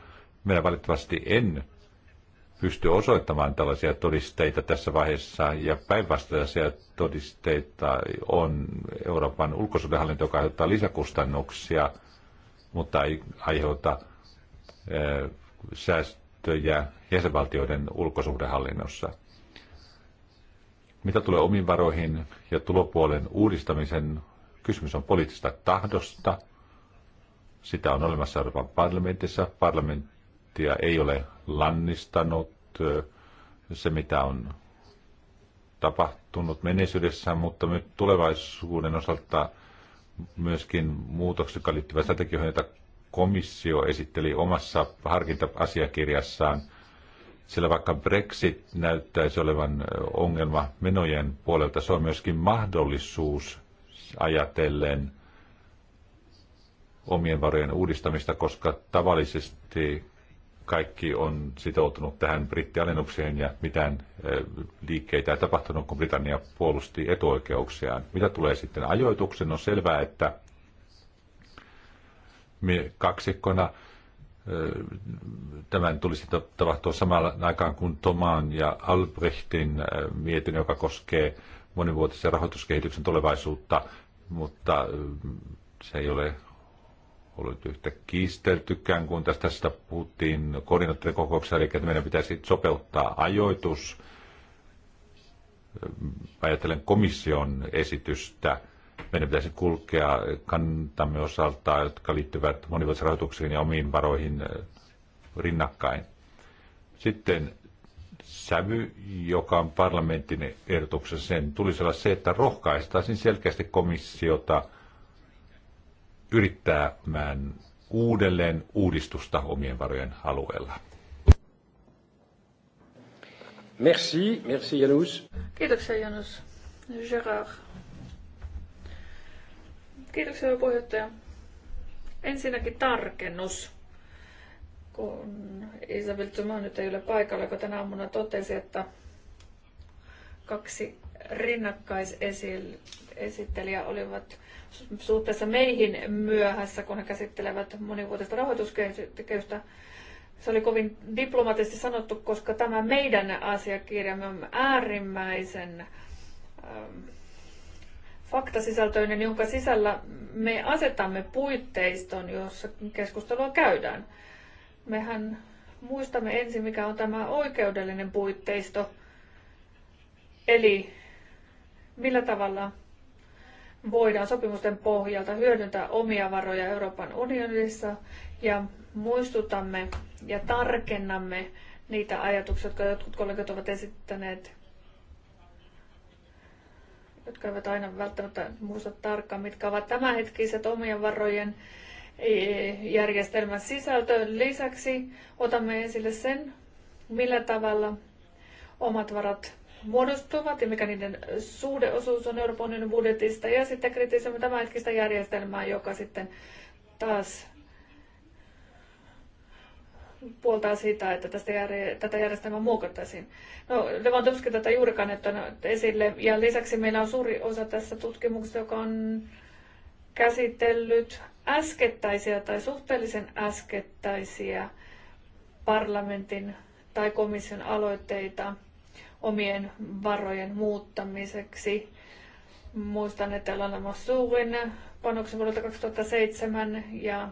Meillä valitettavasti en pysty osoittamaan tällaisia todisteita tässä vaiheessa, ja päinvastaisia todisteita on Euroopan ulkosuhdehallinto, joka aiheuttaa lisäkustannuksia, mutta ei aiheuta säästöjä jäsenvaltioiden ulkosuhdehallinnossa. Mitä tulee omiin varoihin ja tulopuolen uudistamisen, kysymys on poliittisesta tahdosta. Sitä on olemassa Euroopan parlamentissa. Parlamenttia ei ole lannistanut eh, se, mitä on tapahtunut menneisyydessä, mutta nyt tulevaisuuden osalta myöskin muutokset, jotka liittyvät strategioihin, joita komissio esitteli omassa harkinta-asiakirjassaan – sillä vaikka Brexit näyttäisi olevan ongelma menojen puolelta, se on myöskin mahdollisuus ajatellen omien varojen uudistamista, koska tavallisesti kaikki on sitoutunut tähän brittialennukseen ja mitään liikkeitä ei tapahtunut, kun Britannia puolusti etuoikeuksiaan. Mitä tulee sitten ajoituksen, on no selvää, että me kaksikkona Tämän tulisi tapahtua samalla aikaan kuin Tomaan ja Albrechtin mietin, joka koskee monivuotisen rahoituskehityksen tulevaisuutta, mutta se ei ole ollut yhtä kiisteltykään, kun tästä, tästä puhuttiin koordinaattorikokouksessa, eli että meidän pitäisi sopeuttaa ajoitus, ajatellen komission esitystä – meidän pitäisi kulkea kantamme osalta, jotka liittyvät monivuotisrahoituksiin ja omiin varoihin äh, rinnakkain. Sitten sävy, joka on parlamentin ehdotuksessa, sen tulisi olla se, että rohkaistaisiin selkeästi komissiota yrittämään uudelleen uudistusta omien varojen alueella. Merci, merci Janus. Kiitoksia Janus. Gerard. Kiitoksia, hyvä puheenjohtaja. Ensinnäkin tarkennus, kun Isabel Zuma nyt ei ole paikalla, kun tänä aamuna totesi, että kaksi rinnakkaisesittelijä olivat suhteessa meihin myöhässä, kun he käsittelevät monivuotista rahoituskehystä. Se oli kovin diplomaattisesti sanottu, koska tämä meidän asiakirjamme on äärimmäisen ähm, faktasisältöinen, jonka sisällä me asetamme puitteiston, jossa keskustelua käydään. Mehän muistamme ensin, mikä on tämä oikeudellinen puitteisto, eli millä tavalla voidaan sopimusten pohjalta hyödyntää omia varoja Euroopan unionissa ja muistutamme ja tarkennamme niitä ajatuksia, jotka jotkut kollegat ovat esittäneet jotka eivät aina välttämättä muista tarkkaan, mitkä ovat tämänhetkiset omien varojen e, järjestelmän sisältöön. Lisäksi otamme esille sen, millä tavalla omat varat muodostuvat ja mikä niiden suhdeosuus on Euroopan unionin budjetista. Ja sitten kritisoimme tämänhetkistä järjestelmää, joka sitten taas puoltaa sitä, että tästä järje- tätä järjestelmää muokattaisiin. No, Lewandowski tätä juurikaan ottanut esille, ja lisäksi meillä on suuri osa tässä tutkimuksessa, joka on käsitellyt äskettäisiä tai suhteellisen äskettäisiä parlamentin tai komission aloitteita omien varojen muuttamiseksi. Muistan, että Lana Masurin panoksen vuodelta 2007 ja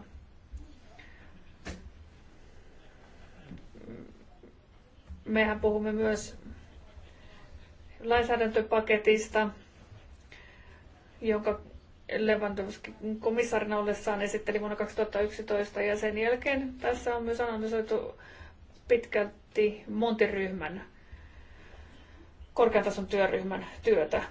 Mehän puhumme myös lainsäädäntöpaketista, jonka Lewandowski komissaarina ollessaan esitteli vuonna 2011 ja sen jälkeen tässä on myös analysoitu pitkälti Montiryhmän korkean tason työryhmän työtä.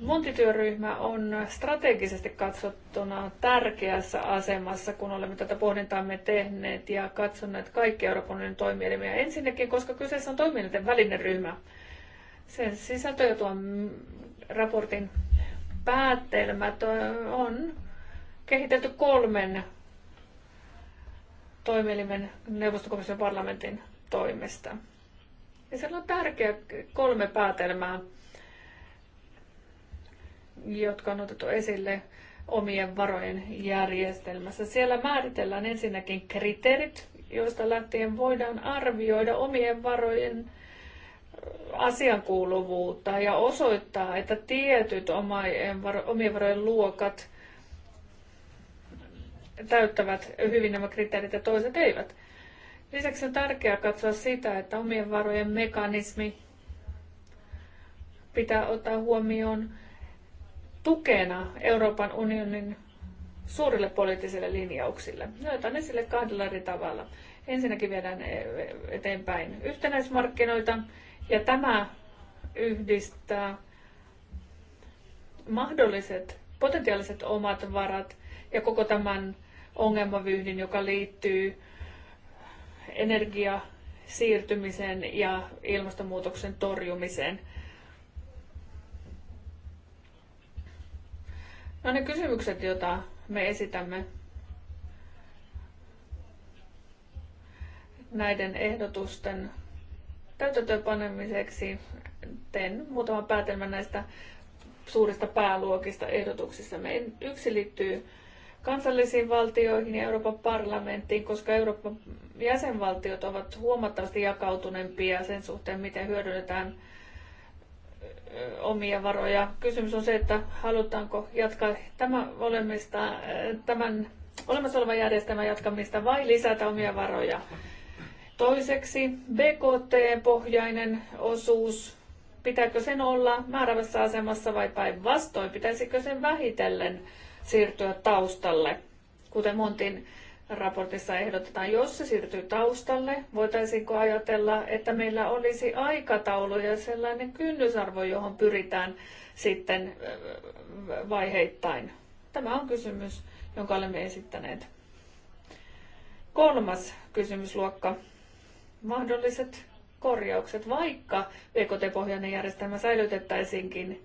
Montityöryhmä on strategisesti katsottuna tärkeässä asemassa, kun olemme tätä pohdintaamme tehneet ja katsoneet kaikki Euroopan unionin toimielimiä. Ensinnäkin, koska kyseessä on toimielinten välinen ryhmä. Sen sisältö ja tuon raportin päättelmät on kehitelty kolmen toimielimen neuvostokomission parlamentin toimesta. Ja siellä on tärkeä kolme päätelmää jotka on otettu esille omien varojen järjestelmässä. Siellä määritellään ensinnäkin kriteerit, joista lähtien voidaan arvioida omien varojen äh, asiankuuluvuutta ja osoittaa, että tietyt omien varojen luokat täyttävät hyvin nämä kriteerit ja toiset eivät. Lisäksi on tärkeää katsoa sitä, että omien varojen mekanismi pitää ottaa huomioon tukena Euroopan unionin suurille poliittisille linjauksille. Ne otan esille kahdella eri tavalla. Ensinnäkin viedään e- e- eteenpäin yhtenäismarkkinoita ja tämä yhdistää mahdolliset potentiaaliset omat varat ja koko tämän ongelmavyhdin, joka liittyy energiasiirtymiseen ja ilmastonmuutoksen torjumiseen. No ne kysymykset, joita me esitämme näiden ehdotusten täytäntöönpanemiseksi, teen muutaman päätelmän näistä suurista pääluokista ehdotuksissa. Meidän yksi liittyy kansallisiin valtioihin ja Euroopan parlamenttiin, koska Euroopan jäsenvaltiot ovat huomattavasti jakautuneempia sen suhteen, miten hyödynnetään omia varoja. Kysymys on se, että halutaanko jatkaa tämä olemista, tämän olemassa olevan järjestelmän jatkamista vai lisätä omia varoja. Toiseksi BKT-pohjainen osuus, pitääkö sen olla määrävässä asemassa vai päinvastoin, pitäisikö sen vähitellen siirtyä taustalle, kuten Montin raportissa ehdotetaan, jos se siirtyy taustalle, voitaisiinko ajatella, että meillä olisi aikataulu ja sellainen kynnysarvo, johon pyritään sitten vaiheittain? Tämä on kysymys, jonka olemme esittäneet. Kolmas kysymysluokka. Mahdolliset korjaukset. Vaikka ekt pohjainen järjestelmä säilytettäisiinkin,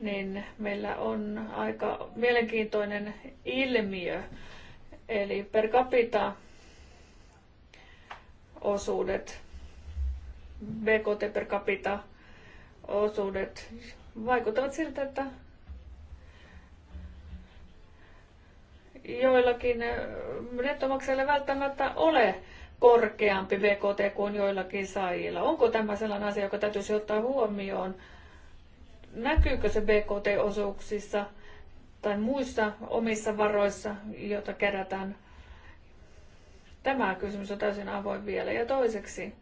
niin meillä on aika mielenkiintoinen ilmiö Eli per capita osuudet, BKT per capita osuudet vaikuttavat siltä, että joillakin eh, nettomaksajilla välttämättä ole korkeampi BKT kuin joillakin saajilla. Onko tämä sellainen asia, joka täytyisi ottaa huomioon? Näkyykö se BKT-osuuksissa? tai muissa omissa varoissa, joita kerätään. Tämä kysymys on täysin avoin vielä. Ja toiseksi,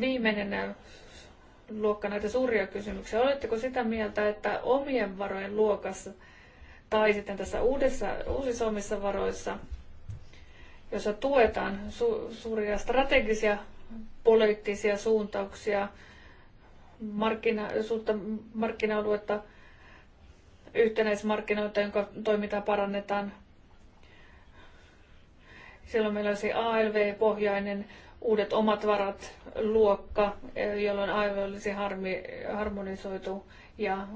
viimeinen luokka näitä suuria kysymyksiä. Oletteko sitä mieltä, että omien varojen luokassa tai sitten tässä uudessa, uusissa omissa varoissa, jossa tuetaan su- suuria strategisia poliittisia suuntauksia, markkina, suutta markkina-aluetta, yhtenäismarkkinoita, jonka toimintaa parannetaan. Silloin meillä olisi ALV-pohjainen uudet omat varat luokka, eh, jolloin ALV olisi harmi, harmonisoitu ja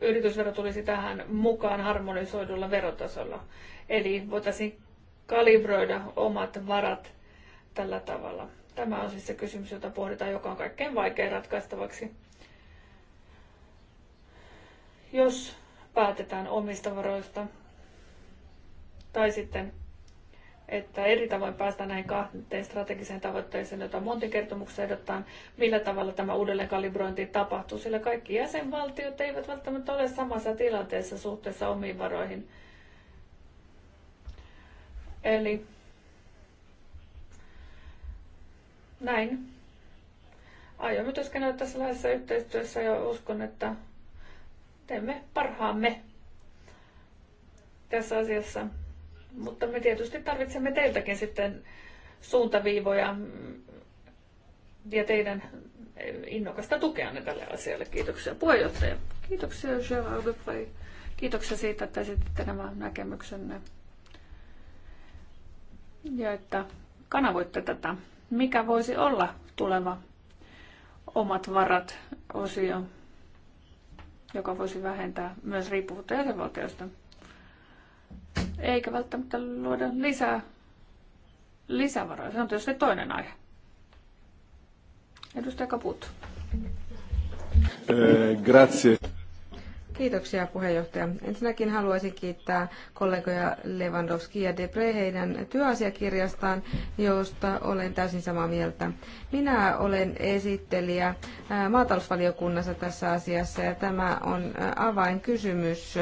yritysvero tulisi tähän mukaan harmonisoidulla verotasolla. Eli voitaisiin kalibroida omat varat tällä tavalla. Tämä on siis se kysymys, jota pohditaan, joka on kaikkein vaikein ratkaistavaksi jos päätetään omista varoista tai sitten että eri tavoin päästään näihin kahteen strategiseen tavoitteeseen, jota Montin kertomuksessa ehdottaa, millä tavalla tämä uudelleenkalibrointi tapahtuu, sillä kaikki jäsenvaltiot eivät välttämättä ole samassa tilanteessa suhteessa omiin varoihin. Eli näin. Aiomme työskennellä tässä läheisessä yhteistyössä ja uskon, että Teemme parhaamme tässä asiassa. Mutta me tietysti tarvitsemme teiltäkin sitten suuntaviivoja ja teidän innokasta tukeanne tälle asialle. Kiitoksia puheenjohtaja. Kiitoksia Gerard Duprey. Kiitoksia siitä, että esititte nämä näkemyksenne. Ja että kanavoitte tätä. Mikä voisi olla tuleva omat varat osio? joka voisi vähentää myös riippuvuutta jäsenvaltioista, eikä välttämättä luoda lisää lisävaroja. Se on tietysti toinen aihe. Edustaja Kaput. Eh, grazie. Kiitoksia puheenjohtaja. Ensinnäkin haluaisin kiittää kollegoja Lewandowski ja Debre heidän työasiakirjastaan, josta olen täysin samaa mieltä. Minä olen esittelijä maatalousvaliokunnassa tässä asiassa ja tämä on avainkysymys,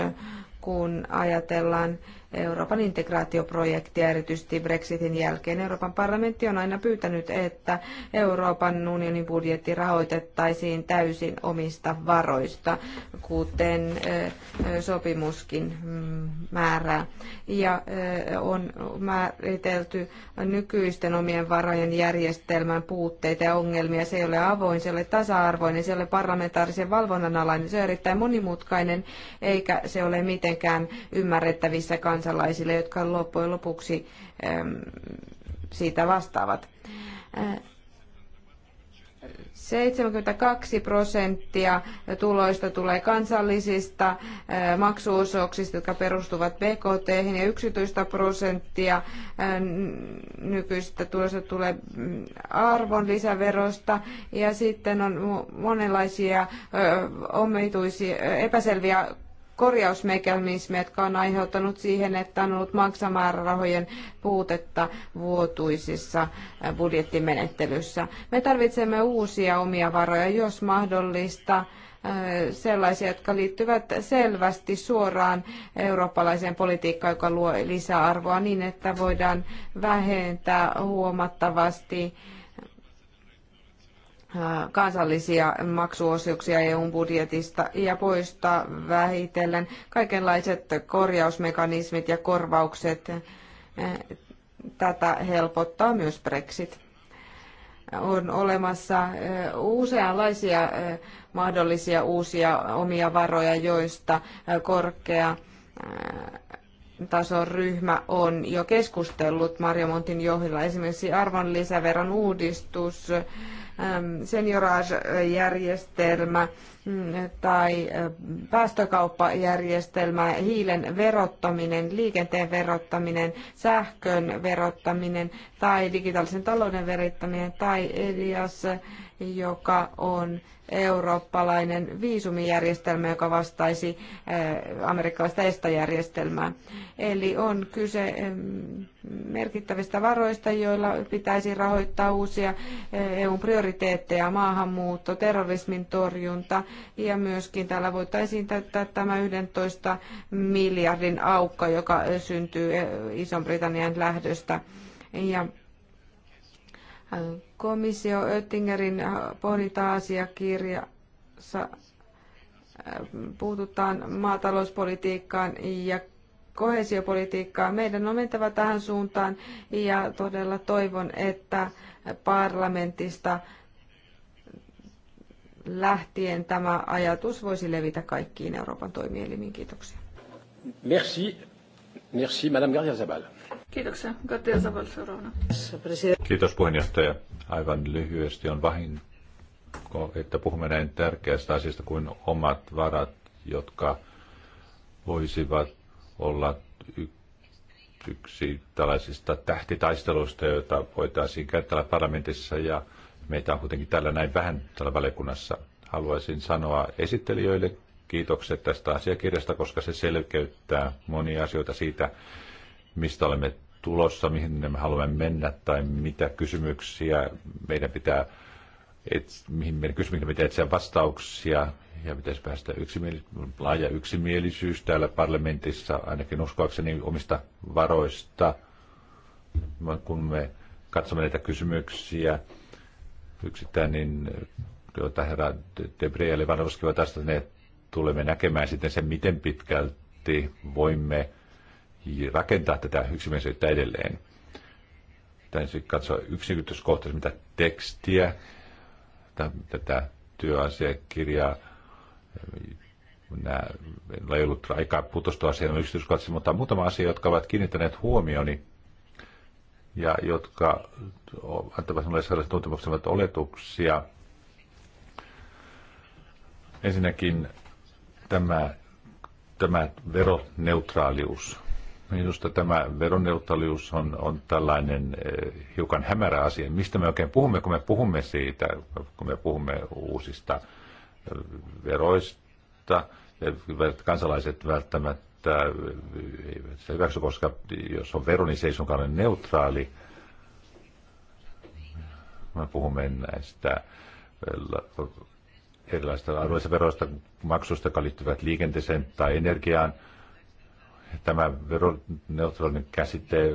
kun ajatellaan Euroopan integraatioprojektia, erityisesti Brexitin jälkeen. Euroopan parlamentti on aina pyytänyt, että Euroopan unionin budjetti rahoitettaisiin täysin omista varoista, kuten sopimuskin mm, määrää. Ja on määritelty nykyisten omien varojen järjestelmän puutteita ja ongelmia. Se ei ole avoin, se ei ole tasa-arvoinen, se ei ole parlamentaarisen valvonnan alainen, se on erittäin monimutkainen, eikä se ole mitenkään ymmärrettävissä kansalaisille, jotka loppujen lopuksi siitä vastaavat. 72 prosenttia tuloista tulee kansallisista maksuosuuksista, jotka perustuvat BKT, ja 11 prosenttia nykyisistä tuloista tulee mm, arvonlisäverosta, ja sitten on monenlaisia omituisia, epäselviä korjausmekanismi, jotka on aiheuttanut siihen, että on ollut maksamäärärahojen puutetta vuotuisissa budjettimenettelyssä. Me tarvitsemme uusia omia varoja, jos mahdollista sellaisia, jotka liittyvät selvästi suoraan eurooppalaiseen politiikkaan, joka luo lisäarvoa niin, että voidaan vähentää huomattavasti kansallisia maksuosuuksia EU-budjetista ja poistaa vähitellen kaikenlaiset korjausmekanismit ja korvaukset. Tätä helpottaa myös Brexit. On olemassa useanlaisia mahdollisia uusia omia varoja, joista korkea tason ryhmä on jo keskustellut Montin johdolla. Esimerkiksi arvonlisäveron uudistus, Ähm, seniorage-järjestelmä mm, tai äh, päästökauppajärjestelmä, hiilen verottaminen, liikenteen verottaminen, sähkön verottaminen tai digitaalisen talouden verottaminen tai Elias, joka on eurooppalainen viisumijärjestelmä, joka vastaisi eh, amerikkalaista estajärjestelmää. Eli on kyse merkittävistä varoista, joilla pitäisi rahoittaa uusia eh, EUn prioriteetteja, maahanmuutto, terrorismin torjunta ja myöskin täällä voitaisiin täyttää tämä 11 miljardin aukka, joka eh, syntyy Ison-Britannian lähdöstä. Ja komissio Oettingerin pohdinta-asiakirjassa ähm, puututaan maatalouspolitiikkaan ja kohesiopolitiikkaan. Meidän on mentävä tähän suuntaan ja todella toivon, että parlamentista lähtien tämä ajatus voisi levitä kaikkiin Euroopan toimielimiin. Kiitoksia. Merci. Merci, Madame Gardiazabal. Kiitoksia. Katja Saval seuraavana. Kiitos puheenjohtaja. Aivan lyhyesti on vahin, että puhumme näin tärkeästä asiasta kuin omat varat, jotka voisivat olla yksi tällaisista tähtitaisteluista, joita voitaisiin käyttää parlamentissa ja meitä on kuitenkin täällä näin vähän täällä valiokunnassa. Haluaisin sanoa esittelijöille kiitokset tästä asiakirjasta, koska se selkeyttää monia asioita siitä, mistä olemme tulossa, mihin me haluamme mennä tai mitä kysymyksiä meidän pitää, et, mihin meidän kysymyksiä pitää etsiä vastauksia ja pitäisi päästä yksimieli, laaja yksimielisyys täällä parlamentissa, ainakin uskoakseni omista varoista, kun me katsomme näitä kysymyksiä yksittäin, niin tuota, herra Debre ja Levanovski ovat tästä, ne tulemme näkemään sitten sen, miten pitkälti voimme rakentaa tätä yksimielisyyttä edelleen. Täytyy siis katsoa yksityiskohtaisesti, mitä tekstiä, tätä työasiakirjaa, Nämä ei ollut aikaa putostua asiaan yksityiskohtaisesti, mutta muutama asia, jotka ovat kiinnittäneet huomioni ja jotka antavat minulle sellaisen tuntemuksen, että oletuksia. Ensinnäkin tämä, tämä veroneutraalius. Minusta tämä veroneutraalius on, on tällainen eh, hiukan hämärä asia. Mistä me oikein puhumme, kun me puhumme siitä, kun me puhumme uusista eh, veroista, kansalaiset välttämättä eh, eivät sitä hyväksy, koska jos on vero, niin se ei sunkaan ole neutraali. Me puhumme näistä erilaisista arvoisista veroista, maksuista, jotka liittyvät liikenteeseen tai energiaan – tämä veroneutraalinen käsite,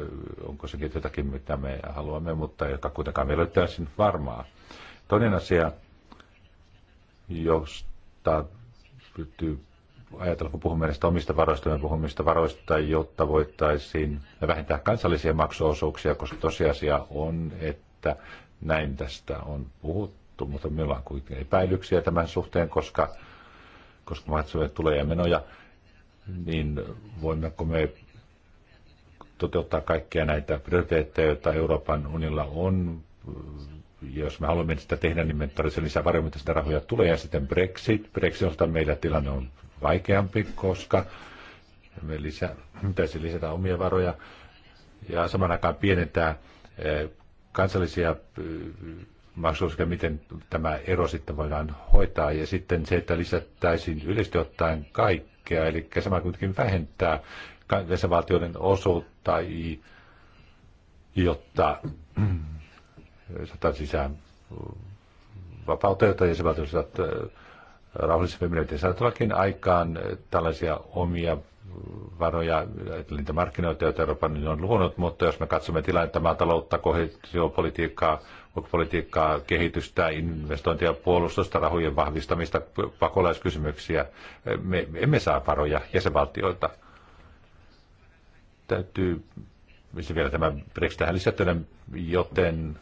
onko sekin jotakin, mitä me haluamme, mutta joka kuitenkaan meillä ei ole täysin varmaa. Toinen asia, josta pystyy ajatella, kun puhumme näistä omista varoista, me puhumme varoista, jotta voitaisiin vähentää kansallisia maksuosuuksia, koska tosiasia on, että näin tästä on puhuttu, mutta meillä on kuitenkin epäilyksiä tämän suhteen, koska, koska maksuja tulee ja menoja niin voimmeko me toteuttaa kaikkia näitä prioriteetteja, joita Euroopan unilla on. Jos me haluamme sitä tehdä, niin me tarvitsemme lisää varoja, mitä sitä rahoja tulee. Ja sitten Brexit. Brexit osalta meillä tilanne on vaikeampi, koska me lisä, pitäisi lisätä omia varoja ja saman aikaan pienentää eh, kansallisia eh, maksuja, miten tämä ero sitten voidaan hoitaa. Ja sitten se, että lisättäisiin yleisesti ottaen kaikki kaikkea, eli sama kuitenkin vähentää jäsenvaltioiden osuutta, jotta saadaan sisään vapautta, jotta jäsenvaltiot saavat rauhallisemmin menetin saatallakin aikaan tällaisia omia varoja, niitä markkinoita, joita Euroopan on luonut, mutta jos me katsomme tilannetta maataloutta, kohesiopolitiikkaa, ulkopolitiikkaa, kehitystä, investointia, puolustusta, rahojen vahvistamista, pakolaiskysymyksiä. Me emme saa varoja jäsenvaltioilta. Täytyy missä vielä tämä Brexit tähän lisättynä, joten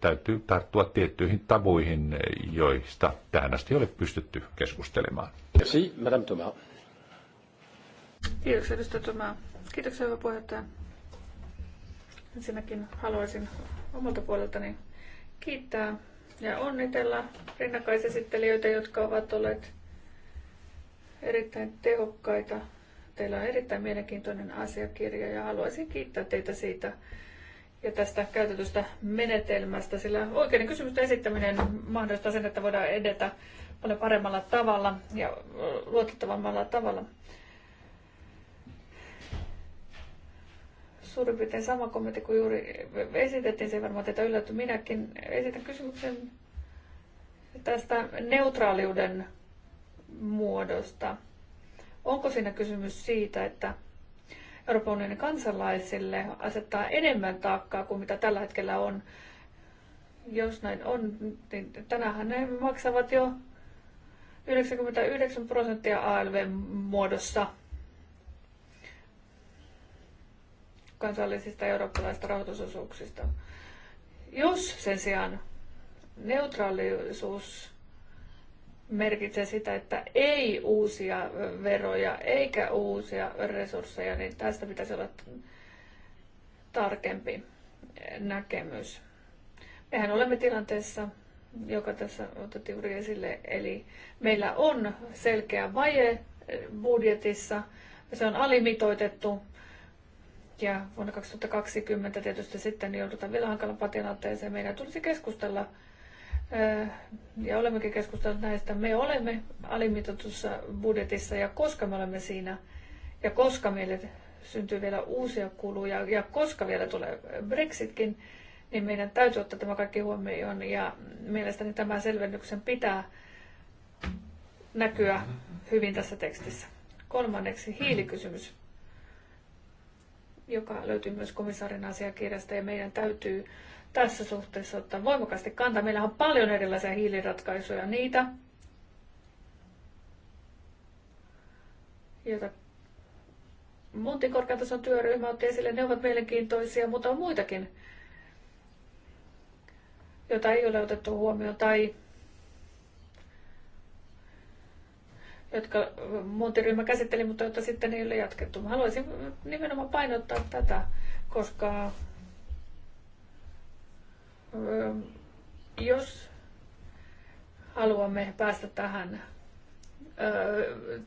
täytyy tarttua tiettyihin tavuihin, joista tähän asti ei ole pystytty keskustelemaan. Merci, Madame Thomas. Kiitos, edustaja Thomas. Kiitoksia, hyvä puheenjohtaja. Ensinnäkin haluaisin omalta puoleltani kiittää ja onnitella rinnakkaisesittelijöitä, jotka ovat olleet erittäin tehokkaita. Teillä on erittäin mielenkiintoinen asiakirja ja haluaisin kiittää teitä siitä ja tästä käytetystä menetelmästä, sillä oikeiden kysymysten esittäminen mahdollistaa sen, että voidaan edetä paljon paremmalla tavalla ja luotettavammalla tavalla. suurin piirtein sama kommentti kuin juuri esitettiin, se varmaan teitä yllätty minäkin. Esitän kysymyksen tästä neutraaliuden muodosta. Onko siinä kysymys siitä, että Euroopan unionin kansalaisille asettaa enemmän taakkaa kuin mitä tällä hetkellä on? Jos näin on, niin tänähän ne maksavat jo 99 prosenttia ALV-muodossa kansallisista eurooppalaisista rahoitusosuuksista. Jos sen sijaan neutraalisuus merkitsee sitä, että ei uusia veroja eikä uusia resursseja, niin tästä pitäisi olla tarkempi näkemys. Mehän olemme tilanteessa, joka tässä otettiin juuri esille, eli meillä on selkeä vaje budjetissa, se on alimitoitettu ja vuonna 2020 tietysti sitten joudutaan vielä hankalampaan tilanteeseen. Meidän tulisi keskustella öö, ja olemmekin keskustelleet näistä. Me olemme alimitoitussa budjetissa ja koska me olemme siinä ja koska meille syntyy vielä uusia kuluja ja koska vielä tulee Brexitkin, niin meidän täytyy ottaa tämä kaikki huomioon ja mielestäni tämä selvennyksen pitää näkyä hyvin tässä tekstissä. Kolmanneksi hiilikysymys joka löytyy myös komissaarin asiakirjasta ja meidän täytyy tässä suhteessa ottaa voimakkaasti kantaa. Meillä on paljon erilaisia hiiliratkaisuja, niitä, joita Montin korkeatason työryhmä otti esille, ne ovat mielenkiintoisia, mutta on muitakin, joita ei ole otettu huomioon tai jotka muotiryhmä käsitteli, mutta joita sitten ei ole jatkettu. Mä haluaisin nimenomaan painottaa tätä, koska ähm, jos haluamme päästä tähän äh,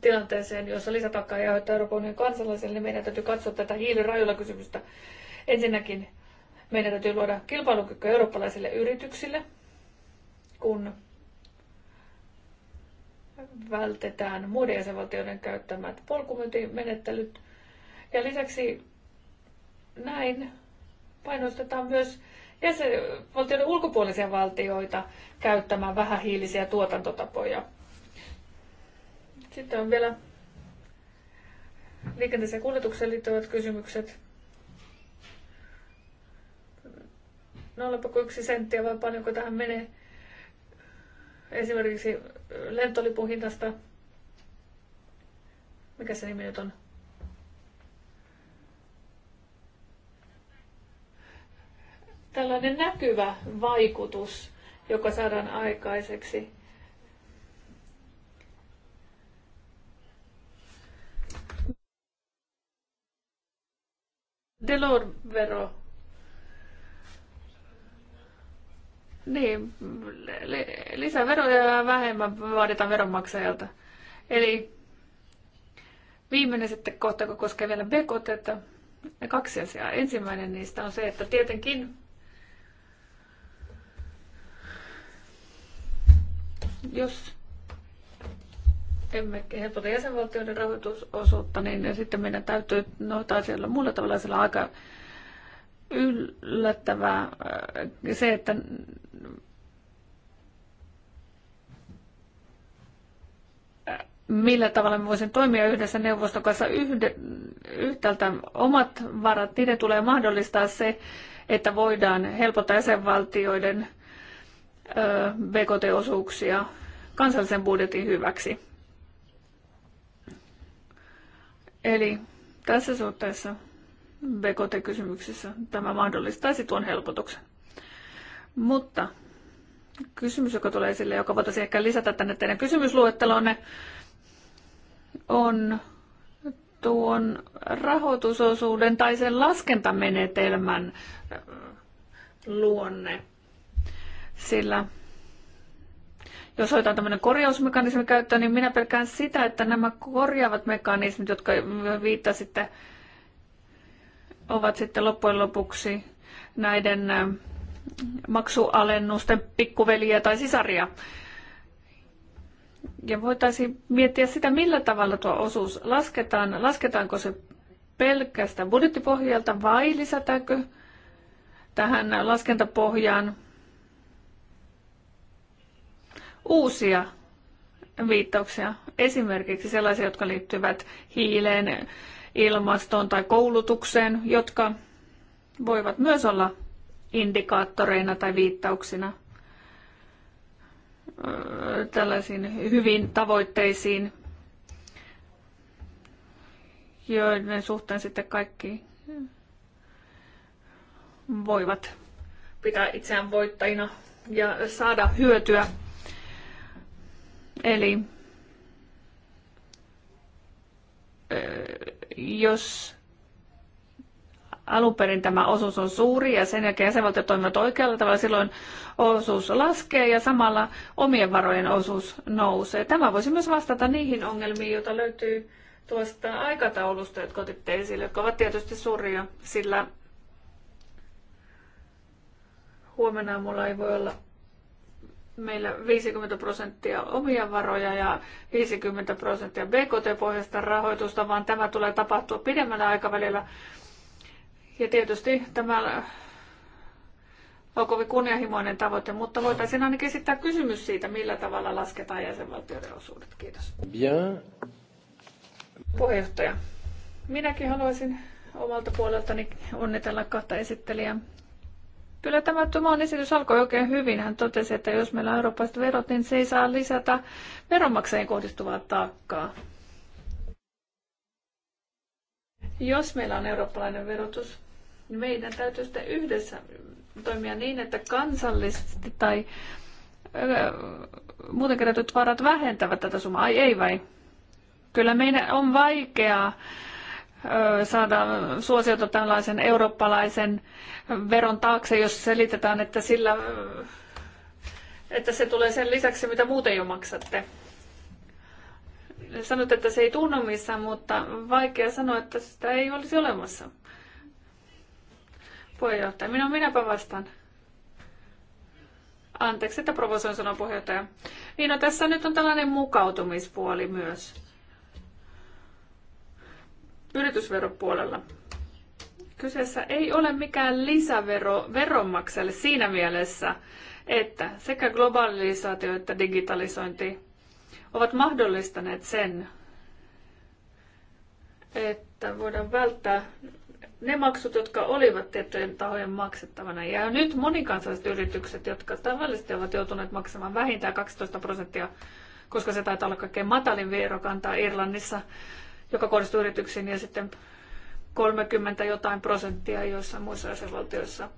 tilanteeseen, jossa lisätakka ei aiheuttaa Euroopan unionin kansalaisille, niin meidän täytyy katsoa tätä hiilirajoilla kysymystä. Ensinnäkin meidän täytyy luoda kilpailukykyä eurooppalaisille yrityksille, kun vältetään muiden jäsenvaltioiden käyttämät polkumyyntimenettelyt. Ja lisäksi näin painostetaan myös jäsenvaltioiden ulkopuolisia valtioita käyttämään vähähiilisiä tuotantotapoja. Sitten on vielä liikenteeseen ja kuljetukseen liittyvät kysymykset. 0,1 senttiä vai paljonko tähän menee? esimerkiksi lentolipun hinnasta. Mikä se nimi nyt on? Tällainen näkyvä vaikutus, joka saadaan aikaiseksi. Delor-vero Niin, lisää veroja ja vähemmän vaaditaan veronmaksajalta. Eli viimeinen sitten kohta, joka koskee vielä BKT, kaksi asiaa. Ensimmäinen niistä on se, että tietenkin jos emme helpota jäsenvaltioiden rahoitusosuutta, niin sitten meidän täytyy noita siellä muulla tavalla siellä aika yllättävää äh, se, että millä tavalla me voisin toimia yhdessä neuvoston kanssa yhde, yhtäältä omat varat. Niiden tulee mahdollistaa se, että voidaan helpottaa jäsenvaltioiden BKT-osuuksia kansallisen budjetin hyväksi. Eli tässä suhteessa BKT-kysymyksissä tämä mahdollistaisi tuon helpotuksen. Mutta kysymys, joka tulee esille, joka voitaisiin ehkä lisätä tänne teidän kysymysluettelonne, on tuon rahoitusosuuden tai sen laskentamenetelmän äh, luonne. Sillä jos otetaan tämmöinen korjausmekanismi käyttöön, niin minä pelkään sitä, että nämä korjaavat mekanismit, jotka viittasitte, ovat sitten loppujen lopuksi näiden äh, maksualennusten pikkuveliä tai sisaria. Ja voitaisiin miettiä sitä, millä tavalla tuo osuus lasketaan. Lasketaanko se pelkästään budjettipohjalta vai lisätäänkö tähän laskentapohjaan uusia viittauksia, esimerkiksi sellaisia, jotka liittyvät hiileen, ilmastoon tai koulutukseen, jotka voivat myös olla indikaattoreina tai viittauksina tällaisiin hyvin tavoitteisiin, joiden suhteen sitten kaikki voivat pitää itseään voittajina ja saada hyötyä. Eli jos alun perin tämä osuus on suuri ja sen jälkeen jäsenvaltiot toimivat oikealla tavalla, silloin osuus laskee ja samalla omien varojen osuus nousee. Tämä voisi myös vastata niihin ongelmiin, joita löytyy tuosta aikataulusta, jotka otitte esille, jotka ovat tietysti suuria, sillä huomenna mulla ei voi olla meillä 50 prosenttia omia varoja ja 50 prosenttia BKT-pohjaista rahoitusta, vaan tämä tulee tapahtua pidemmällä aikavälillä. Ja tietysti tämä on kovin kunnianhimoinen tavoite, mutta voitaisiin ainakin esittää kysymys siitä, millä tavalla lasketaan jäsenvaltioiden osuudet. Kiitos. Bien. Puheenjohtaja, minäkin haluaisin omalta puoleltani onnitella kahta esittelijää Kyllä tämä Tumon esitys alkoi oikein hyvin. Hän totesi, että jos meillä on eurooppalaiset verot, niin se ei saa lisätä veronmaksajien kohdistuvaa taakkaa. Jos meillä on eurooppalainen verotus, niin meidän täytyy sitten yhdessä toimia niin, että kansallisesti tai muuten kerätyt varat vähentävät tätä summaa. Ai ei vai? Kyllä meidän on vaikeaa saada suosiota tällaisen eurooppalaisen veron taakse, jos selitetään, että, sillä, että se tulee sen lisäksi, mitä muuten jo maksatte. Sanot, että se ei tunnu missään, mutta vaikea sanoa, että sitä ei olisi olemassa. Puheenjohtaja, minä minäpä vastaan. Anteeksi, että provosoin sanan puheenjohtaja. Niin no, tässä nyt on tällainen mukautumispuoli myös yritysveropuolella. Kyseessä ei ole mikään lisävero veronmaksajalle siinä mielessä, että sekä globalisaatio että digitalisointi ovat mahdollistaneet sen, että voidaan välttää ne maksut, jotka olivat tiettyjen tahojen maksettavana. Ja nyt monikansalliset yritykset, jotka tavallisesti ovat joutuneet maksamaan vähintään 12 prosenttia, koska se taitaa olla kaikkein matalin verokanta Irlannissa, joka kohdistuu yrityksiin, ja sitten 30 jotain prosenttia joissain muissa jäsenvaltioissa.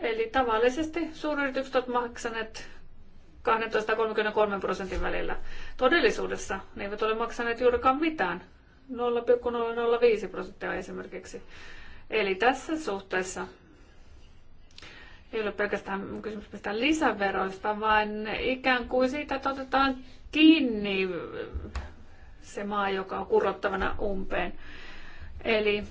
Eli tavallisesti suuryritykset ovat maksaneet 12-33 prosentin välillä. Todellisuudessa ne eivät ole maksaneet juurikaan mitään, 0,005 prosenttia esimerkiksi. Eli tässä suhteessa ei ole pelkästään kysymys mistään lisäveroista, vaan ikään kuin siitä, että otetaan kiinni se maa, joka on kurottavana umpeen. Eli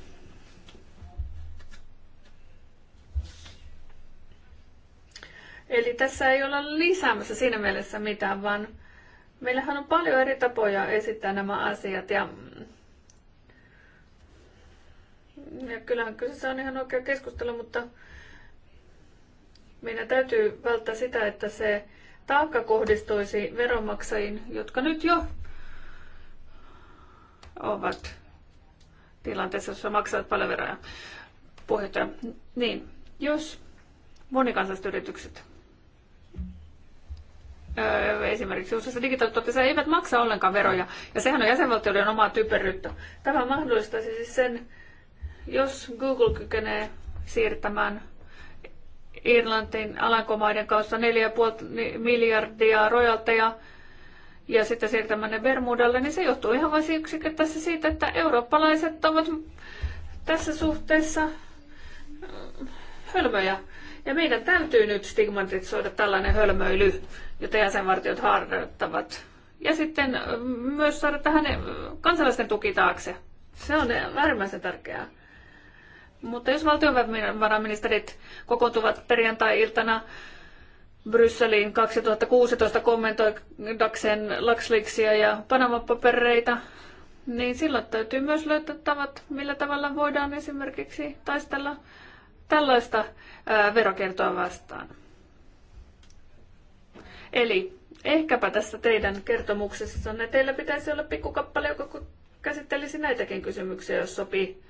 Eli tässä ei olla lisäämässä siinä mielessä mitään, vaan meillähän on paljon eri tapoja esittää nämä asiat ja, ja kyllähän kyseessä on ihan oikea keskustelu, mutta meidän täytyy välttää sitä, että se taakka kohdistuisi veronmaksajiin, jotka nyt jo ovat tilanteessa, jossa maksavat paljon veroja. Puheenjohtaja, niin, jos monikansalliset yritykset öö, esimerkiksi useissa digitaalituotteissa eivät maksa ollenkaan veroja, ja sehän on jäsenvaltioiden omaa typeryyttä. Tämä mahdollistaisi siis sen, jos Google kykenee siirtämään Irlantin alankomaiden kanssa 4,5 miljardia rojalteja ja sitten siirtämään Bermudalle, niin se johtuu ihan vain yksinkertaisesti siitä, että eurooppalaiset ovat tässä suhteessa mm, hölmöjä. Ja meidän täytyy nyt stigmatisoida tällainen hölmöily, jota jäsenvartiot harjoittavat. Ja sitten mm, myös saada tähän mm, kansalaisten tuki taakse. Se on äärimmäisen tärkeää. Mutta jos valtionvarainministerit kokoontuvat perjantai-iltana Brysseliin 2016 kommentoidakseen LuxLeaksia ja Panama-papereita, niin silloin täytyy myös löytää tavat, millä tavalla voidaan esimerkiksi taistella tällaista verokertoa vastaan. Eli ehkäpä tässä teidän kertomuksessanne teillä pitäisi olla pikkukappale, joka käsittelisi näitäkin kysymyksiä, jos sopii.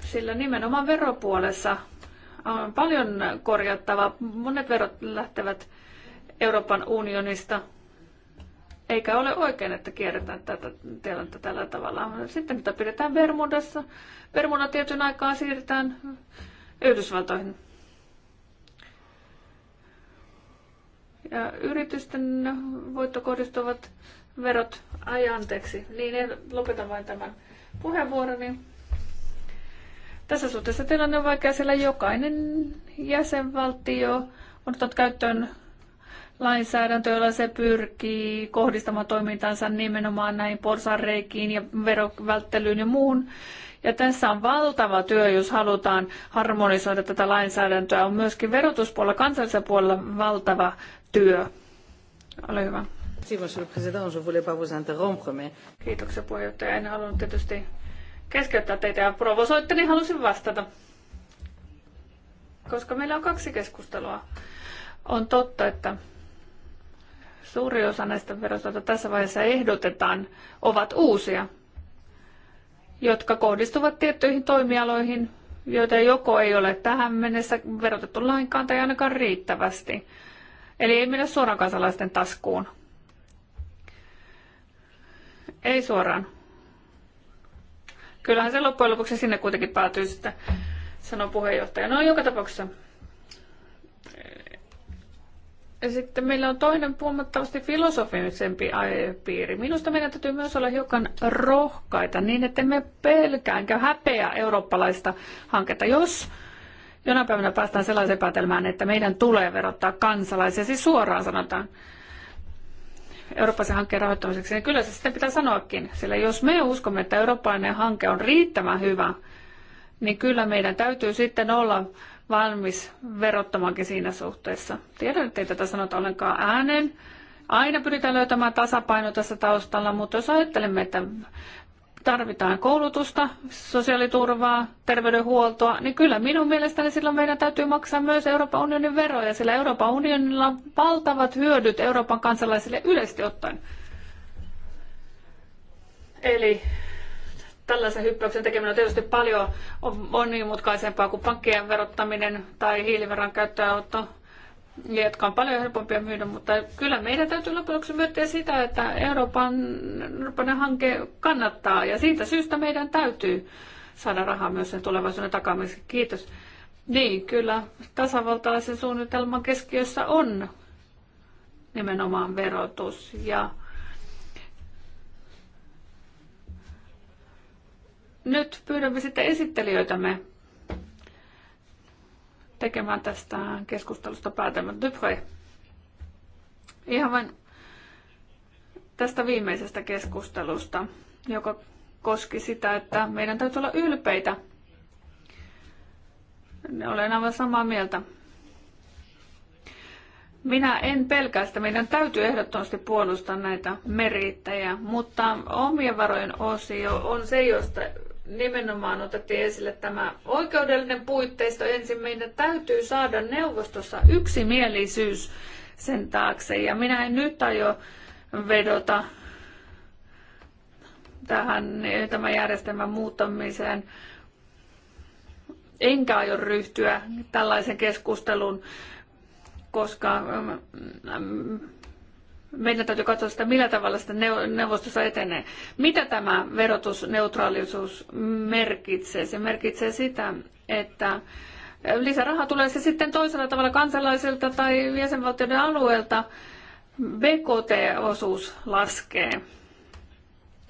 Sillä nimenomaan veropuolessa on paljon korjattavaa. Monet verot lähtevät Euroopan unionista. Eikä ole oikein, että kierretään tätä tilannetta tällä tavalla. Sitten mitä pidetään Bermudassa. Bermuda tietyn aikaa siirretään Yhdysvaltoihin. Ja yritysten voitto kohdistuvat verot, ajanteeksi. anteeksi, niin lopetan vain tämän puheenvuoroni. Tässä suhteessa tilanne on vaikea, sillä jokainen jäsenvaltio on ottanut käyttöön lainsäädäntö, jolla se pyrkii kohdistamaan toimintansa nimenomaan näihin porsareikiin ja verovälttelyyn ja muuhun. Ja tässä on valtava työ, jos halutaan harmonisoida tätä lainsäädäntöä. On myöskin verotuspuolella, kansallisella puolella valtava työ. Ole hyvä. Kiitoksia puheenjohtaja. En halunnut tietysti keskeyttää teitä ja provosoitte, niin halusin vastata. Koska meillä on kaksi keskustelua. On totta, että suuri osa näistä veroista, joita tässä vaiheessa ehdotetaan, ovat uusia, jotka kohdistuvat tiettyihin toimialoihin, joita joko ei ole tähän mennessä verotettu lainkaan tai ainakaan riittävästi. Eli ei mene suoraan kansalaisten taskuun. Ei suoraan. Kyllähän se loppujen lopuksi sinne kuitenkin päätyy sitten, sanoo puheenjohtaja. No joka tapauksessa. Ja sitten meillä on toinen huomattavasti filosofisempi aihepiiri. Minusta meidän täytyy myös olla hiukan rohkaita niin, että me pelkäänkö häpeä eurooppalaista hanketta. Jos jonain päivänä päästään sellaiseen päätelmään, että meidän tulee verottaa kansalaisia, siis suoraan sanotaan, eurooppalaisen hankkeen rahoittamiseksi, niin kyllä se sitten pitää sanoakin. Sillä jos me uskomme, että eurooppalainen hanke on riittävän hyvä, niin kyllä meidän täytyy sitten olla valmis verottamaankin siinä suhteessa. Tiedän, että ei tätä sanota ollenkaan ääneen. Aina pyritään löytämään tasapaino tässä taustalla, mutta jos ajattelemme, että tarvitaan koulutusta, sosiaaliturvaa, terveydenhuoltoa, niin kyllä minun mielestäni silloin meidän täytyy maksaa myös Euroopan unionin veroja, sillä Euroopan unionilla on valtavat hyödyt Euroopan kansalaisille yleisesti ottaen. Eli tällaisen hyppäyksen tekeminen on tietysti paljon monimutkaisempaa kuin pankkien verottaminen tai hiiliveron käyttöönotto jotka on paljon helpompia myydä, mutta kyllä meidän täytyy lopuksi myöntää sitä, että Euroopan, Euroopan hanke kannattaa ja siitä syystä meidän täytyy saada rahaa myös sen tulevaisuuden takaamiseksi. Kiitos. Niin, kyllä tasavaltaisen suunnitelman keskiössä on nimenomaan verotus ja nyt pyydämme sitten esittelijöitämme tekemään tästä keskustelusta päätelmät. Dupré, ihan vain tästä viimeisestä keskustelusta, joka koski sitä, että meidän täytyy olla ylpeitä. Olen aivan samaa mieltä. Minä en pelkää sitä. Meidän täytyy ehdottomasti puolustaa näitä merittäjiä, mutta omien varojen osio on se, josta nimenomaan otettiin esille tämä oikeudellinen puitteisto ensin. Meidän täytyy saada neuvostossa yksimielisyys sen taakse. Ja minä en nyt aio vedota tähän tämän järjestelmän muuttamiseen. Enkä aio ryhtyä tällaisen keskustelun, koska mm, mm, meidän täytyy katsoa sitä, millä tavalla sitä neuvostossa etenee. Mitä tämä verotusneutraalisuus merkitsee? Se merkitsee sitä, että lisäraha tulee se sitten toisella tavalla kansalaisilta tai jäsenvaltioiden alueelta. BKT-osuus laskee.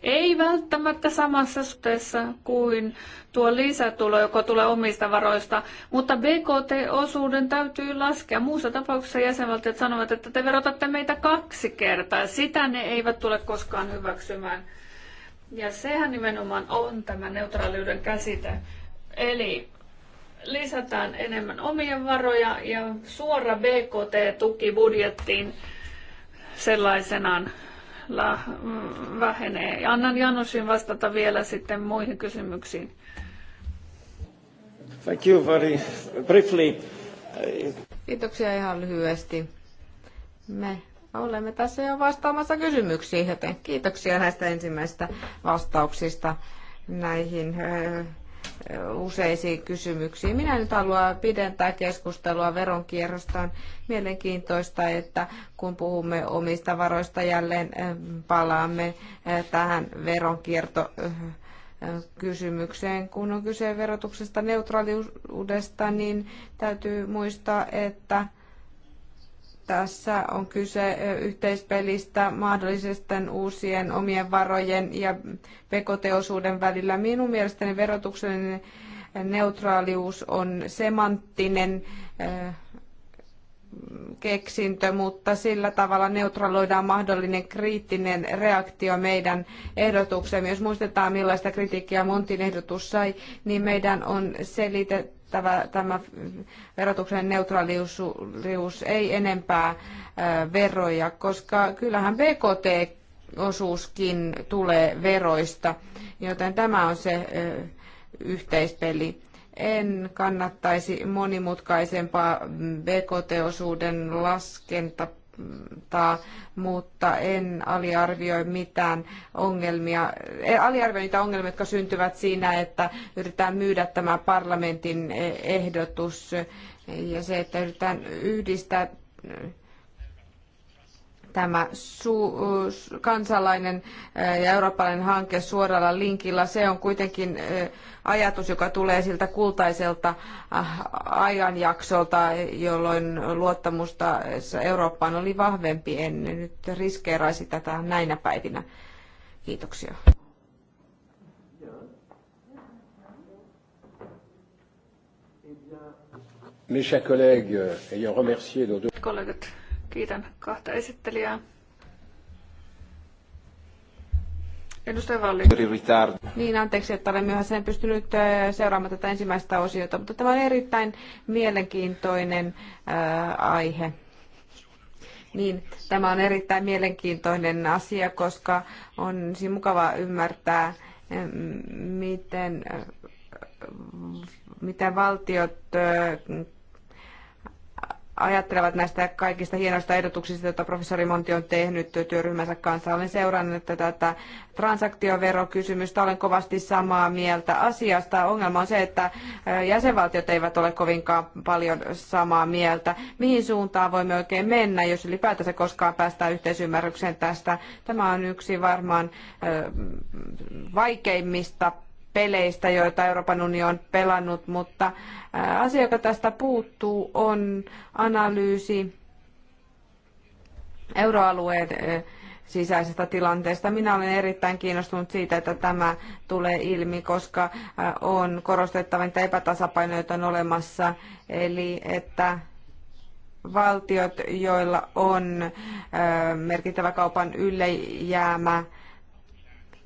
Ei välttämättä samassa suhteessa kuin tuo lisätulo, joka tulee omista varoista, mutta BKT-osuuden täytyy laskea. Muussa tapauksessa jäsenvaltiot sanovat, että te verotatte meitä kaksi kertaa. Sitä ne eivät tule koskaan hyväksymään. Ja sehän nimenomaan on tämä neutraaliuden käsite. Eli lisätään enemmän omia varoja ja suora BKT-tuki budjettiin sellaisenaan vähenee. Annan Janosin vastata vielä sitten muihin kysymyksiin. Thank you very briefly. Kiitoksia ihan lyhyesti. Me olemme tässä jo vastaamassa kysymyksiin, joten kiitoksia näistä ensimmäistä vastauksista näihin eh, useisiin kysymyksiin. Minä nyt haluan pidentää keskustelua veronkierrosta. mielenkiintoista, että kun puhumme omista varoista jälleen eh, palaamme eh, tähän veronkierto eh, kysymykseen. Kun on kyse verotuksesta neutraaliudesta, niin täytyy muistaa, että tässä on kyse yhteispelistä mahdollisten uusien omien varojen ja pekoteosuuden välillä. Minun mielestäni verotuksellinen neutraalius on semanttinen keksintö, mutta sillä tavalla neutraloidaan mahdollinen kriittinen reaktio meidän ehdotukseen. Jos muistetaan, millaista kritiikkiä Montin ehdotus sai, niin meidän on selitetty tämä, tämä verotuksen neutraalius ei enempää veroja, koska kyllähän BKT osuuskin tulee veroista, joten tämä on se yhteispeli. En kannattaisi monimutkaisempaa BKT-osuuden laskenta mutta, mutta en aliarvioi mitään ongelmia. En aliarvioi niitä ongelmia, jotka syntyvät siinä, että yritetään myydä tämä parlamentin ehdotus ja se, että yritetään yhdistää tämä su- kansalainen ja eurooppalainen hanke suoralla linkillä, se on kuitenkin ajatus, joka tulee siltä kultaiselta äh, ajanjaksolta, jolloin luottamusta Eurooppaan oli vahvempi. En nyt riskeeraisi tätä näinä päivinä. Kiitoksia. Mes chers collègues, ayant remercié nos deux collègues Kiitän kahta esittelijää. Edustaja Valli. Niin, anteeksi, että olen myöhässä. En pystynyt äh, seuraamaan tätä ensimmäistä osiota, mutta tämä on erittäin mielenkiintoinen äh, aihe. Niin, tämä on erittäin mielenkiintoinen asia, koska on siinä mukava ymmärtää, äh, miten, äh, miten valtiot ajattelevat näistä kaikista hienoista ehdotuksista, joita professori Monti on tehnyt työryhmänsä kanssa. Olen seurannut tätä transaktioverokysymystä, olen kovasti samaa mieltä asiasta. Ongelma on se, että jäsenvaltiot eivät ole kovinkaan paljon samaa mieltä. Mihin suuntaan voimme oikein mennä, jos ylipäätänsä koskaan päästään yhteisymmärrykseen tästä? Tämä on yksi varmaan vaikeimmista peleistä, joita Euroopan unioni on pelannut, mutta asia, joka tästä puuttuu, on analyysi euroalueen sisäisestä tilanteesta. Minä olen erittäin kiinnostunut siitä, että tämä tulee ilmi, koska on korostettava, että epätasapainoita on olemassa, eli että valtiot, joilla on merkittävä kaupan ylejäämä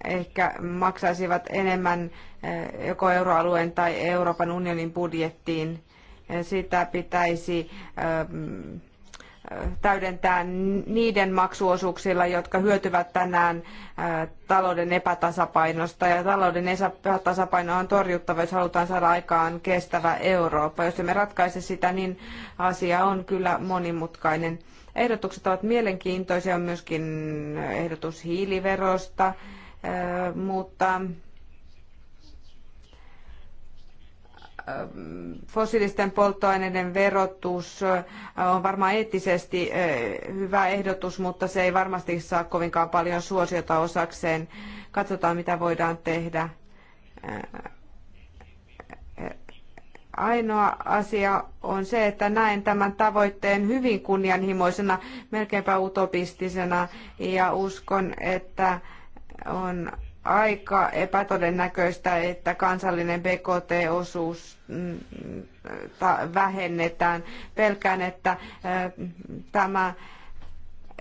ehkä maksaisivat enemmän eh, joko euroalueen tai Euroopan unionin budjettiin. Eh, sitä pitäisi ehm, eh, täydentää niiden maksuosuuksilla, jotka hyötyvät tänään talouden epätasapainosta. Ja talouden epätasapaino on torjuttava, jos halutaan saada aikaan kestävä Eurooppa. Jos emme ratkaise sitä, niin asia on kyllä monimutkainen. Ehdotukset ovat mielenkiintoisia, on myöskin ehdotus hiiliverosta mutta fossiilisten polttoaineiden verotus on varmaan eettisesti hyvä ehdotus, mutta se ei varmasti saa kovinkaan paljon suosiota osakseen. Katsotaan, mitä voidaan tehdä. Ainoa asia on se, että näen tämän tavoitteen hyvin kunnianhimoisena, melkeinpä utopistisena, ja uskon, että on aika epätodennäköistä, että kansallinen BKT-osuus mm, vähennetään. Pelkään, että äh, tämä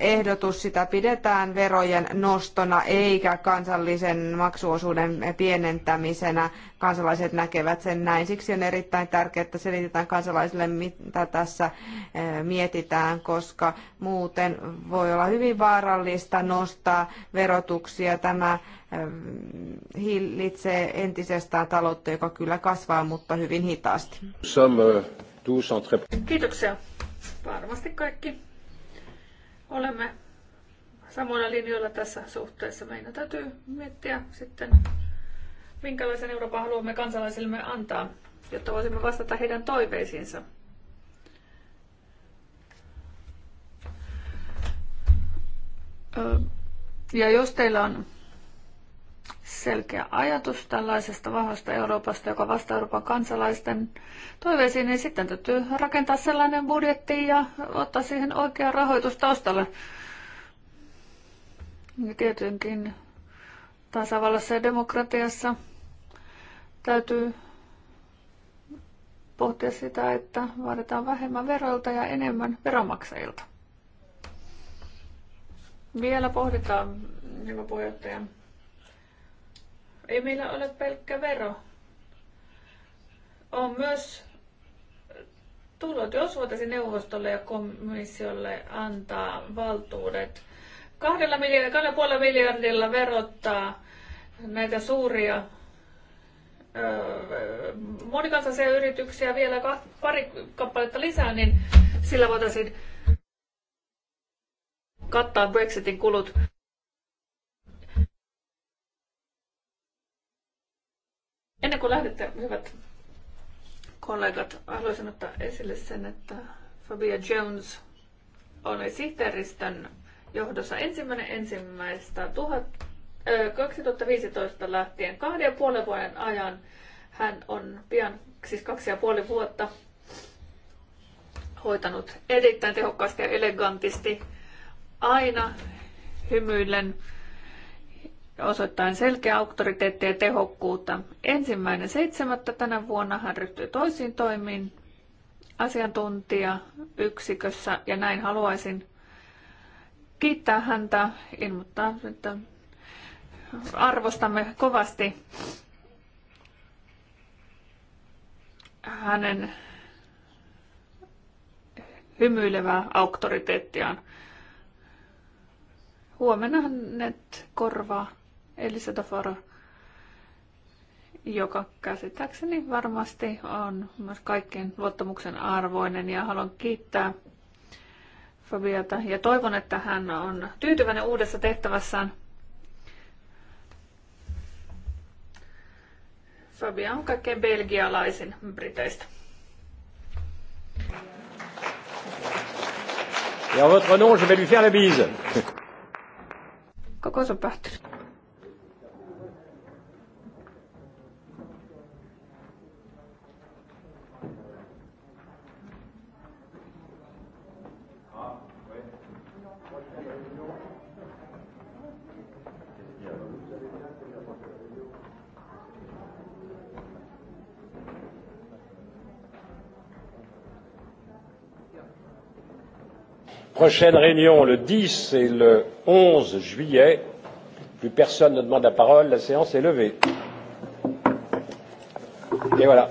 ehdotus, sitä pidetään verojen nostona eikä kansallisen maksuosuuden pienentämisenä. Kansalaiset näkevät sen näin. Siksi on erittäin tärkeää, että selitetään kansalaisille, mitä tässä eh, mietitään, koska muuten voi olla hyvin vaarallista nostaa verotuksia. Tämä eh, hillitsee entisestään taloutta, joka kyllä kasvaa, mutta hyvin hitaasti. Euh, Kiitoksia. Varmasti kaikki olemme samoilla linjoilla tässä suhteessa. Meidän täytyy miettiä sitten, minkälaisen Euroopan haluamme kansalaisillemme antaa, jotta voisimme vastata heidän toiveisiinsa. Ja jos teillä on selkeä ajatus tällaisesta vahvasta Euroopasta, joka vastaa Euroopan kansalaisten toiveisiin, niin sitten täytyy rakentaa sellainen budjetti ja ottaa siihen oikea rahoitus taustalle. Ja tietenkin tasavallassa ja demokratiassa täytyy pohtia sitä, että vaaditaan vähemmän veroilta ja enemmän veronmaksajilta. Vielä pohditaan, hyvä puheenjohtaja, ei meillä ole pelkkä vero. On myös tulot, jos voitaisiin neuvostolle ja komissiolle antaa valtuudet kahdella, miljardilla, kahdella puolella miljardilla verottaa näitä suuria öö, monikansallisia yrityksiä vielä pari kappaletta lisää, niin sillä voitaisiin kattaa Brexitin kulut. Ennen kuin lähdette, hyvät kollegat, haluaisin ottaa esille sen, että Fabia Jones oli sihteeristön johdossa ensimmäinen ensimmäistä 2015 lähtien kahden ja puolen vuoden ajan. Hän on pian, siis kaksi ja puoli vuotta, hoitanut erittäin tehokkaasti ja elegantisti aina hymyillen osoittain selkeä auktoriteetti ja tehokkuutta. Ensimmäinen seitsemättä tänä vuonna hän ryhtyi toisiin toimiin asiantuntija yksikössä ja näin haluaisin kiittää häntä, ilmoittaa, että arvostamme kovasti hänen hymyilevää auktoriteettiaan. Huomenna hänet korvaa Elisa Daforo, joka käsittääkseni varmasti on myös kaikkien luottamuksen arvoinen ja haluan kiittää Fabiota ja toivon, että hän on tyytyväinen uudessa tehtävässään. Fabia on kaikkein belgialaisin briteistä. Ja votre nom, je vais lui faire la bise. Koko se on päättynyt. prochaine réunion le 10 et le 11 juillet. Plus personne ne demande la parole. La séance est levée. Et voilà.